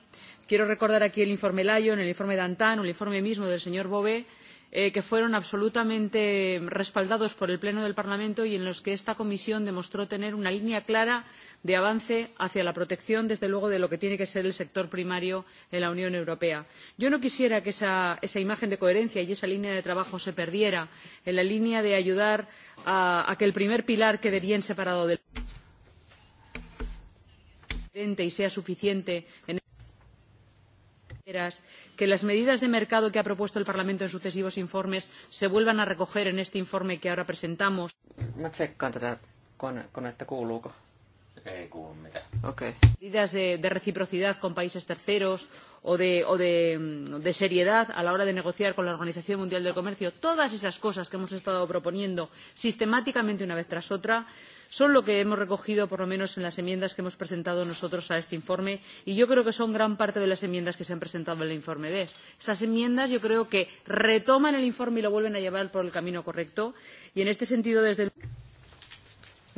Quiero recordar aquí el informe Lyon, el informe Dantin o el informe mismo del señor Bové, Eh, que fueron absolutamente respaldados por el Pleno del Parlamento y en los que esta comisión demostró tener una línea clara de avance hacia la protección, desde luego, de lo que tiene que ser el sector primario en la Unión Europea. Yo no quisiera que esa, imagen de coherencia y esa línea de trabajo se perdiera en la línea de ayudar a, que el primer pilar quede bien separado del y sea suficiente en señorías que las medidas de mercado que ha propuesto el Parlamento en sucesivos informes se vuelvan a recoger en este informe que ahora presentamos. Mä tsekkaan tätä kone, Okay. Medidas de, de reciprocidad con países terceros o, de, o de, mm, de seriedad a la hora de negociar con la Organización Mundial del Comercio. Todas esas cosas que hemos estado proponiendo sistemáticamente una vez tras otra son lo que hemos recogido por lo menos en las enmiendas que hemos presentado nosotros a este informe y yo creo que son gran parte de las enmiendas que se han presentado en el informe dess. esas enmiendas yo creo que retoman el informe y lo vuelven a llevar por el camino correcto y en este sentido desde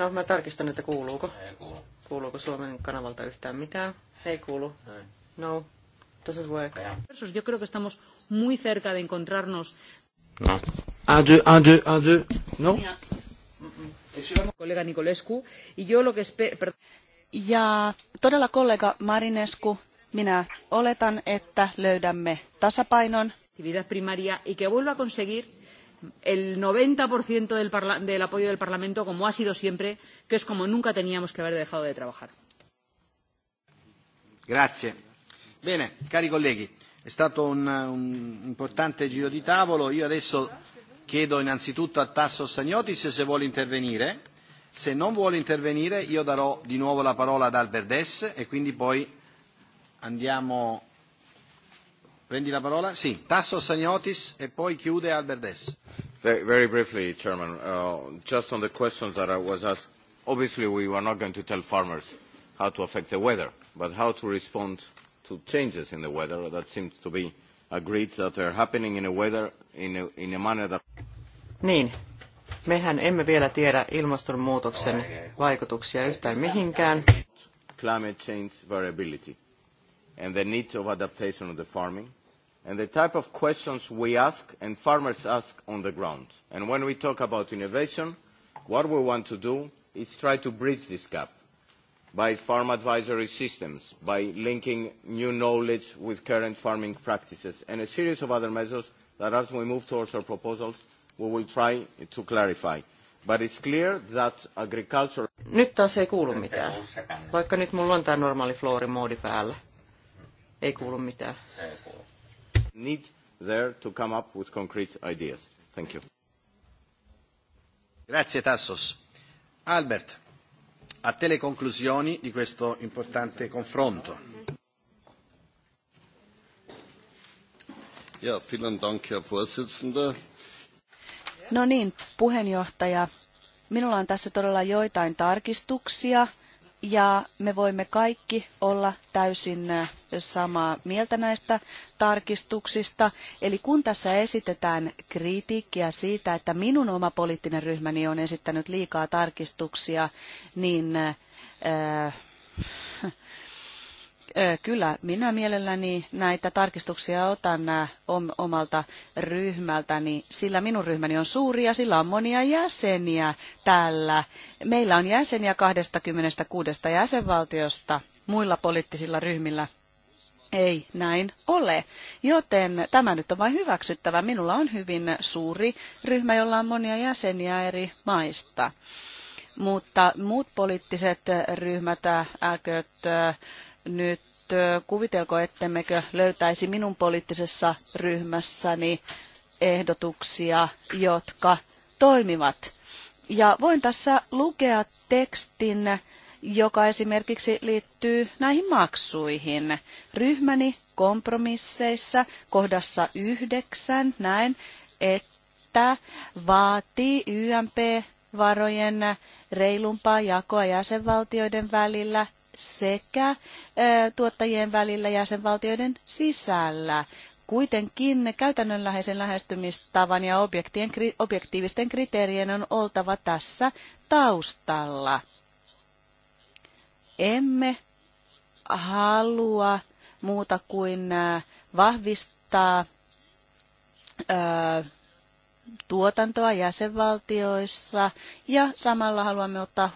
No, mä tarkistan, että kuuluuko. Ei kuulu. Kuuluuko Suomen kanavalta yhtään mitään? Ei kuulu. Ei. No, doesn't work. Yo creo que estamos muy cerca de encontrarnos. No. Un, deux, No? Yeah kollega Nikolescu. Ja todella kollega Marinescu, minä oletan, että löydämme tasapainon. primaria y que vuelva a conseguir el 90% del, del apoyo del Parlamento, como ha sido siempre, que es como nunca teníamos que haber dejado de trabajar. Grazie. Bene, cari colleghi, è stato un, un importante giro di tavolo. Io adesso Chiedo innanzitutto a Tasso Sagnotis se vuole intervenire. Se non vuole intervenire io darò di nuovo la parola ad Alberdes e quindi poi andiamo... Prendi la parola? Sì, Tasso Sagnotis e poi chiude Alberdes. Very, very briefly, Chairman, uh, just on the questions that I was asked. Obviously, we were not going to tell farmers how to affect the weather, but how to respond to changes in the weather that seems to be agreed that are happening in a weather in, manner... Niin, mehän emme vielä tiedä ilmastonmuutoksen vaikutuksia yhtään mihinkään. Climate change variability and the of adaptation of the farming and the type of questions we ask and farmers ask on the ground. And when we talk about innovation, what we want to do is try to bridge this gap by farm advisory systems, by linking new knowledge with current farming practices and a series of other measures that as we move towards our proposals, we will try to clarify. But it's clear that agriculture... Nyt taas ei kuulu mitään. Vaikka nyt mulla on tämä normaali floorimoodi päällä. Ei kuulu mitään. Need there to come up with concrete ideas. Thank you. Grazie Tassos. Albert, a te le conclusioni di questo importante confronto. Ja, vielen Dank, Herr Vorsitzender. No niin, puheenjohtaja. Minulla on tässä todella joitain tarkistuksia ja me voimme kaikki olla täysin äh, samaa mieltä näistä tarkistuksista. Eli kun tässä esitetään kritiikkiä siitä, että minun oma poliittinen ryhmäni on esittänyt liikaa tarkistuksia, niin äh, äh Kyllä, minä mielelläni näitä tarkistuksia otan omalta ryhmältäni, sillä minun ryhmäni on suuri ja sillä on monia jäseniä täällä. Meillä on jäseniä 26 jäsenvaltiosta muilla poliittisilla ryhmillä. Ei näin ole, joten tämä nyt on vain hyväksyttävä. Minulla on hyvin suuri ryhmä, jolla on monia jäseniä eri maista. Mutta muut poliittiset ryhmät, älköt nyt kuvitelko, ettemmekö löytäisi minun poliittisessa ryhmässäni ehdotuksia, jotka toimivat. Ja voin tässä lukea tekstin, joka esimerkiksi liittyy näihin maksuihin. Ryhmäni kompromisseissa kohdassa yhdeksän näin, että vaatii YMP-varojen reilumpaa jakoa jäsenvaltioiden välillä sekä tuottajien välillä jäsenvaltioiden sisällä. Kuitenkin käytännönläheisen lähestymistavan ja objektien, objektiivisten kriteerien on oltava tässä taustalla. Emme halua muuta kuin vahvistaa tuotantoa jäsenvaltioissa ja samalla haluamme ottaa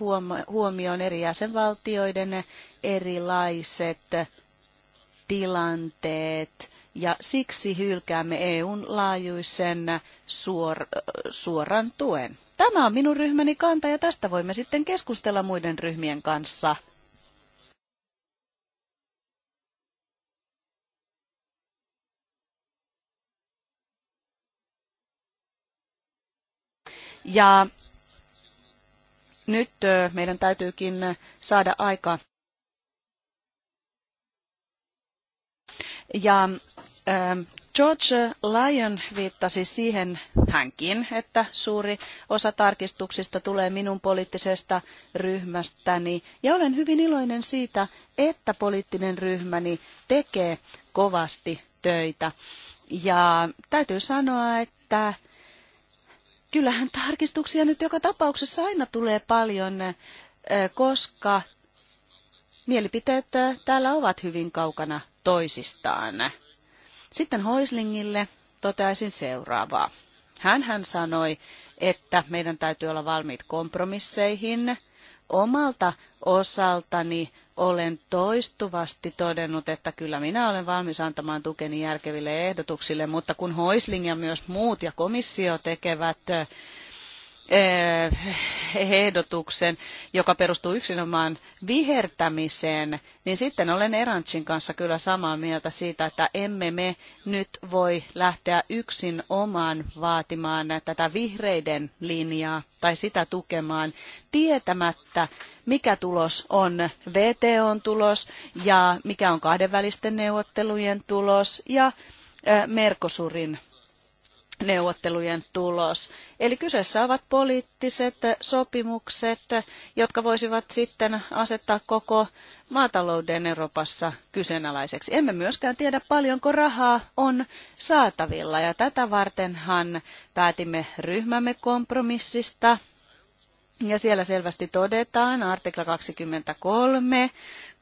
huomioon eri jäsenvaltioiden erilaiset tilanteet ja siksi hylkäämme EUn laajuisen suor, suoran tuen. Tämä on minun ryhmäni kanta ja tästä voimme sitten keskustella muiden ryhmien kanssa Ja nyt meidän täytyykin saada aika. Ja George Lyon viittasi siihen hänkin, että suuri osa tarkistuksista tulee minun poliittisesta ryhmästäni. Ja olen hyvin iloinen siitä, että poliittinen ryhmäni tekee kovasti töitä. Ja täytyy sanoa, että kyllähän tarkistuksia nyt joka tapauksessa aina tulee paljon, koska mielipiteet täällä ovat hyvin kaukana toisistaan. Sitten Hoislingille toteaisin seuraavaa. Hän hän sanoi, että meidän täytyy olla valmiit kompromisseihin. Omalta osaltani olen toistuvasti todennut, että kyllä minä olen valmis antamaan tukeni järkeville ehdotuksille, mutta kun Hoisling ja myös muut ja komissio tekevät Eh, ehdotuksen, joka perustuu yksinomaan vihertämiseen, niin sitten olen Eranchin kanssa kyllä samaa mieltä siitä, että emme me nyt voi lähteä yksin omaan vaatimaan tätä vihreiden linjaa tai sitä tukemaan tietämättä, mikä tulos on VTOn tulos ja mikä on kahdenvälisten neuvottelujen tulos ja eh, Merkosurin neuvottelujen tulos. Eli kyseessä ovat poliittiset sopimukset, jotka voisivat sitten asettaa koko maatalouden Euroopassa kyseenalaiseksi. Emme myöskään tiedä paljonko rahaa on saatavilla ja tätä vartenhan päätimme ryhmämme kompromissista. Ja siellä selvästi todetaan, artikla 23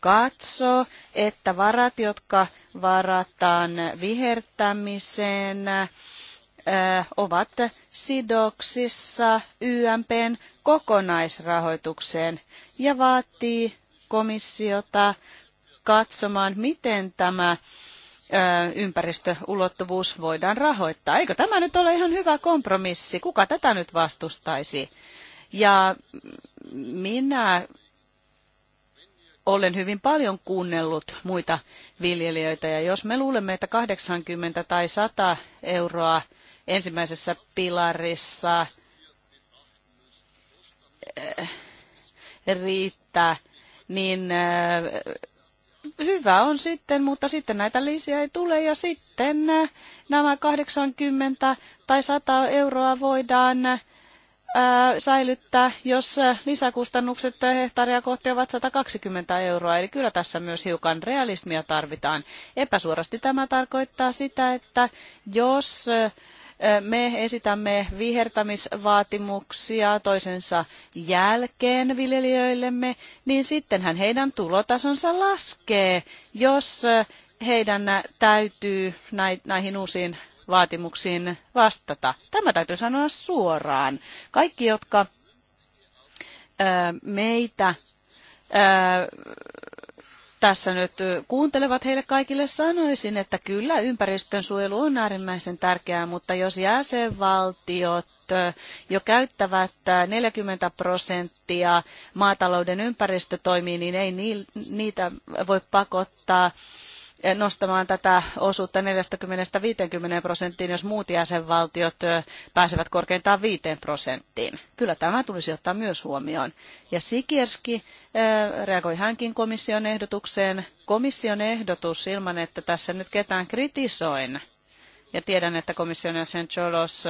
katsoo, että varat, jotka varataan vihertämiseen, ovat sidoksissa YMPn kokonaisrahoitukseen ja vaatii komissiota katsomaan, miten tämä ympäristöulottuvuus voidaan rahoittaa. Eikö tämä nyt ole ihan hyvä kompromissi? Kuka tätä nyt vastustaisi? Ja minä olen hyvin paljon kuunnellut muita viljelijöitä ja jos me luulemme, että 80 tai 100 euroa ensimmäisessä pilarissa eh, riittää, niin eh, hyvä on sitten, mutta sitten näitä lisiä ei tule ja sitten eh, nämä 80 tai 100 euroa voidaan säilyttää, jos lisäkustannukset hehtaaria kohti ovat 120 euroa. Eli kyllä tässä myös hiukan realismia tarvitaan. Epäsuorasti tämä tarkoittaa sitä, että jos me esitämme vihertämisvaatimuksia toisensa jälkeen viljelijöillemme, niin sittenhän heidän tulotasonsa laskee, jos heidän täytyy näihin uusiin vaatimuksiin vastata. Tämä täytyy sanoa suoraan. Kaikki, jotka meitä tässä nyt kuuntelevat heille kaikille sanoisin, että kyllä ympäristönsuojelu on äärimmäisen tärkeää, mutta jos jäsenvaltiot jo käyttävät 40 prosenttia maatalouden ympäristötoimiin, niin ei niitä voi pakottaa nostamaan tätä osuutta 40-50 prosenttiin, jos muut jäsenvaltiot pääsevät korkeintaan 5 prosenttiin. Kyllä tämä tulisi ottaa myös huomioon. Ja Sikierski reagoi hänkin komission ehdotukseen. Komission ehdotus ilman, että tässä nyt ketään kritisoin. Ja tiedän, että komission jäsen Cholos,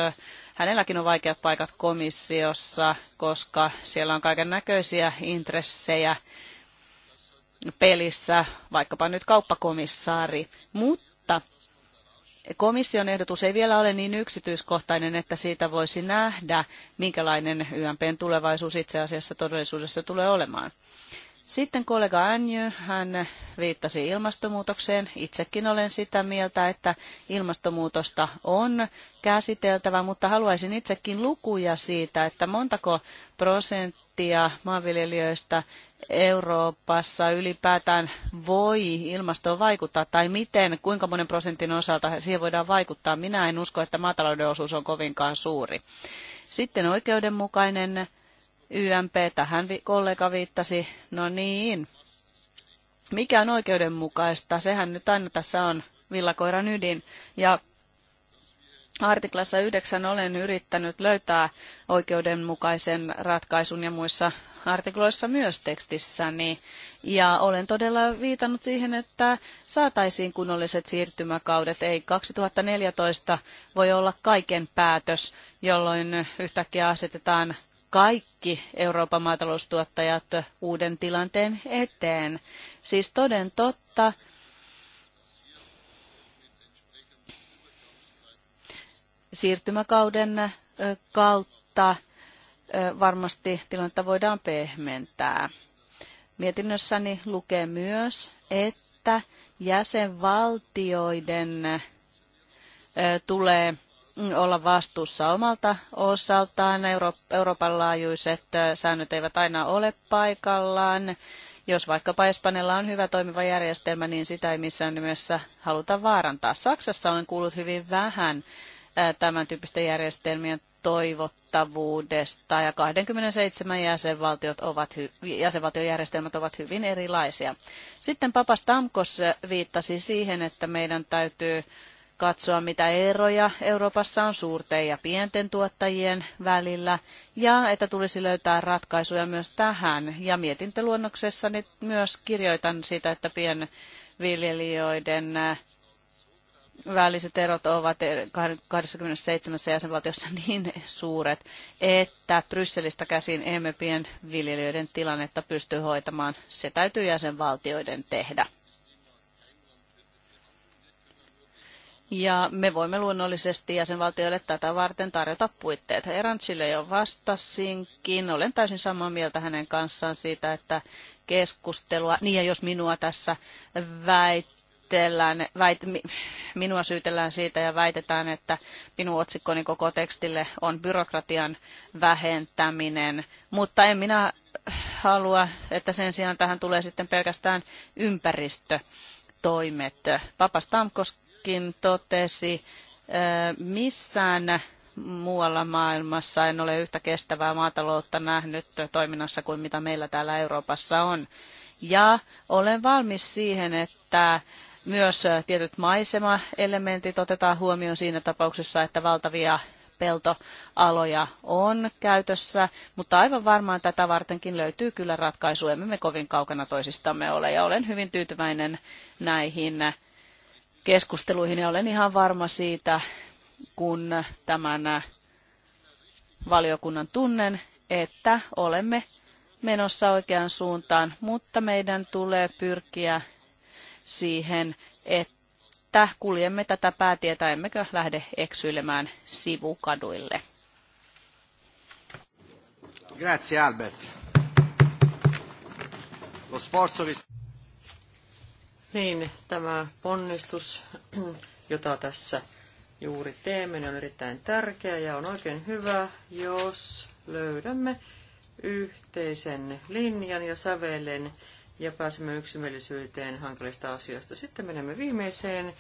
hänelläkin on vaikeat paikat komissiossa, koska siellä on kaiken näköisiä intressejä pelissä vaikkapa nyt kauppakomissaari, mutta komission ehdotus ei vielä ole niin yksityiskohtainen, että siitä voisi nähdä, minkälainen YMPn tulevaisuus itse asiassa todellisuudessa tulee olemaan. Sitten kollega Anjö, hän viittasi ilmastonmuutokseen. Itsekin olen sitä mieltä, että ilmastonmuutosta on käsiteltävä, mutta haluaisin itsekin lukuja siitä, että montako prosenttia maanviljelijöistä Euroopassa ylipäätään voi ilmastoon vaikuttaa tai miten, kuinka monen prosentin osalta siihen voidaan vaikuttaa. Minä en usko, että maatalouden osuus on kovinkaan suuri. Sitten oikeudenmukainen YMP, tähän kollega viittasi, no niin. Mikä on oikeudenmukaista? Sehän nyt aina tässä on villakoiran ydin. Ja Artiklassa 9 olen yrittänyt löytää oikeudenmukaisen ratkaisun ja muissa artikloissa myös tekstissäni. Ja olen todella viitannut siihen, että saataisiin kunnolliset siirtymäkaudet. Ei 2014 voi olla kaiken päätös, jolloin yhtäkkiä asetetaan kaikki Euroopan maataloustuottajat uuden tilanteen eteen. Siis toden totta, siirtymäkauden kautta varmasti tilannetta voidaan pehmentää. Mietinnössäni lukee myös, että jäsenvaltioiden tulee mm, olla vastuussa omalta osaltaan. Euroopan laajuiset säännöt eivät aina ole paikallaan. Jos vaikkapa Espanjalla on hyvä toimiva järjestelmä, niin sitä ei missään nimessä haluta vaarantaa. Saksassa olen kuullut hyvin vähän tämän tyyppisten järjestelmien toivottavuudesta ja 27 jäsenvaltiot ovat jäsenvaltiojärjestelmät ovat hyvin erilaisia. Sitten Papas Tamkos viittasi siihen, että meidän täytyy katsoa, mitä eroja Euroopassa on suurten ja pienten tuottajien välillä, ja että tulisi löytää ratkaisuja myös tähän. Ja mietintöluonnoksessa myös kirjoitan siitä, että pienviljelijöiden väliset erot ovat 27 er- jäsenvaltiossa *laughs* niin suuret, että Brysselistä käsin emme viljelijöiden tilannetta pysty hoitamaan. Se täytyy jäsenvaltioiden tehdä. Ja me voimme luonnollisesti jäsenvaltioille tätä varten tarjota puitteet. Erantsille jo vastasinkin. Olen täysin samaa mieltä hänen kanssaan siitä, että keskustelua, niin ja jos minua tässä väit, syytellään, väit, minua syytellään siitä ja väitetään, että minun otsikkoni koko tekstille on byrokratian vähentäminen. Mutta en minä halua, että sen sijaan tähän tulee sitten pelkästään ympäristötoimet. Papas Tamkoskin totesi, missään muualla maailmassa en ole yhtä kestävää maataloutta nähnyt toiminnassa kuin mitä meillä täällä Euroopassa on. Ja olen valmis siihen, että myös äh, tietyt maisemaelementit otetaan huomioon siinä tapauksessa, että valtavia peltoaloja on käytössä, mutta aivan varmaan tätä vartenkin löytyy kyllä ratkaisu. Emme me kovin kaukana toisistamme ole ja olen hyvin tyytyväinen näihin keskusteluihin ja olen ihan varma siitä, kun tämän äh, valiokunnan tunnen, että olemme menossa oikeaan suuntaan, mutta meidän tulee pyrkiä siihen, että kuljemme tätä päätietä, emmekö lähde eksyilemään sivukaduille. Grazie Albert. Lo sforzo che... Niin, tämä ponnistus, jota tässä juuri teemme, niin on erittäin tärkeä ja on oikein hyvä, jos löydämme yhteisen linjan ja sävelen ja pääsemme yksimielisyyteen hankalista asioista. Sitten menemme viimeiseen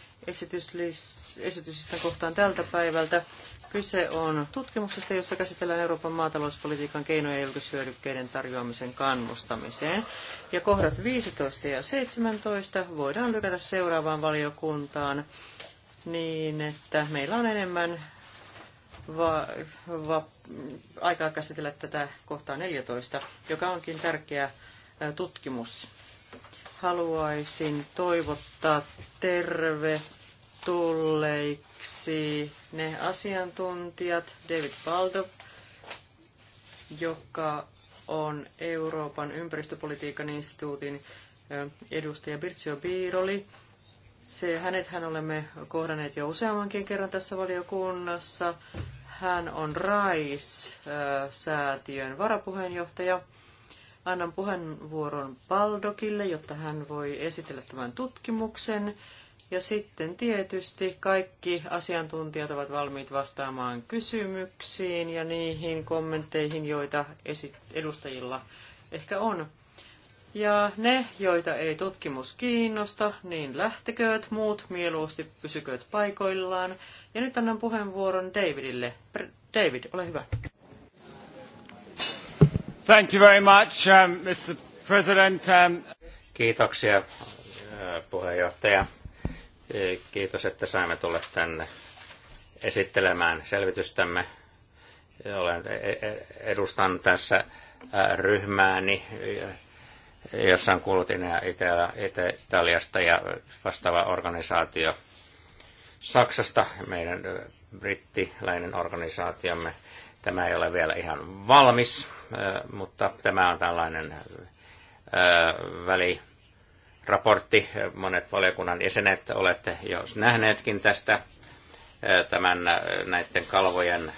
esityslistan kohtaan tältä päivältä. Kyse on tutkimuksesta, jossa käsitellään Euroopan maatalouspolitiikan keinoja julkishyödykkeiden tarjoamisen kannustamiseen. Ja kohdat 15 ja 17 voidaan lykätä seuraavaan valiokuntaan niin, että meillä on enemmän va- va- aikaa käsitellä tätä kohtaa 14, joka onkin tärkeä tutkimus. Haluaisin toivottaa tervetulleiksi ne asiantuntijat, David Baldo, joka on Euroopan ympäristöpolitiikan instituutin edustaja Birzio Biiroli. Se, hänet hän olemme kohdanneet jo useammankin kerran tässä valiokunnassa. Hän on RAIS-säätiön varapuheenjohtaja – Annan puheenvuoron Baldokille, jotta hän voi esitellä tämän tutkimuksen. Ja sitten tietysti kaikki asiantuntijat ovat valmiit vastaamaan kysymyksiin ja niihin kommentteihin, joita edustajilla ehkä on. Ja ne, joita ei tutkimus kiinnosta, niin lähtekööt muut mieluusti pysykööt paikoillaan. Ja nyt annan puheenvuoron Davidille. David, ole hyvä. Thank you very much, um, Mr. President. Um... Kiitoksia, äh, puheenjohtaja. Kiitos, että saimme tulla tänne esittelemään selvitystämme. Olen, e, e, edustan tässä äh, ryhmääni, äh, jossa on Kultina Itä-Italiasta ja vastaava organisaatio Saksasta, meidän brittiläinen organisaatiomme Tämä ei ole vielä ihan valmis, mutta tämä on tällainen väliraportti. Monet valiokunnan jäsenet olette jo nähneetkin tästä tämän näiden kalvojen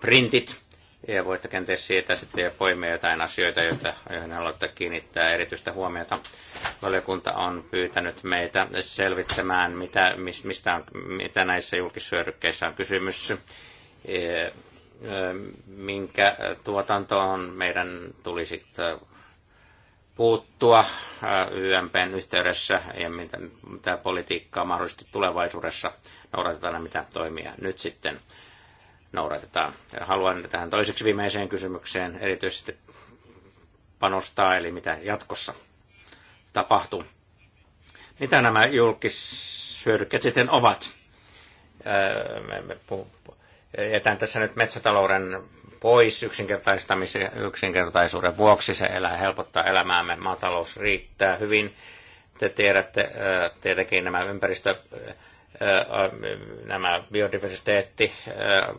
printit. Ja voitte kenties siitä sitten poimia jotain asioita, joita, joihin haluatte kiinnittää erityistä huomiota. Valiokunta on pyytänyt meitä selvittämään, mitä, mistä on, mitä näissä julkishyödykkeissä on kysymys. E, minkä tuotantoon meidän tulisi puuttua YMPn yhteydessä ja mitä, mitä politiikkaa mahdollisesti tulevaisuudessa noudatetaan ja mitä toimia nyt sitten noudatetaan. Haluan tähän toiseksi viimeiseen kysymykseen erityisesti panostaa, eli mitä jatkossa tapahtuu. Mitä nämä julkishyödykkeet sitten ovat? Me Jätän tässä nyt metsätalouden pois yksinkertaistamisen yksinkertaisuuden vuoksi. Se elää, helpottaa elämäämme. Maatalous riittää hyvin. Te tiedätte tietenkin nämä ympäristö nämä biodiversiteetti,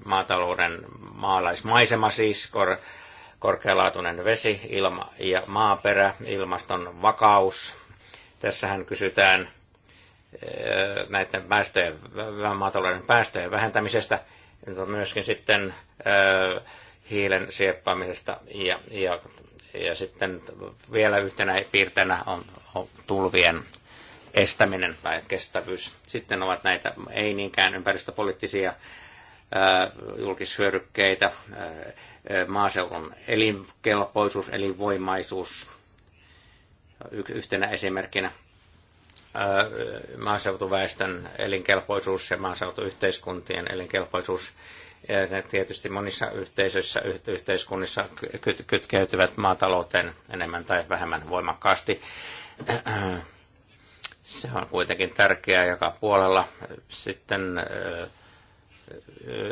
maatalouden maalaismaisema siis, kor, korkealaatuinen vesi, ilma ja maaperä, ilmaston vakaus. Tässähän kysytään näiden päästöjen, maatalouden päästöjen vähentämisestä – myöskin sitten hiilen sieppaamisesta ja, ja, ja sitten vielä yhtenä piirteinä on, on tulvien estäminen tai kestävyys. Sitten ovat näitä ei niinkään ympäristöpoliittisia julkishyödykkeitä, maaseudun elinkelpoisuus, elinvoimaisuus yhtenä esimerkkinä maaseutuväestön elinkelpoisuus ja maaseutuyhteiskuntien elinkelpoisuus. Ja tietysti monissa yhteisöissä, yhteiskunnissa kytkeytyvät maatalouteen enemmän tai vähemmän voimakkaasti. *clears throat* Se on kuitenkin tärkeää joka puolella. Sitten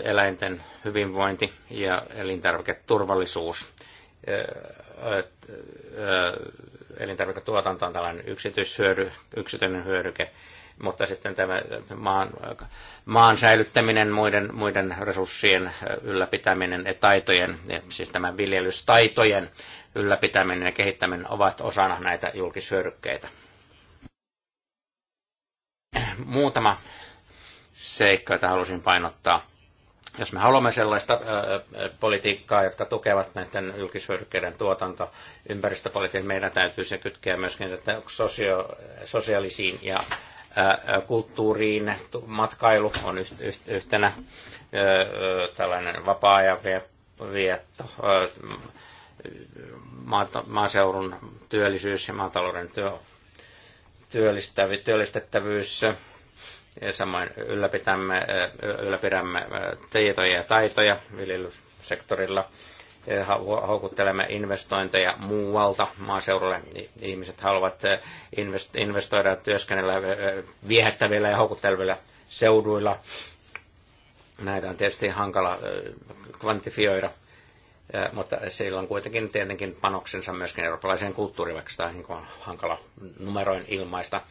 eläinten hyvinvointi ja elintarviketurvallisuus elintarviketuotanto on tällainen yksityishyödy, yksityinen hyödyke, mutta sitten tämä maan, maan säilyttäminen, muiden, muiden resurssien ylläpitäminen ja taitojen, siis tämä viljelystaitojen ylläpitäminen ja kehittäminen ovat osana näitä julkishyödykkeitä. Muutama seikka, jota halusin painottaa jos me haluamme sellaista politiikkaa, jotka tukevat näiden julkishyödykkeiden tuotanto, ympäristöpolitiikka, meidän täytyy se kytkeä myöskin että sosio, sosiaalisiin ja kulttuuriin. Matkailu on yhtenä tällainen vapaa-ajan vietto, maaseudun työllisyys ja maatalouden työ, työllistettävyys Samoin ylläpitämme ylläpidämme tietoja ja taitoja viljelysektorilla. Houkuttelemme investointeja muualta maaseudulle. Ihmiset haluavat investoida ja työskennellä viehättävillä ja houkuttelevilla seuduilla. Näitä on tietysti hankala kvantifioida, mutta sillä on kuitenkin tietenkin panoksensa myöskin eurooppalaiseen kulttuuriin, vaikka sitä on niin hankala numeroin ilmaista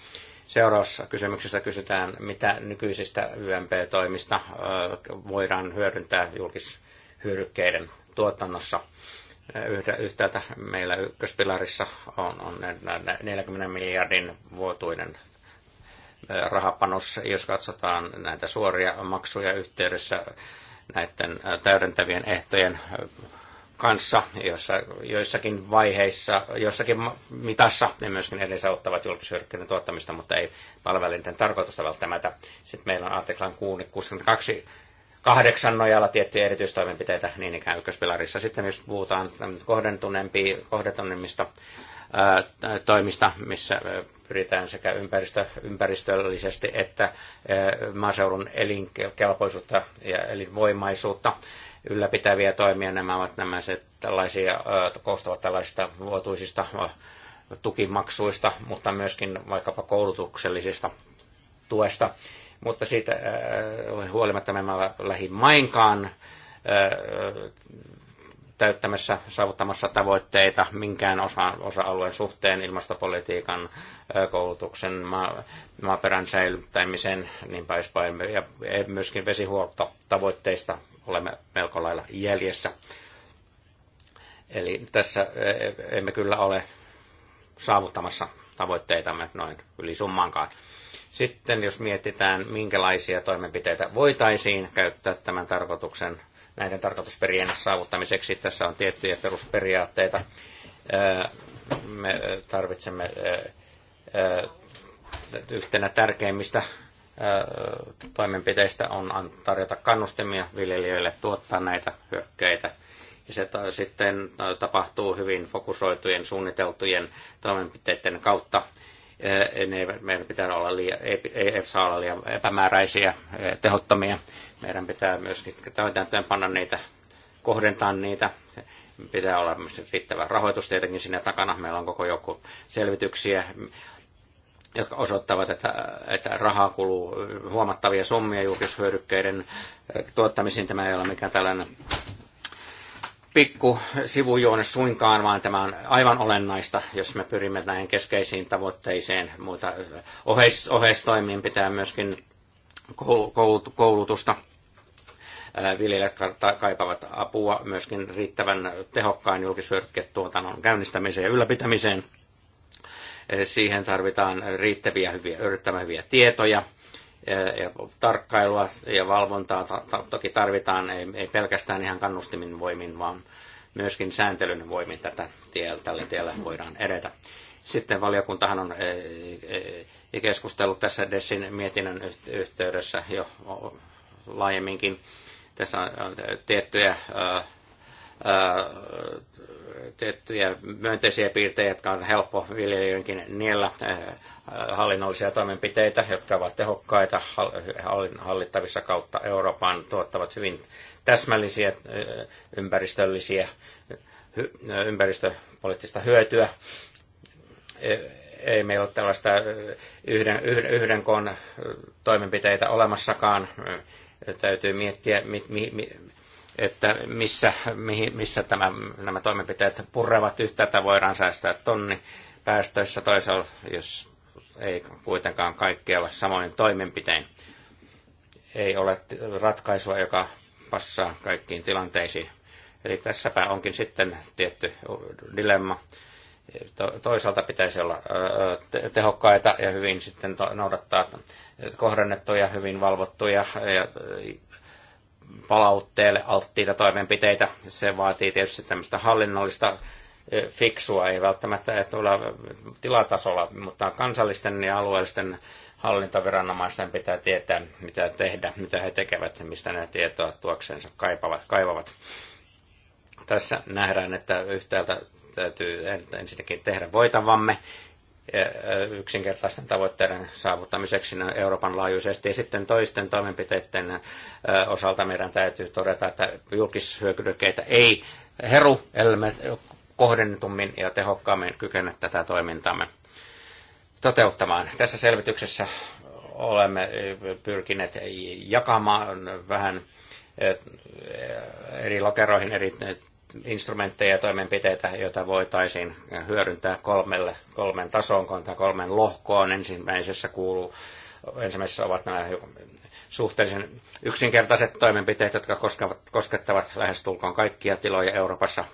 Seuraavassa kysymyksessä kysytään, mitä nykyisistä YMP-toimista voidaan hyödyntää julkishyödykkeiden tuotannossa. Yhtäältä meillä ykköspilarissa on, on 40 miljardin vuotuinen rahapanos, jos katsotaan näitä suoria maksuja yhteydessä näiden täydentävien ehtojen kanssa, jossa, joissakin vaiheissa, jossakin mitassa ne myöskin edesauttavat julkisyrkkinen tuottamista, mutta ei palvelinten tarkoitusta välttämättä. Sitten meillä on artiklan 62 kahdeksan nojalla tiettyjä erityistoimenpiteitä, niin ikään ykköspilarissa. Sitten jos puhutaan kohdentuneemmista toimista, missä pyritään sekä ympäristö, ympäristöllisesti että maaseudun elinkelpoisuutta ja elinvoimaisuutta ylläpitäviä toimia. Nämä ovat nämä se, tällaisia, koostuvat tällaisista vuotuisista tukimaksuista, mutta myöskin vaikkapa koulutuksellisista tuesta. Mutta siitä huolimatta me emme ole lähimainkaan täyttämässä, saavuttamassa tavoitteita minkään osa, osa-alueen suhteen, ilmastopolitiikan, koulutuksen, maa, maaperän säilyttämisen, niin päin ja myöskin vesihuoltotavoitteista olemme melko lailla jäljessä. Eli tässä e, e, emme kyllä ole saavuttamassa tavoitteitamme noin yli summankaan. Sitten jos mietitään, minkälaisia toimenpiteitä voitaisiin käyttää tämän tarkoituksen, näiden tarkoitusperien saavuttamiseksi, tässä on tiettyjä perusperiaatteita. E, me tarvitsemme yhtenä tärkeimmistä toimenpiteistä on tarjota kannustimia viljelijöille tuottaa näitä hyökkäitä. Ja se sitten tapahtuu hyvin fokusoitujen, suunniteltujen toimenpiteiden kautta. meidän pitää olla liian, ei, ei saa olla liian epämääräisiä, tehottomia. Meidän pitää myöskin panna niitä, kohdentaa niitä. Pitää olla myös riittävä rahoitus tietenkin sinne takana. Meillä on koko joku selvityksiä jotka osoittavat, että, että rahaa kuluu huomattavia summia julkishyödykkeiden eh, tuottamisiin. Tämä ei ole mikään tällainen pikku sivujuone suinkaan, vaan tämä on aivan olennaista, jos me pyrimme näihin keskeisiin tavoitteisiin. Muita oheis, oheistoimiin pitää myöskin koulutusta. Eh, viljelijät kaipaavat apua myöskin riittävän tehokkaan julkisyörkkeet tuotannon käynnistämiseen ja ylläpitämiseen – Siihen tarvitaan riittäviä hyviä, yrittämään hyviä tietoja, ja tarkkailua ja valvontaa toki tarvitaan, ei, ei pelkästään ihan kannustimin voimin, vaan myöskin sääntelyn voimin tätä tiellä, tällä tiellä voidaan edetä. Sitten valiokuntahan on e, e, keskustellut tässä dessin mietinnön yhteydessä jo laajemminkin. Tässä on e, tiettyjä tiettyjä myönteisiä piirtejä, jotka on helppo viljelijöidenkin niellä äh, hallinnollisia toimenpiteitä, jotka ovat tehokkaita, hallittavissa kautta Euroopan, tuottavat hyvin täsmällisiä äh, ympäristöllisiä, äh, ympäristöpoliittista hyötyä. Ei meillä ole tällaista yhden, yhden, yhden koon toimenpiteitä olemassakaan. Täytyy miettiä, mi, mi, mi, että missä, mihin, missä tämä, nämä toimenpiteet yhtä, että voidaan säästää tonni päästöissä toisella, jos ei kuitenkaan kaikkialla samoin toimenpitein. Ei ole ratkaisua, joka passaa kaikkiin tilanteisiin. Eli tässäpä onkin sitten tietty dilemma. Toisaalta pitäisi olla tehokkaita ja hyvin sitten noudattaa kohdennettuja, hyvin valvottuja ja palautteelle alttiita toimenpiteitä. Se vaatii tietysti tämmöistä hallinnollista fiksua, ei välttämättä ole tilatasolla, mutta kansallisten ja alueellisten hallintoviranomaisten pitää tietää, mitä tehdä, mitä he tekevät ja mistä ne tietoa tuokseensa kaipavat, kaivavat. Tässä nähdään, että yhtäältä täytyy ensinnäkin tehdä voitavamme yksinkertaisten tavoitteiden saavuttamiseksi Euroopan laajuisesti. Ja sitten toisten toimenpiteiden osalta meidän täytyy todeta, että julkishyökydykeitä ei heru, ellei kohdennetummin ja tehokkaammin kykene tätä toimintaamme toteuttamaan. Tässä selvityksessä olemme pyrkineet jakamaan vähän eri lokeroihin eri instrumentteja ja toimenpiteitä, joita voitaisiin hyödyntää kolmelle, kolmen tasoon, tai kolmen lohkoon. Ensimmäisessä kuuluu, ensimmäisessä ovat nämä suhteellisen yksinkertaiset toimenpiteet, jotka koskevat, koskettavat lähestulkoon kaikkia tiloja Euroopassa.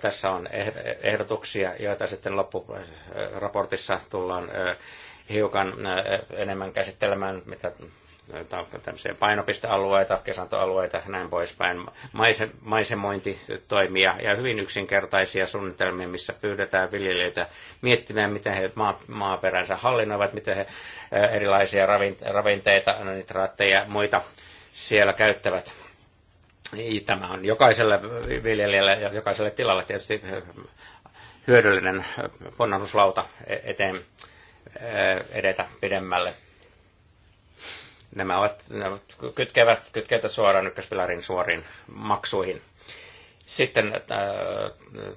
Tässä on ehdotuksia, joita sitten loppuraportissa tullaan hiukan enemmän käsittelemään, mitä painopistealueita, kesantoalueita ja näin poispäin, maise, maisemointitoimia ja hyvin yksinkertaisia suunnitelmia, missä pyydetään viljelijöitä miettimään, miten he maa, maaperänsä hallinnoivat, miten he erilaisia ravinteita, nitraatteja ja muita siellä käyttävät. Tämä on jokaiselle viljelijälle ja jokaiselle tilalle tietysti hyödyllinen ponnaruslauta e-, eteen edetä pidemmälle Nämä ovat, ne kytkevät, kytkevät suoraan ykköspilarin suoriin maksuihin. Sitten äh,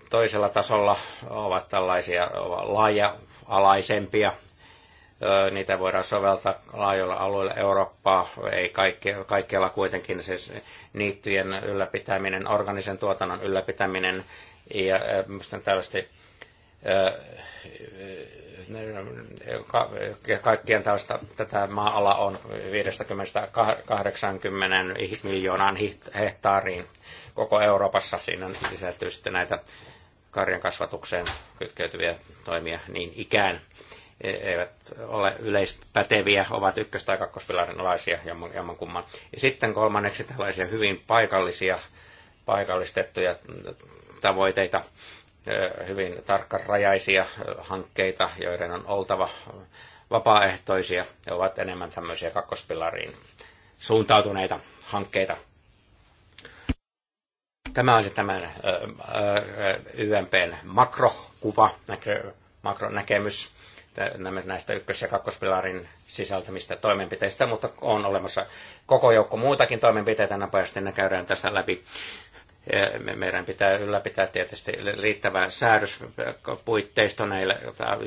toisella tasolla ovat tällaisia laaja-alaisempia. Äh, niitä voidaan soveltaa laajoilla alueilla Eurooppaa, ei kaikki, kaikkialla kuitenkin siis niittyjen ylläpitäminen, organisen tuotannon ylläpitäminen ja äh, tällaisten Eh, eh, kaikkien tällaista tätä maa-ala on 50-80 miljoonaan hehtaariin koko Euroopassa. Siinä sisältyy sitten näitä karjan kasvatukseen kytkeytyviä toimia niin ikään e, eivät ole yleispäteviä, ovat ykkös- tai kakkospilarin alaisia jomman kumman. Ja sitten kolmanneksi tällaisia hyvin paikallisia, paikallistettuja tavoitteita, hyvin tarkkarajaisia hankkeita, joiden on oltava vapaaehtoisia. Ne ovat enemmän tämmöisiä kakkospilariin suuntautuneita hankkeita. Tämä olisi tämän YMPn makrokuva, makronäkemys näistä ykkös- ja kakkospilarin sisältämistä toimenpiteistä, mutta on olemassa koko joukko muutakin toimenpiteitä. Nopeasti ne käydään tässä läpi meidän pitää ylläpitää tietysti riittävää säädöspuitteisto näille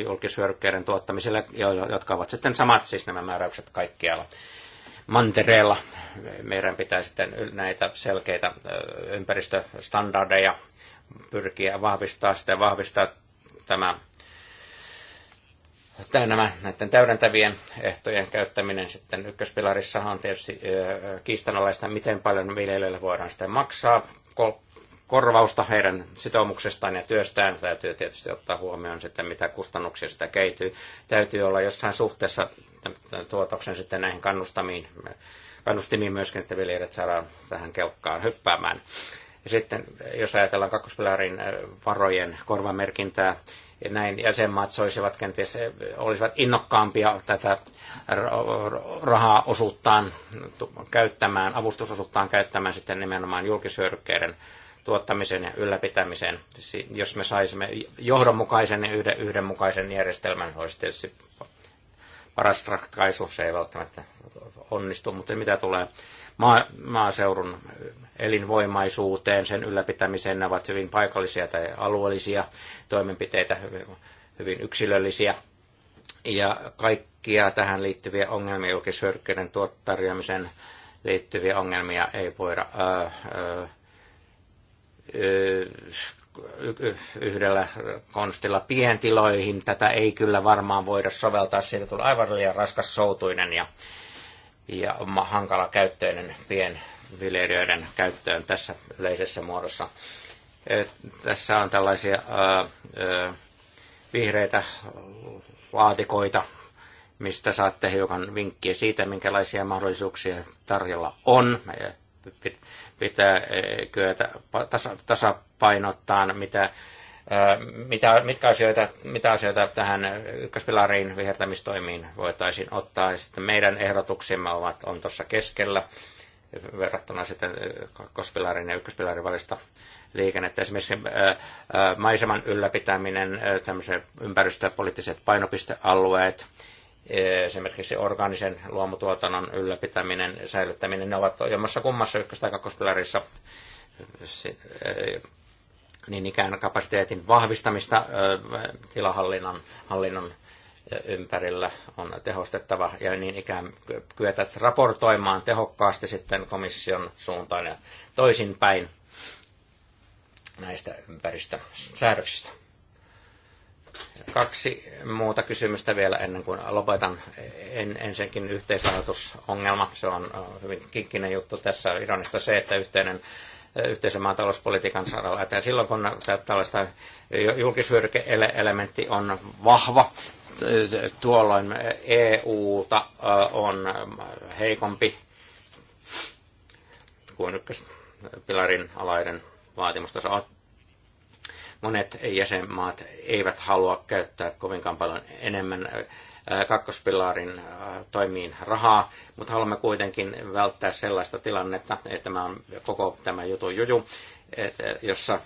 julkishyödykkeiden tuottamiselle, jotka ovat sitten samat siis nämä määräykset kaikkialla mantereella. Meidän pitää sitten näitä selkeitä ympäristöstandardeja pyrkiä vahvistaa sitä, vahvistaa tämä nämä näiden täydentävien ehtojen käyttäminen sitten ykköspilarissa on tietysti kiistanalaista, miten paljon viljelijöille voidaan sitten maksaa korvausta heidän sitoumuksestaan ja työstään. Täytyy tietysti ottaa huomioon sitten, mitä kustannuksia sitä keityy. Täytyy olla jossain suhteessa tuotoksen sitten näihin kannustamiin, kannustimiin myöskin, että viljelijät saadaan tähän kelkkaan hyppäämään. Ja sitten jos ajatellaan kakkospilarin äh, varojen korvamerkintää, ja näin jäsenmaat soisivat kenties, olisivat innokkaampia tätä rahaa osuuttaan käyttämään, avustusosuuttaan käyttämään sitten nimenomaan julkisyörykkeiden tuottamiseen ja ylläpitämiseen. Jos me saisimme johdonmukaisen ja yhden, yhdenmukaisen järjestelmän, olisi tietysti paras ratkaisu. Se ei välttämättä onnistu, mutta mitä tulee maa, maaseudun elinvoimaisuuteen, sen ylläpitämiseen. Ne ovat hyvin paikallisia tai alueellisia toimenpiteitä, hyvin yksilöllisiä. Ja kaikkia tähän liittyviä ongelmia, julkishyödykkeiden tarjoamisen liittyviä ongelmia ei voida ää, ää, yhdellä konstilla pientiloihin. Tätä ei kyllä varmaan voida soveltaa, siitä tulee aivan liian raskas soutuinen ja ja hankala käyttöinen pienviljelijöiden käyttöön tässä yleisessä muodossa. E, tässä on tällaisia vihreitä laatikoita, mistä saatte hiukan vinkkiä siitä, minkälaisia mahdollisuuksia tarjolla on. Pitää e, kyetä tasapainottaa, mitä mitä, mitkä asioita, mitä asioita tähän ykköspilariin vihertämistoimiin voitaisiin ottaa. sitten meidän ehdotuksemme ovat, on tuossa keskellä verrattuna sitten kakkospilarin ja ykköspilarin välistä liikennettä. Esimerkiksi maiseman ylläpitäminen, tämmöiset ympäristöpoliittiset painopistealueet, esimerkiksi orgaanisen luomutuotannon ylläpitäminen, säilyttäminen, ne ovat jommassa kummassa ykkös- tai kakkospilarissa niin ikään kapasiteetin vahvistamista tilahallinnon hallinnon ympärillä on tehostettava ja niin ikään kyetä raportoimaan tehokkaasti sitten komission suuntaan ja toisinpäin näistä ympäristösäädöksistä. Kaksi muuta kysymystä vielä ennen kuin lopetan. En, ensinnäkin yhteisrahoitusongelma. Se on hyvin kinkkinen juttu tässä. Ironista se, että yhteinen yhteisen maatalouspolitiikan saralla. Että silloin kun tällaista julkishyödykeelementti on vahva, tuolloin EUta on heikompi kuin ykköspilarin alaiden vaatimustaso Monet jäsenmaat eivät halua käyttää kovinkaan paljon enemmän kakkospilaarin toimiin rahaa, mutta haluamme kuitenkin välttää sellaista tilannetta, että tämä on koko tämä jutu juju, jossa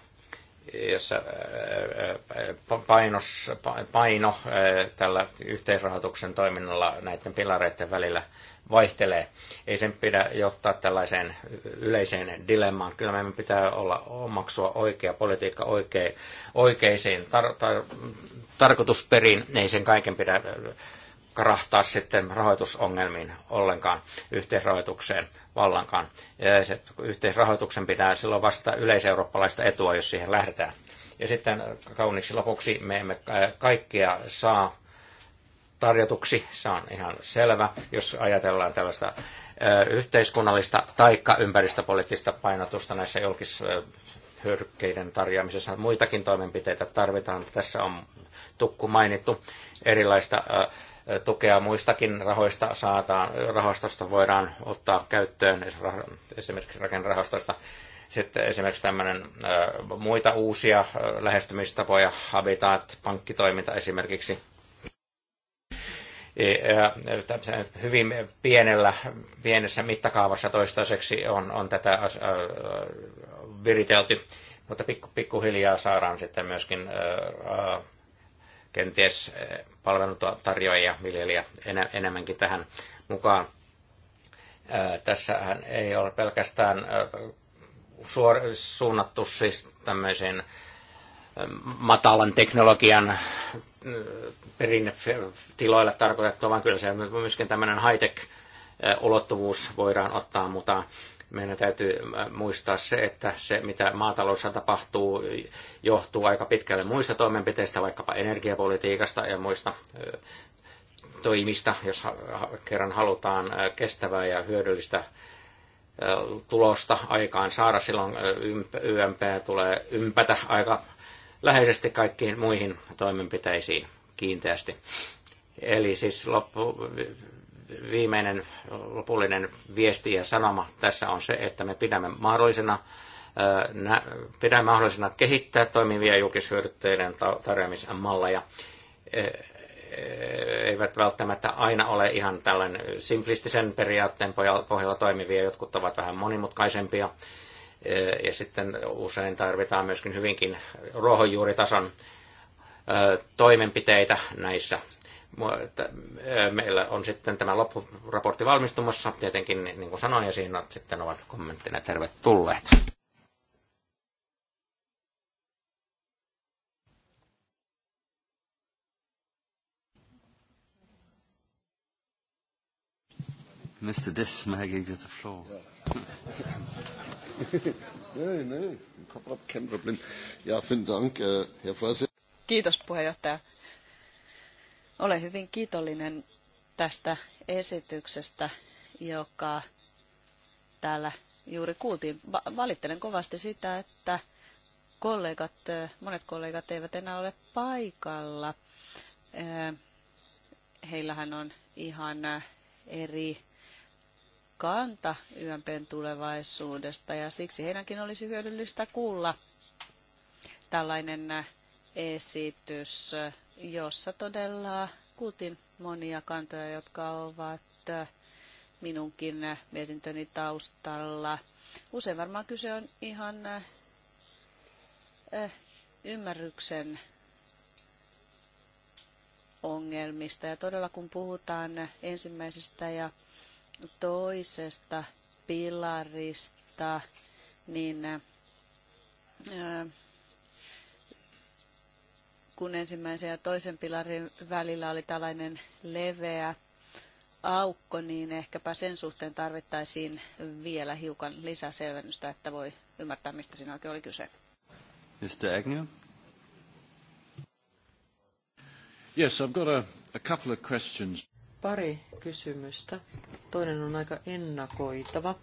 jossa painos, paino tällä yhteisrahoituksen toiminnalla näiden pilareiden välillä vaihtelee. Ei sen pidä johtaa tällaiseen yleiseen dilemmaan. Kyllä meidän pitää olla omaksua oikea politiikka oikein, oikeisiin tar- tar- tarkoitusperiin. Ei sen kaiken pidä karahtaa sitten rahoitusongelmiin ollenkaan, yhteisrahoitukseen vallankaan. Ja se yhteisrahoituksen pitää silloin vasta yleiseurooppalaista etua, jos siihen lähdetään. Ja sitten kauniiksi lopuksi me emme kaikkea saa tarjotuksi, se on ihan selvä, jos ajatellaan tällaista yhteiskunnallista taikka ympäristöpoliittista painotusta näissä julkishyödykkeiden tarjoamisessa. Muitakin toimenpiteitä tarvitaan. Tässä on tukku mainittu erilaista tukea muistakin rahoista saataan, rahastosta voidaan ottaa käyttöön, esimerkiksi rakennerahastosta sitten esimerkiksi tämmöinen muita uusia lähestymistapoja, habitat, pankkitoiminta esimerkiksi, hyvin pienellä, pienessä mittakaavassa toistaiseksi on, on tätä viritelty, mutta pikku, pikkuhiljaa saadaan sitten myöskin kenties palveluntarjoajia, viljelijä enemmänkin tähän mukaan. Tässähän ei ole pelkästään suor, suunnattu siis tämmöisiin matalan teknologian perinnetiloille tarkoitettua, vaan kyllä se myöskin tämmöinen high-tech-ulottuvuus voidaan ottaa mutta Meidän täytyy muistaa se, että se mitä maataloussa tapahtuu johtuu aika pitkälle muista toimenpiteistä, vaikkapa energiapolitiikasta ja muista toimista, jos kerran halutaan kestävää ja hyödyllistä tulosta aikaan saada. Silloin YMP tulee ympätä aika läheisesti kaikkiin muihin toimenpiteisiin kiinteästi. Eli siis loppu, viimeinen lopullinen viesti ja sanoma tässä on se, että me pidämme mahdollisena pidämme mahdollisena kehittää toimivia julkishyödytteiden tarjoamismalleja. E, e, eivät välttämättä aina ole ihan tällainen simplistisen periaatteen pohjalla toimivia, jotkut ovat vähän monimutkaisempia ja sitten usein tarvitaan myöskin hyvinkin ruohonjuuritason toimenpiteitä näissä. Meillä on sitten tämä loppuraportti valmistumassa, tietenkin niin, niin kuin sanoin, ja siinä sitten ovat kommenttina tervetulleita. Mr. Dismay, I give you the floor. *laughs* Nein, nein, kein Problem. Ja, vielen Dank, äh, Herr Vorsitzender. Kiitos puheenjohtaja. Olen hyvin kiitollinen tästä esityksestä, joka täällä juuri kuultiin. Valittelen kovasti sitä, että kollegat, äh, monet kollegat eivät enää ole paikalla. Äh, heillähän on ihan eri kanta YMPn tulevaisuudesta ja siksi heidänkin olisi hyödyllistä kuulla tällainen äh, esitys, jossa todella kuutin monia kantoja, jotka ovat äh, minunkin äh, mietintöni taustalla. Usein varmaan kyse on ihan ymmärryksen ongelmista. Ja todella kun puhutaan ensimmäisestä ja toisesta pilarista, niin äh, kun ensimmäisen ja toisen pilarin välillä oli tällainen leveä aukko, niin ehkäpä sen suhteen tarvittaisiin vielä hiukan lisäselvennystä, että voi ymmärtää, mistä siinä oikein oli kyse. Mr. Agnew? Yes, I've got a, a couple of questions pari kysymystä. Toinen on aika ennakoitava.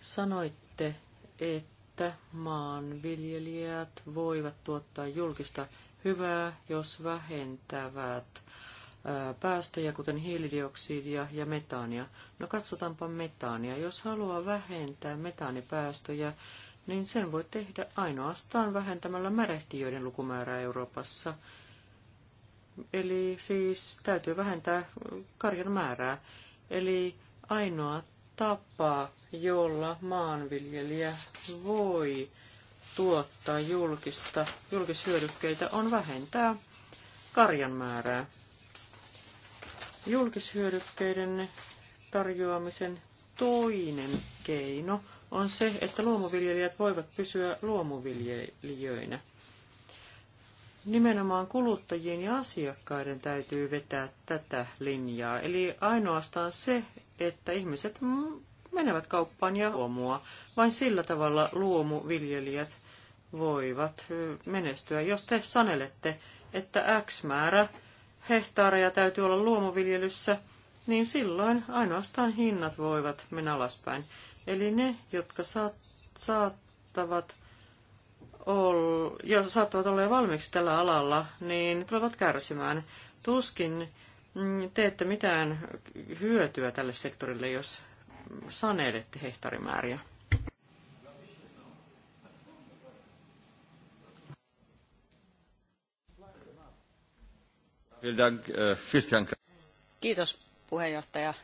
Sanoitte, että maanviljelijät voivat tuottaa julkista hyvää, jos vähentävät päästöjä, kuten hiilidioksidia ja metaania. No katsotaanpa metaania. Jos haluaa vähentää metaanipäästöjä, niin sen voi tehdä ainoastaan vähentämällä märehtiöiden lukumäärää Euroopassa – Eli siis täytyy vähentää karjan määrää. Eli ainoa tapa, jolla maanviljelijä voi tuottaa julkista, julkishyödykkeitä, on vähentää karjan määrää. Julkishyödykkeiden tarjoamisen toinen keino on se, että luomuviljelijät voivat pysyä luomuviljelijöinä – Nimenomaan kuluttajien ja asiakkaiden täytyy vetää tätä linjaa. Eli ainoastaan se, että ihmiset menevät kauppaan ja luomua. Vain sillä tavalla luomuviljelijät voivat menestyä. Jos te sanelette, että X määrä hehtaareja täytyy olla luomuviljelyssä, niin silloin ainoastaan hinnat voivat mennä alaspäin. Eli ne, jotka saattavat ol, jos saattavat olla jo valmiiksi tällä alalla, niin tulevat kärsimään. Tuskin mm, teette mitään hyötyä tälle sektorille, jos saneelette hehtaarimääriä. Äh, Kiitos puheenjohtaja.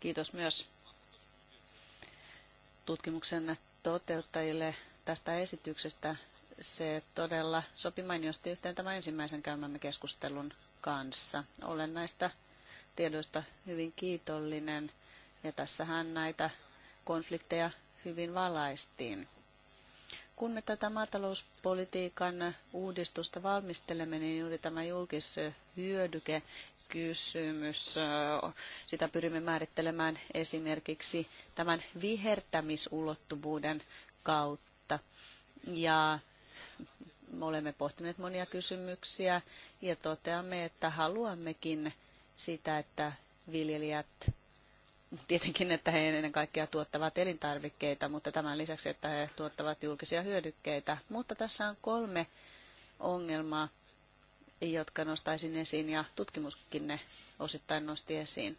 Kiitos myös tutkimuksen toteuttajille tästä esityksestä. Se todella sopi mainiosti yhteen tämän ensimmäisen käymämme keskustelun kanssa. Olen näistä tiedoista hyvin kiitollinen ja tässähän näitä konflikteja hyvin valaistiin. Kun me tätä maatalouspolitiikan uudistusta valmistelemme, niin juuri tämä julkishyödyke kysymys. Sitä pyrimme määrittelemään esimerkiksi tämän vihertämisulottuvuuden kautta asioita. Ja me olemme pohtineet monia kysymyksiä ja toteamme, että haluammekin sitä, että viljelijät tietenkin, että he ennen kaikkea tuottavat elintarvikkeita, mutta tämän lisäksi, että he tuottavat julkisia hyödykkeitä. Mutta tässä on kolme ongelmaa, jotka nostaisin esiin ja tutkimuskin ne osittain nosti esiin.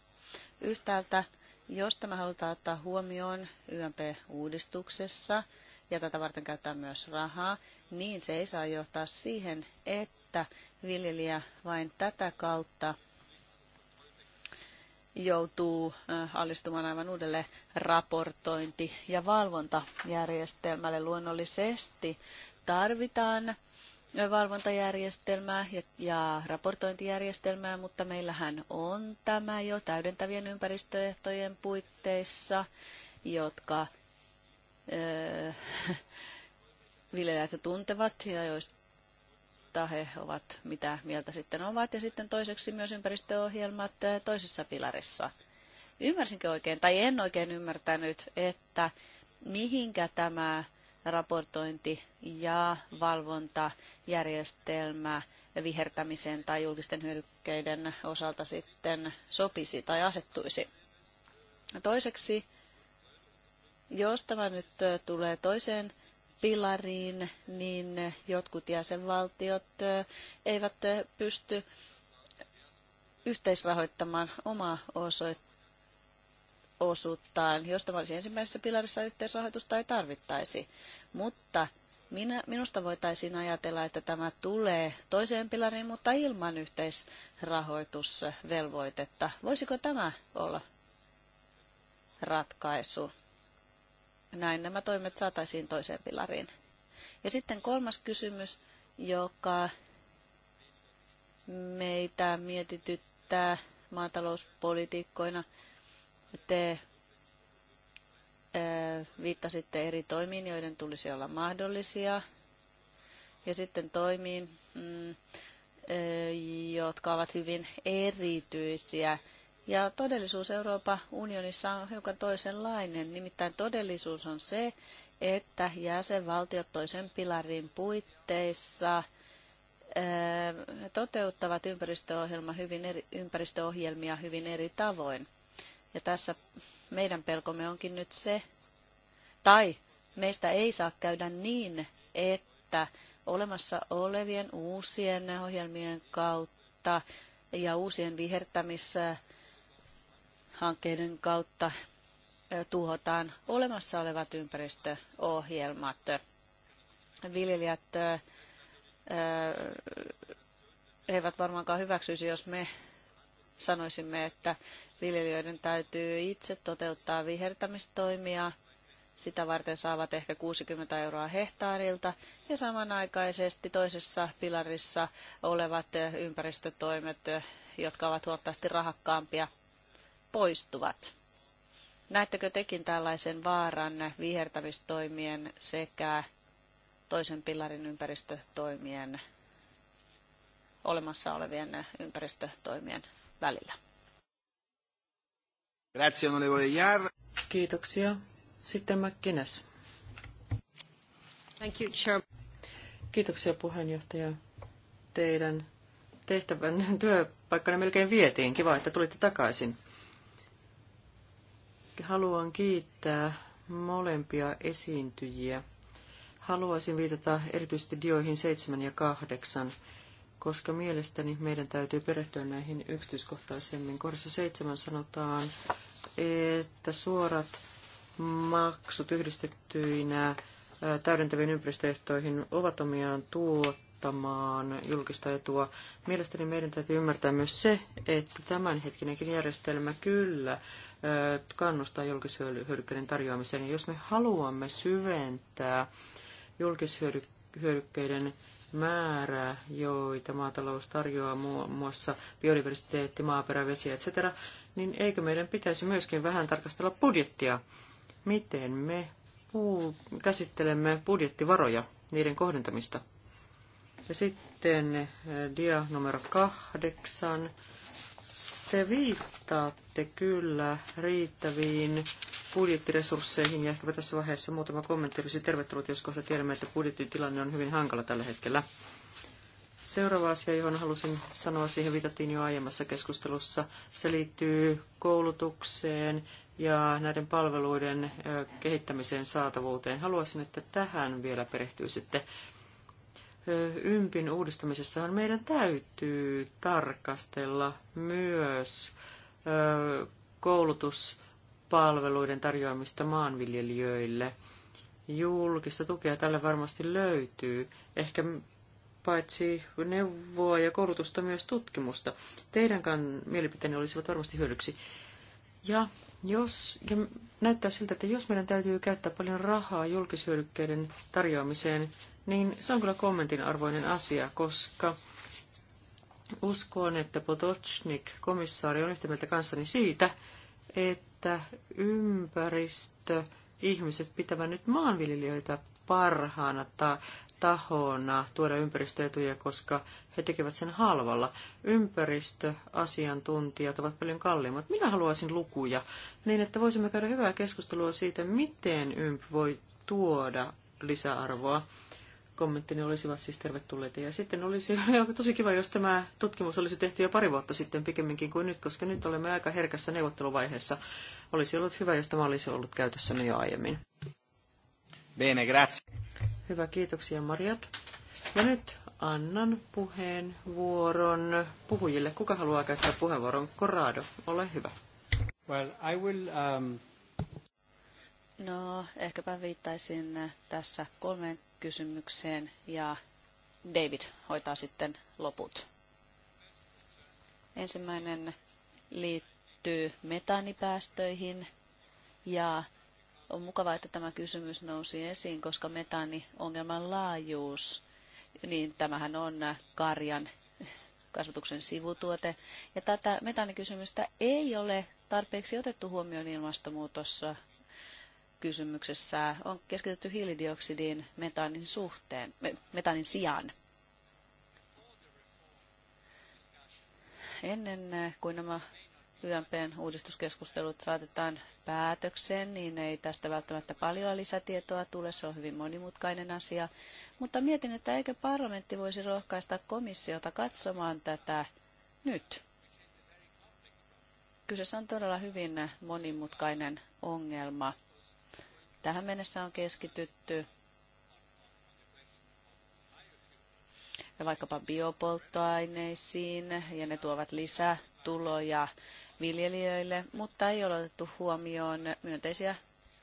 Yhtäältä, jos tämä halutaan ottaa huomioon YMP-uudistuksessa, ja tätä varten käyttää myös rahaa, niin se ei saa johtaa siihen, että viljelijä vain tätä kautta joutuu äh, alistumaan aivan uudelle raportointi- ja valvontajärjestelmälle. Luonnollisesti tarvitaan äh, valvontajärjestelmää ja, raportointijärjestelmää, mutta meillähän on tämä jo täydentävien ympäristöehtojen puitteissa, jotka *laughs* viljelijät jo tuntevat ja joista he ovat mitä mieltä sitten ovat. Ja sitten toiseksi myös ympäristöohjelmat toisessa pilarissa. Ymmärsinkö oikein, tai en oikein ymmärtänyt, että mihinkä tämä raportointi ja valvontajärjestelmä vihertämisen tai julkisten hyödykkeiden osalta sitten sopisi tai asettuisi. Toiseksi jos tämä nyt tulee toiseen pilariin, niin jotkut jäsenvaltiot eivät pysty yhteisrahoittamaan omaa osuuttaan. Jos tämä olisi ensimmäisessä pilarissa, yhteisrahoitusta ei tarvittaisi. Mutta minä, minusta voitaisiin ajatella, että tämä tulee toiseen pilariin, mutta ilman yhteisrahoitusvelvoitetta. Voisiko tämä olla ratkaisu? näin nämä toimet saataisiin toiseen pilariin. Ja sitten kolmas kysymys, joka meitä mietityttää maatalouspolitiikkoina. Te äh, viittasitte eri toimiin, joiden tulisi olla mahdollisia, ja sitten toimiin, mm, äh, jotka ovat hyvin erityisiä ja todellisuus Euroopan unionissa on hiukan toisenlainen. Nimittäin todellisuus on se, että jäsenvaltiot toisen pilarin puitteissa toteuttavat ympäristöohjelma hyvin eri, ympäristöohjelmia hyvin eri tavoin. Ja tässä meidän pelkomme onkin nyt se, tai meistä ei saa käydä niin, että olemassa olevien uusien ohjelmien kautta ja uusien vihertämisohjelmien hankkeiden kautta tuhotaan olemassa olevat ympäristöohjelmat. Viljelijät eivät varmaankaan hyväksyisi, jos me sanoisimme, että viljelijöiden täytyy itse toteuttaa vihertämistoimia. Sitä varten saavat ehkä 60 euroa hehtaarilta ja samanaikaisesti toisessa pilarissa olevat ympäristötoimet, jotka ovat huomattavasti rahakkaampia, poistuvat. Näettekö tekin tällaisen vaaran vihertämistoimien sekä toisen pilarin ympäristötoimien olemassa olevien ympäristötoimien välillä? Kiitoksia. Sitten McGuinness. Thank you, Chair. Kiitoksia puheenjohtaja. Teidän tehtävän työpaikkana melkein vietiin. Kiva, että tulitte takaisin haluan kiittää molempia esiintyjiä. Haluaisin viitata erityisesti dioihin 7 ja 8, koska mielestäni meidän täytyy perehtyä näihin yksityiskohtaisemmin. Kohdassa 7 sanotaan, että suorat maksut yhdistettyinä täydentäviin ympäristöehtoihin ovat omiaan tuottamaan saavuttamaan julkista etua. Mielestäni meidän täytyy ymmärtää myös se, että tämänhetkinenkin järjestelmä kyllä kannustaa julkishyödykkeiden tarjoamiseen. Jos me haluamme syventää julkishyödykkeiden määrää, joita maatalous tarjoaa muun muassa biodiversiteetti, maaperä, vesi, etc., niin eikö meidän pitäisi myöskin vähän tarkastella budjettia? Miten me käsittelemme budjettivaroja, niiden kohdentamista? Ja sitten eh, dia numero kahdeksan. Te viittaatte kyllä riittäviin budjettiresursseihin ja ehkäpä tässä vaiheessa muutama kommentti olisi tervetullut, jos kohta tiedämme, että budjettitilanne on hyvin hankala tällä hetkellä. Seuraava asia, johon halusin sanoa, siihen viitattiin jo aiemmassa keskustelussa. Se liittyy koulutukseen ja näiden palveluiden eh, kehittämiseen saatavuuteen. Haluaisin, että tähän vielä perehtyisitte. sitten ympin uudistamisessa on meidän täytyy tarkastella myös koulutuspalveluiden tarjoamista maanviljelijöille. Julkista tukea tälle varmasti löytyy. Ehkä paitsi neuvoa ja koulutusta myös tutkimusta. Teidän mielipiteeni olisivat varmasti hyödyksi. Ja jos, ja näyttää siltä, että jos meidän täytyy käyttää paljon rahaa julkishyödykkeiden tarjoamiseen, niin se on kyllä kommentin arvoinen asia, koska uskon, että Potocnik, komissaari, on yhtä mieltä kanssani siitä, että ympäristö, ihmiset pitävät nyt maanviljelijöitä parhaana ta- tahona tuoda ympäristöetuja, koska he tekevät sen halvalla. Ympäristöasiantuntijat ovat paljon kalliimmat. Minä haluaisin lukuja niin, että voisimme käydä hyvää keskustelua siitä, miten YMP voi tuoda lisäarvoa. Kommenttini olisivat siis tervetulleita. Ja sitten olisi *laughs* tosi kiva, jos tämä tutkimus olisi tehty jo pari vuotta sitten pikemminkin kuin nyt, koska nyt olemme aika herkässä neuvotteluvaiheessa. Olisi ollut hyvä, jos tämä olisi ollut käytössämme jo aiemmin. Bene, grazie. Hyvä, kiitoksia Mariat. Ja nyt annan puheen vuoron puhujille. Kuka haluaa käyttää puheenvuoron? Corrado, ole hyvä. Well, I will, um... No, ehkäpä viittaisin tässä kolmeen kysymykseen ja David hoitaa sitten loput. Ensimmäinen liittyy metaanipäästöihin ja on mukavaa, että tämä kysymys nousi esiin, koska metaaniongelman laajuus niin tämähän on karjan kasvatuksen sivutuote. Ja tätä metaanikysymystä ei ole tarpeeksi otettu huomioon ilmastonmuutossa kysymyksessä. On keskitytty hiilidioksidin metaanin, suhteen, metaanin sijaan. Ennen kuin nämä YMPn uudistuskeskustelut saatetaan päätöksen, niin ei tästä välttämättä paljon lisätietoa tule, se on hyvin monimutkainen asia. Mutta mietin, että eikö parlamentti voisi rohkaista komissiota katsomaan tätä nyt. Kyseessä on todella hyvin monimutkainen ongelma. Tähän mennessä on keskitytty vaikkapa biopolttoaineisiin ja ne tuovat lisätuloja viljelijöille, mutta ei ole otettu huomioon myönteisiä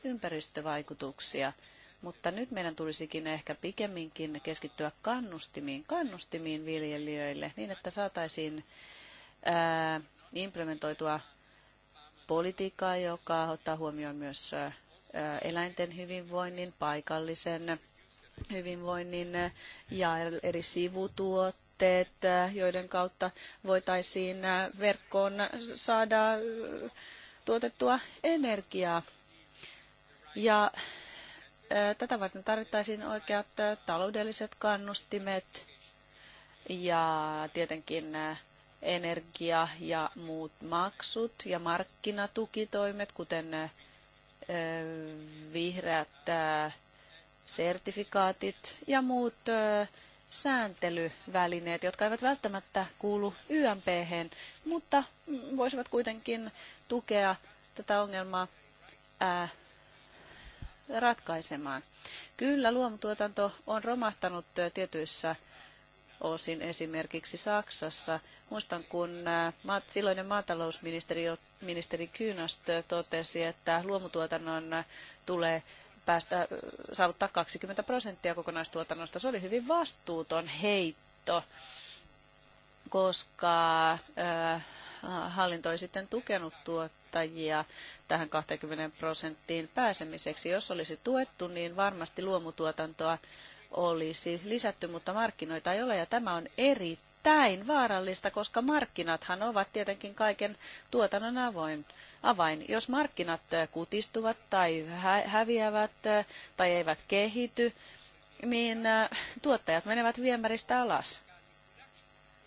ympäristövaikutuksia. Mutta nyt meidän tulisikin ehkä pikemminkin keskittyä kannustimiin, kannustimiin viljelijöille niin, että saataisiin ää, implementoitua politiikkaa, joka ottaa huomioon myös eläinten hyvinvoinnin, paikallisen hyvinvoinnin ja eri sivutuot, laitteet, eh, joiden kautta voitaisiin eh, verkkoon saada eh, tuotettua energiaa. Ja tätä varten tarvittaisiin oikeat taloudelliset kannustimet ja tietenkin energia ja muut maksut ja markkinatukitoimet, kuten vihreät sertifikaatit ja muut sääntelyvälineet, jotka eivät välttämättä kuulu ymp mutta voisivat kuitenkin tukea tätä ongelmaa ää, ratkaisemaan. Kyllä luomutuotanto on romahtanut tietyissä osin esimerkiksi Saksassa. Muistan, kun silloinen maatalousministeri ministeri Kynast totesi, että luomutuotannon tulee päästä, saavuttaa 20 prosenttia kokonaistuotannosta. Se oli hyvin vastuuton heitto, koska hallinto ei sitten tukenut tuottajia tähän 20 prosenttiin pääsemiseksi. Jos olisi tuettu, niin varmasti luomutuotantoa olisi lisätty, mutta markkinoita ei ole ja tämä on erittäin erittäin vaarallista, koska markkinathan ovat tietenkin kaiken tuotannon avoin. Avain. Jos markkinat kutistuvat tai häviävät tai eivät kehity, niin tuottajat menevät viemäristä alas.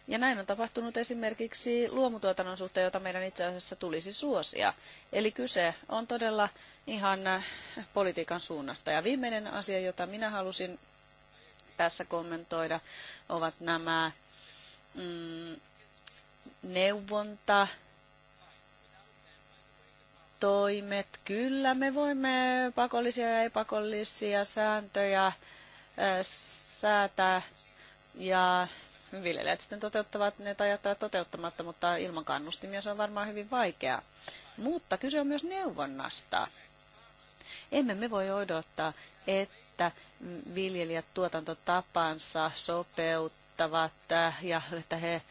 Ja näin on tapahtunut esimerkiksi luomutuotannon suhteen, jota meidän itse asiassa tulisi suosia. Eli kyse on todella ihan politiikan suunnasta. Ja viimeinen asia, jota minä halusin tässä kommentoida, ovat nämä mm, neuvonta, toimet. Kyllä me voimme pakollisia ja epakollisia sääntöjä säätää ja viljelijät sitten toteuttavat ne tai jättävät toteuttamatta, mutta ilman kannustimia se on varmaan hyvin vaikeaa. Mutta kyse on myös neuvonnasta. Emme me voi odottaa, että viljelijät tuotantotapansa sopeuttaa toteuttavat äh, ja että he äh,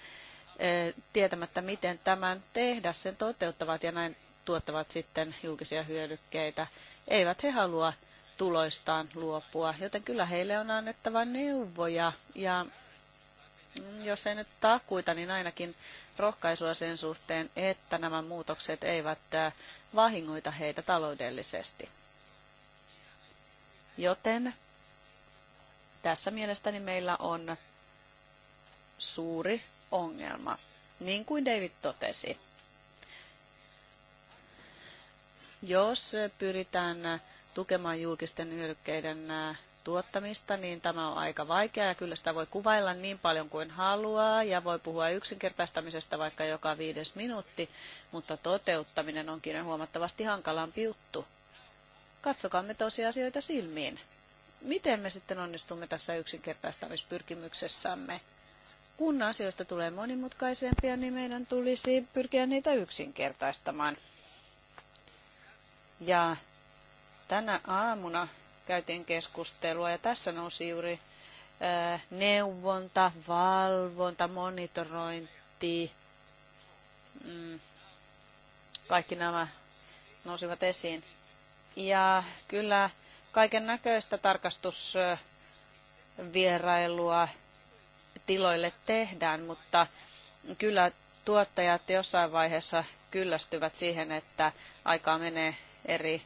tietämättä, miten tämän tehdä, sen toteuttavat ja näin tuottavat sitten julkisia hyödykkeitä. Eivät he halua tuloistaan luopua, joten kyllä heille on annettava neuvoja ja mm, jos ei nyt takuita, niin ainakin rohkaisua sen suhteen, että nämä muutokset eivät äh, vahingoita heitä taloudellisesti. Joten tässä mielestäni meillä on suuri ongelma, niin kuin David totesi. Jos pyritään tukemaan julkisten hyödykkeiden tuottamista, niin tämä on aika vaikeaa ja kyllä sitä voi kuvailla niin paljon kuin haluaa ja voi puhua yksinkertaistamisesta vaikka joka viides minuutti, mutta toteuttaminen onkin huomattavasti hankalampi juttu. Katsokaamme tosiasioita silmiin. Miten me sitten onnistumme tässä yksinkertaistamispyrkimyksessämme? kun asioista tulee monimutkaisempia, niin meidän tulisi pyrkiä niitä yksinkertaistamaan. Ja tänä aamuna käytiin keskustelua ja tässä nousi juuri neuvonta, valvonta, monitorointi, mm, kaikki nämä nousivat esiin. Ja kyllä kaiken näköistä tarkastusvierailua tiloille tehdään, mutta kyllä tuottajat jossain vaiheessa kyllästyvät siihen, että aikaa menee eri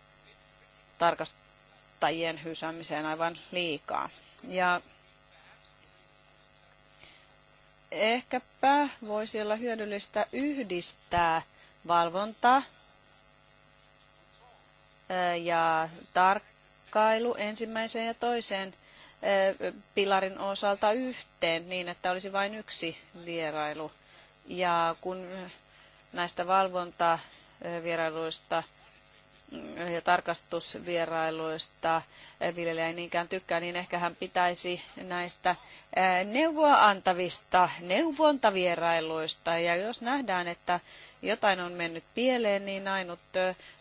tarkastajien hysäämiseen aivan liikaa. Ja ehkäpä voisi olla hyödyllistä yhdistää valvonta ja tarkkailu ensimmäiseen ja toiseen pilarin osalta yhteen niin, että olisi vain yksi vierailu. Ja kun näistä valvontavierailuista ja tarkastusvierailuista viljelijä ei niinkään tykkää, niin ehkä hän pitäisi näistä neuvoa antavista neuvontavierailuista. Ja jos nähdään, että jotain on mennyt pieleen, niin ainut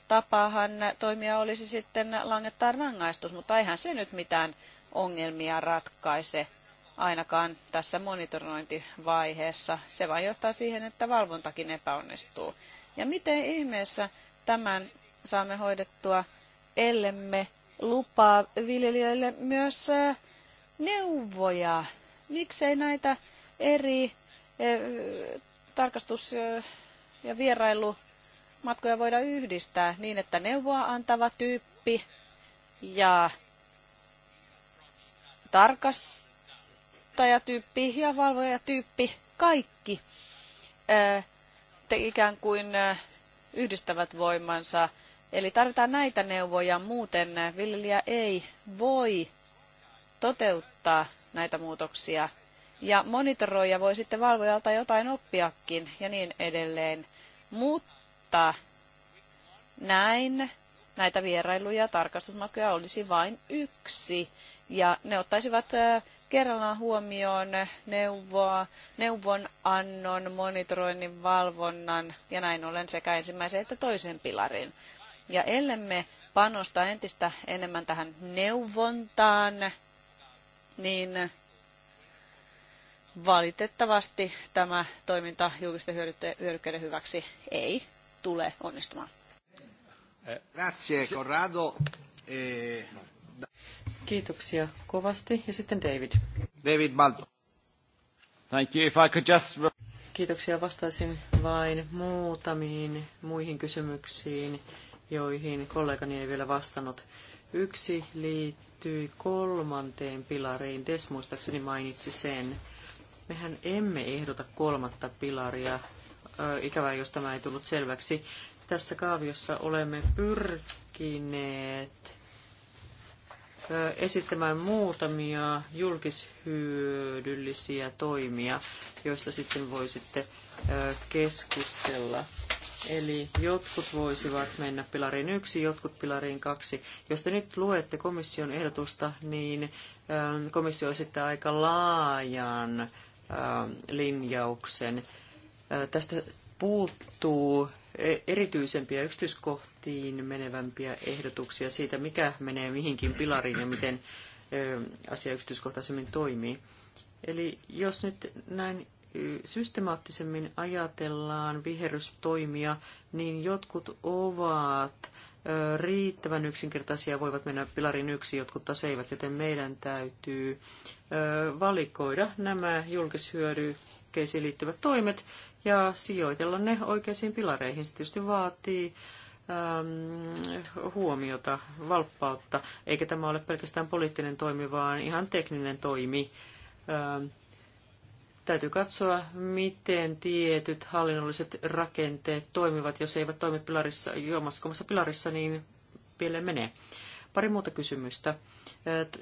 tapahan toimia olisi sitten langettaa rangaistus, mutta eihän se nyt mitään ongelmia ratkaise ainakaan tässä monitorointivaiheessa. Se vain johtaa siihen, että valvontakin epäonnistuu. Ja miten ihmeessä tämän saamme hoidettua, ellemme lupaa viljelijöille myös neuvoja? Miksei näitä eri tarkastus- ja vierailumatkoja voida yhdistää niin, että neuvoa antava tyyppi ja tarkastajatyyppi ja valvojatyyppi, kaikki te ikään kuin yhdistävät voimansa. Eli tarvitaan näitä neuvoja, muuten viljelijä ei voi toteuttaa näitä muutoksia. Ja monitoroija voi sitten valvojalta jotain oppiakin ja niin edelleen. Mutta näin näitä vierailuja ja tarkastusmatkoja olisi vain yksi ja ne ottaisivat kerrallaan huomioon neuvoa, neuvonannon, monitoroinnin, valvonnan ja näin ollen sekä ensimmäisen että toisen pilarin. Ja ellemme panosta entistä enemmän tähän neuvontaan, niin valitettavasti tämä toiminta julkisten hyödykkeiden hyväksi ei tule onnistumaan. Grazie Corrado. E- Kiitoksia kovasti. Ja sitten David. David Balto. Thank you. If I could just... Kiitoksia. Vastaisin vain muutamiin muihin kysymyksiin, joihin kollegani ei vielä vastannut. Yksi liittyy kolmanteen pilariin. Des muistaakseni mainitsi sen. Mehän emme ehdota kolmatta pilaria. Ikävää, jos tämä ei tullut selväksi. Tässä kaaviossa olemme pyrkineet esittämään muutamia julkishyödyllisiä toimia, joista sitten voisitte keskustella. Eli jotkut voisivat mennä pilariin yksi, jotkut pilariin kaksi. Jos te nyt luette komission ehdotusta, niin komissio esittää aika laajan linjauksen. Tästä puuttuu erityisempiä yksityiskohtiin menevämpiä ehdotuksia siitä, mikä menee mihinkin pilariin ja miten asia yksityiskohtaisemmin toimii. Eli jos nyt näin systemaattisemmin ajatellaan viherystoimia, niin jotkut ovat riittävän yksinkertaisia, voivat mennä pilarin yksi, jotkut taas eivät, joten meidän täytyy valikoida nämä julkishyödykkeisiin liittyvät toimet ja sijoitella ne oikeisiin pilareihin. Se tietysti vaatii ähm, huomiota, valppautta, eikä tämä ole pelkästään poliittinen toimi, vaan ihan tekninen toimi. Ähm, täytyy katsoa, miten tietyt hallinnolliset rakenteet toimivat. Jos eivät toimi pilarissa, juomassa pilarissa, niin pieleen menee. Pari muuta kysymystä. Äh,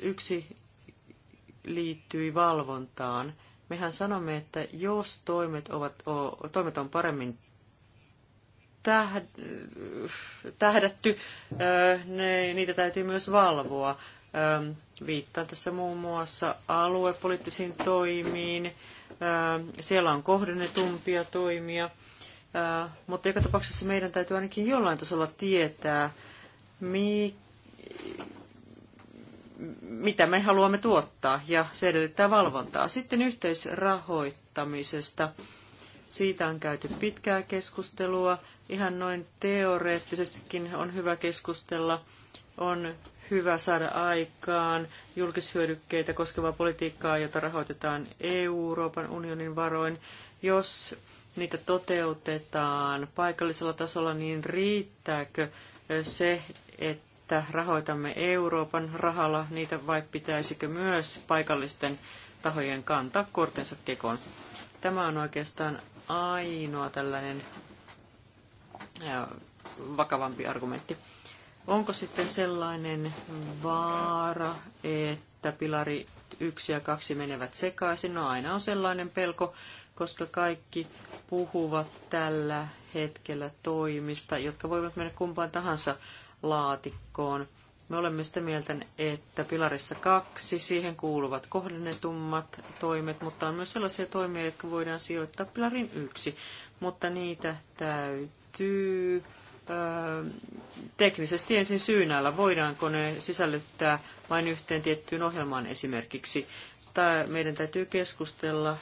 yksi liittyi valvontaan. Mehän sanomme, että jos toimet, ovat, toimet on paremmin tähdätty, ne, niitä täytyy myös valvoa. Viittaan tässä muun muassa aluepoliittisiin toimiin, siellä on kohdennetumpia toimia, mutta joka tapauksessa meidän täytyy ainakin jollain tasolla tietää, mitä me haluamme tuottaa, ja se edellyttää valvontaa. Sitten yhteisrahoittamisesta. Siitä on käyty pitkää keskustelua. Ihan noin teoreettisestikin on hyvä keskustella. On hyvä saada aikaan julkishyödykkeitä koskevaa politiikkaa, jota rahoitetaan EU-Euroopan unionin varoin. Jos niitä toteutetaan paikallisella tasolla, niin riittääkö se, että että rahoitamme Euroopan rahalla niitä vai pitäisikö myös paikallisten tahojen kantaa kortensa kekoon. Tämä on oikeastaan ainoa tällainen vakavampi argumentti. Onko sitten sellainen vaara, että pilari 1 ja 2 menevät sekaisin? No aina on sellainen pelko, koska kaikki puhuvat tällä hetkellä toimista, jotka voivat mennä kumpaan tahansa laatikkoon. Me olemme sitä mieltä, että pilarissa kaksi, siihen kuuluvat kohdennetummat toimet, mutta on myös sellaisia toimia, jotka voidaan sijoittaa pilarin yksi, mutta niitä täytyy teknisesti ensin syynällä, voidaanko ne sisällyttää vain yhteen tiettyyn ohjelmaan esimerkiksi. Tai meidän täytyy keskustella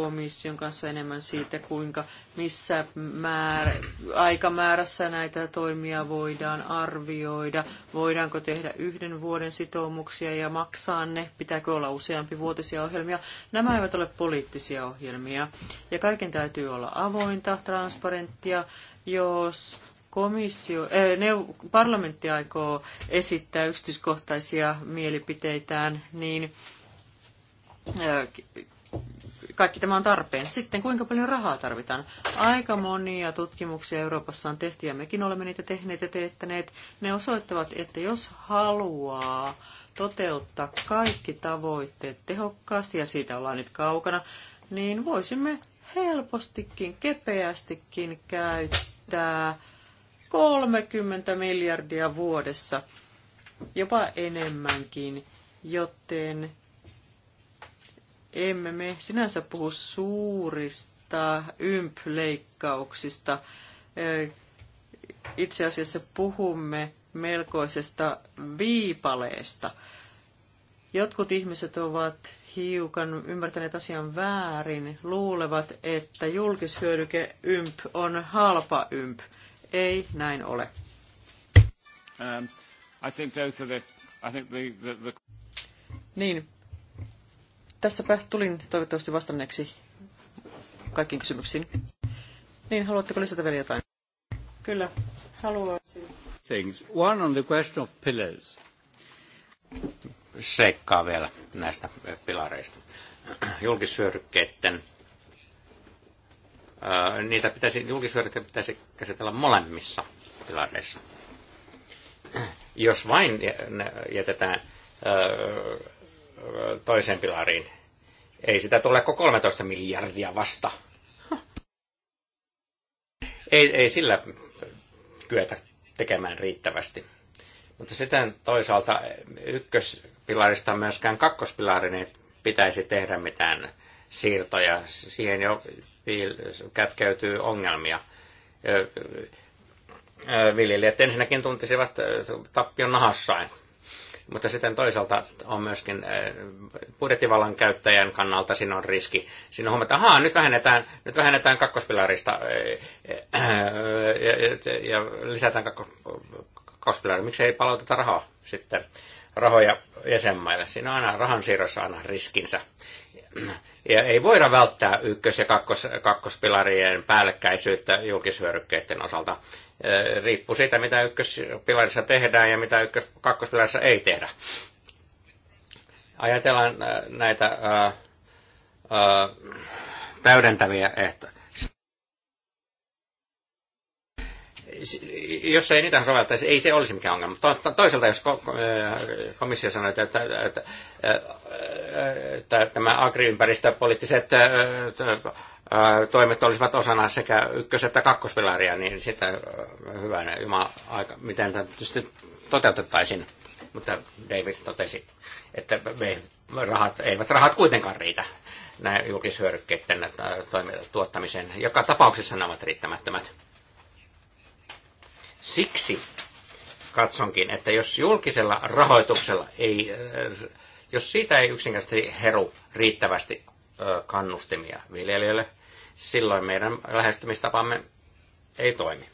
komission kanssa enemmän siitä, kuinka missä määrä, aikamäärässä näitä toimia voidaan arvioida, voidaanko tehdä yhden vuoden sitoumuksia ja maksaa ne, pitääkö olla useampi vuotisia ohjelmia. Nämä eivät ole poliittisia ohjelmia ja kaiken täytyy olla avointa, transparenttia, jos komissio, äh, parlamentti aikoo esittää yksityiskohtaisia mielipiteitään, niin eh, kaikki tämä on tarpeen. Sitten kuinka paljon rahaa tarvitaan? Aika monia tutkimuksia Euroopassa on tehty ja mekin olemme niitä tehneet ja teettäneet. Ne osoittavat, että jos haluaa toteuttaa kaikki tavoitteet tehokkaasti, ja siitä ollaan nyt kaukana, niin voisimme helpostikin, kepeästikin käyttää 30 miljardia vuodessa, jopa enemmänkin, joten emme me sinänsä puhu suurista ympleikkauksista. Itse asiassa puhumme melkoisesta viipaleesta. Jotkut ihmiset ovat hiukan ymmärtäneet asian väärin, luulevat, että julkishyödyke ymp on halpa ymp. Ei näin ole. Um, I think those are the, I think the, the, the... Niin, Tässäpä tulin toivottavasti vastanneeksi kaikkiin kysymyksiin. Niin, haluatteko lisätä vielä jotain? Kyllä, haluaisin. Things. One on the question of pillars. Seikkaa vielä näistä pilareista. Julkisyörykkeiden niitä pitäisi, julkisyörykkeitä pitäisi käsitellä molemmissa pilareissa. Jos vain jätetään toiseen pilariin. Ei sitä tule kuin 13 miljardia vasta. Ei, ei sillä kyetä tekemään riittävästi. Mutta sitten toisaalta ykköspilarista myöskään kakkospilarin niin ei pitäisi tehdä mitään siirtoja. Siihen jo kätkeytyy ongelmia. Viljelijät ensinnäkin tuntisivat tappion nahassaan mutta sitten toisaalta on myöskin eh, budjettivallan käyttäjän kannalta siinä on riski. Siinä on huomatta, että nyt vähennetään, nyt vähennetään kakkospilarista ja, eh, eh, ja, ja lisätään kakkospilaria. Miksi ei palauteta rahaa sitten? rahoja jäsenmaille. Siinä on aina rahansiirrossa aina riskinsä. Ja ei voida välttää ykkös- ja kakkos, kakkospilarien päällekkäisyyttä julkishyödykkeiden osalta riippuu siitä, mitä ykköspilarissa tehdään ja mitä ykkös, kakkospilarissa ei tehdä. Ajatellaan näitä ää, ää, täydentäviä ehtoja. Jos ei niitä soveltaisi, ei se olisi mikään ongelma. Toisaalta, jos komissio sanoo, että, että, että, että, että tämä agriympäristöpoliittiset toimet olisivat osana sekä ykkös- että kakkospilaria, niin sitä hyvänä jumala aika, miten tämä tietysti toteutettaisiin. Mutta David totesi, että me rahat, eivät rahat kuitenkaan riitä näin julkishyödykkeiden tuottamiseen. Joka tapauksessa nämä ovat riittämättömät. Siksi katsonkin, että jos julkisella rahoituksella ei, jos siitä ei yksinkertaisesti heru riittävästi kannustimia viljelijöille – silloin meidän lähestymistapamme ei toimi.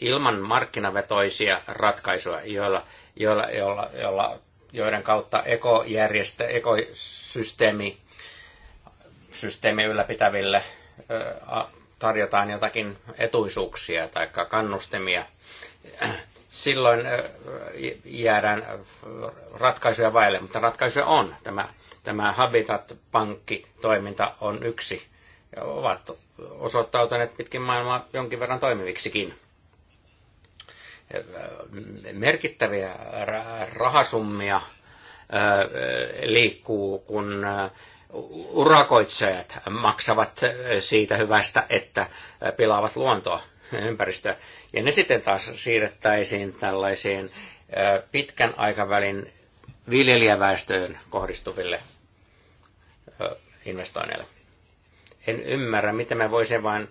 Ilman markkinavetoisia ratkaisuja, joilla, joilla, joilla, joilla, joiden kautta ekojärjestö, ekosysteemi, systeemi ylläpitäville tarjotaan jotakin etuisuuksia tai kannustimia, silloin jäädään ratkaisuja vaille, mutta ratkaisuja on. Tämä, tämä Habitat-pankki-toiminta on yksi ovat osoittautuneet pitkin maailmaa jonkin verran toimiviksikin. Merkittäviä rahasummia liikkuu, kun urakoitsijat maksavat siitä hyvästä, että pilaavat luontoa *laughs* ympäristöä. Ja ne sitten taas siirrettäisiin tällaisiin pitkän aikavälin viljelijäväestöön kohdistuville investoinneille en ymmärrä, miten me voisin vain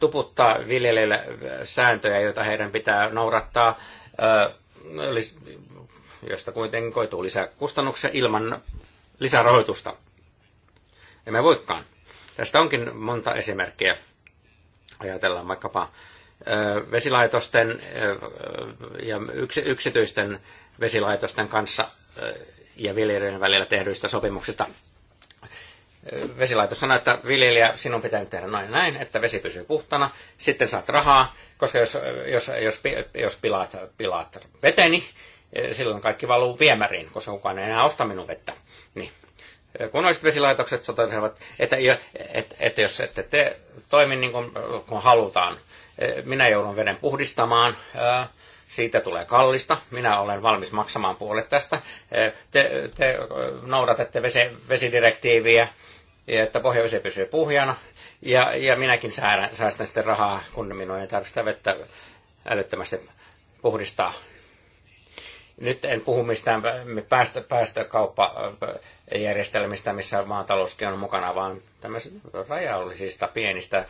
tuputtaa viljelijöille sääntöjä, joita heidän pitää noudattaa, josta kuitenkin koituu lisää kustannuksia ilman lisärahoitusta. Emme voikaan. Tästä onkin monta esimerkkiä. Ajatellaan vaikkapa vesilaitosten ja yksityisten vesilaitosten kanssa ja viljelijöiden välillä tehdyistä sopimuksista – vesilaitos sanoo, että viljelijä, sinun pitää nyt tehdä näin näin, että vesi pysyy puhtana, sitten saat rahaa, koska jos, jos, jos, jos pilaat, pilaat veteni, eh, silloin kaikki valuu viemäriin, koska kukaan ei enää osta minun vettä. Niin. Kunnalliset vesilaitokset sanoivat, että, että, että jos ette te toimi niin kuin kun halutaan, eh, minä joudun veden puhdistamaan, eh, siitä tulee kallista, minä olen valmis maksamaan puolet tästä. Eh, te, te eh, noudatatte vesidirektiiviä, että pohjavesi pysyy puhjana, ja, ja minäkin säästän sitten rahaa, kun minun ei tarvitse vettä älyttömästi puhdistaa. Nyt en puhu mistään päästö, päästökauppajärjestelmistä, missä maatalouskin on mukana, vaan tämmöisistä rajallisista pienistä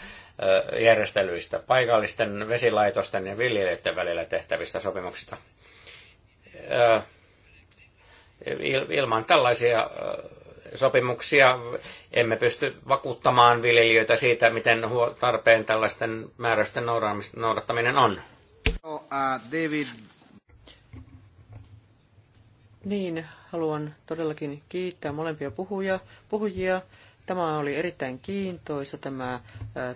järjestelyistä, paikallisten vesilaitosten ja viljelijöiden välillä tehtävistä sopimuksista. Ilman tällaisia sopimuksia emme pysty vakuuttamaan viljelijöitä siitä, miten tarpeen tällaisten määräysten noudattaminen on. No, David niin, haluan todellakin kiittää molempia puhuja, puhujia. Tämä oli erittäin kiintoisa tämä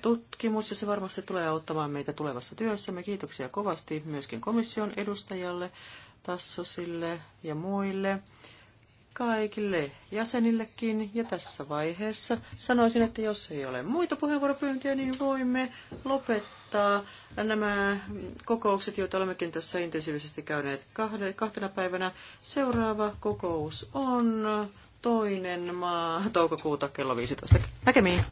tutkimus ja se varmasti tulee auttamaan meitä tulevassa työssämme. Kiitoksia kovasti myöskin komission edustajalle, Tassosille ja muille, kaikille jäsenillekin. Ja tässä vaiheessa sanoisin, että jos ei ole muita puheenvuoropyyntöjä, niin voimme lopettaa kattaa nämä kokoukset, joita olemmekin tässä intensiivisesti käyneet kahtena päivänä. Seuraava kokous on toinen maa toukokuuta kello 15. Näkemiin.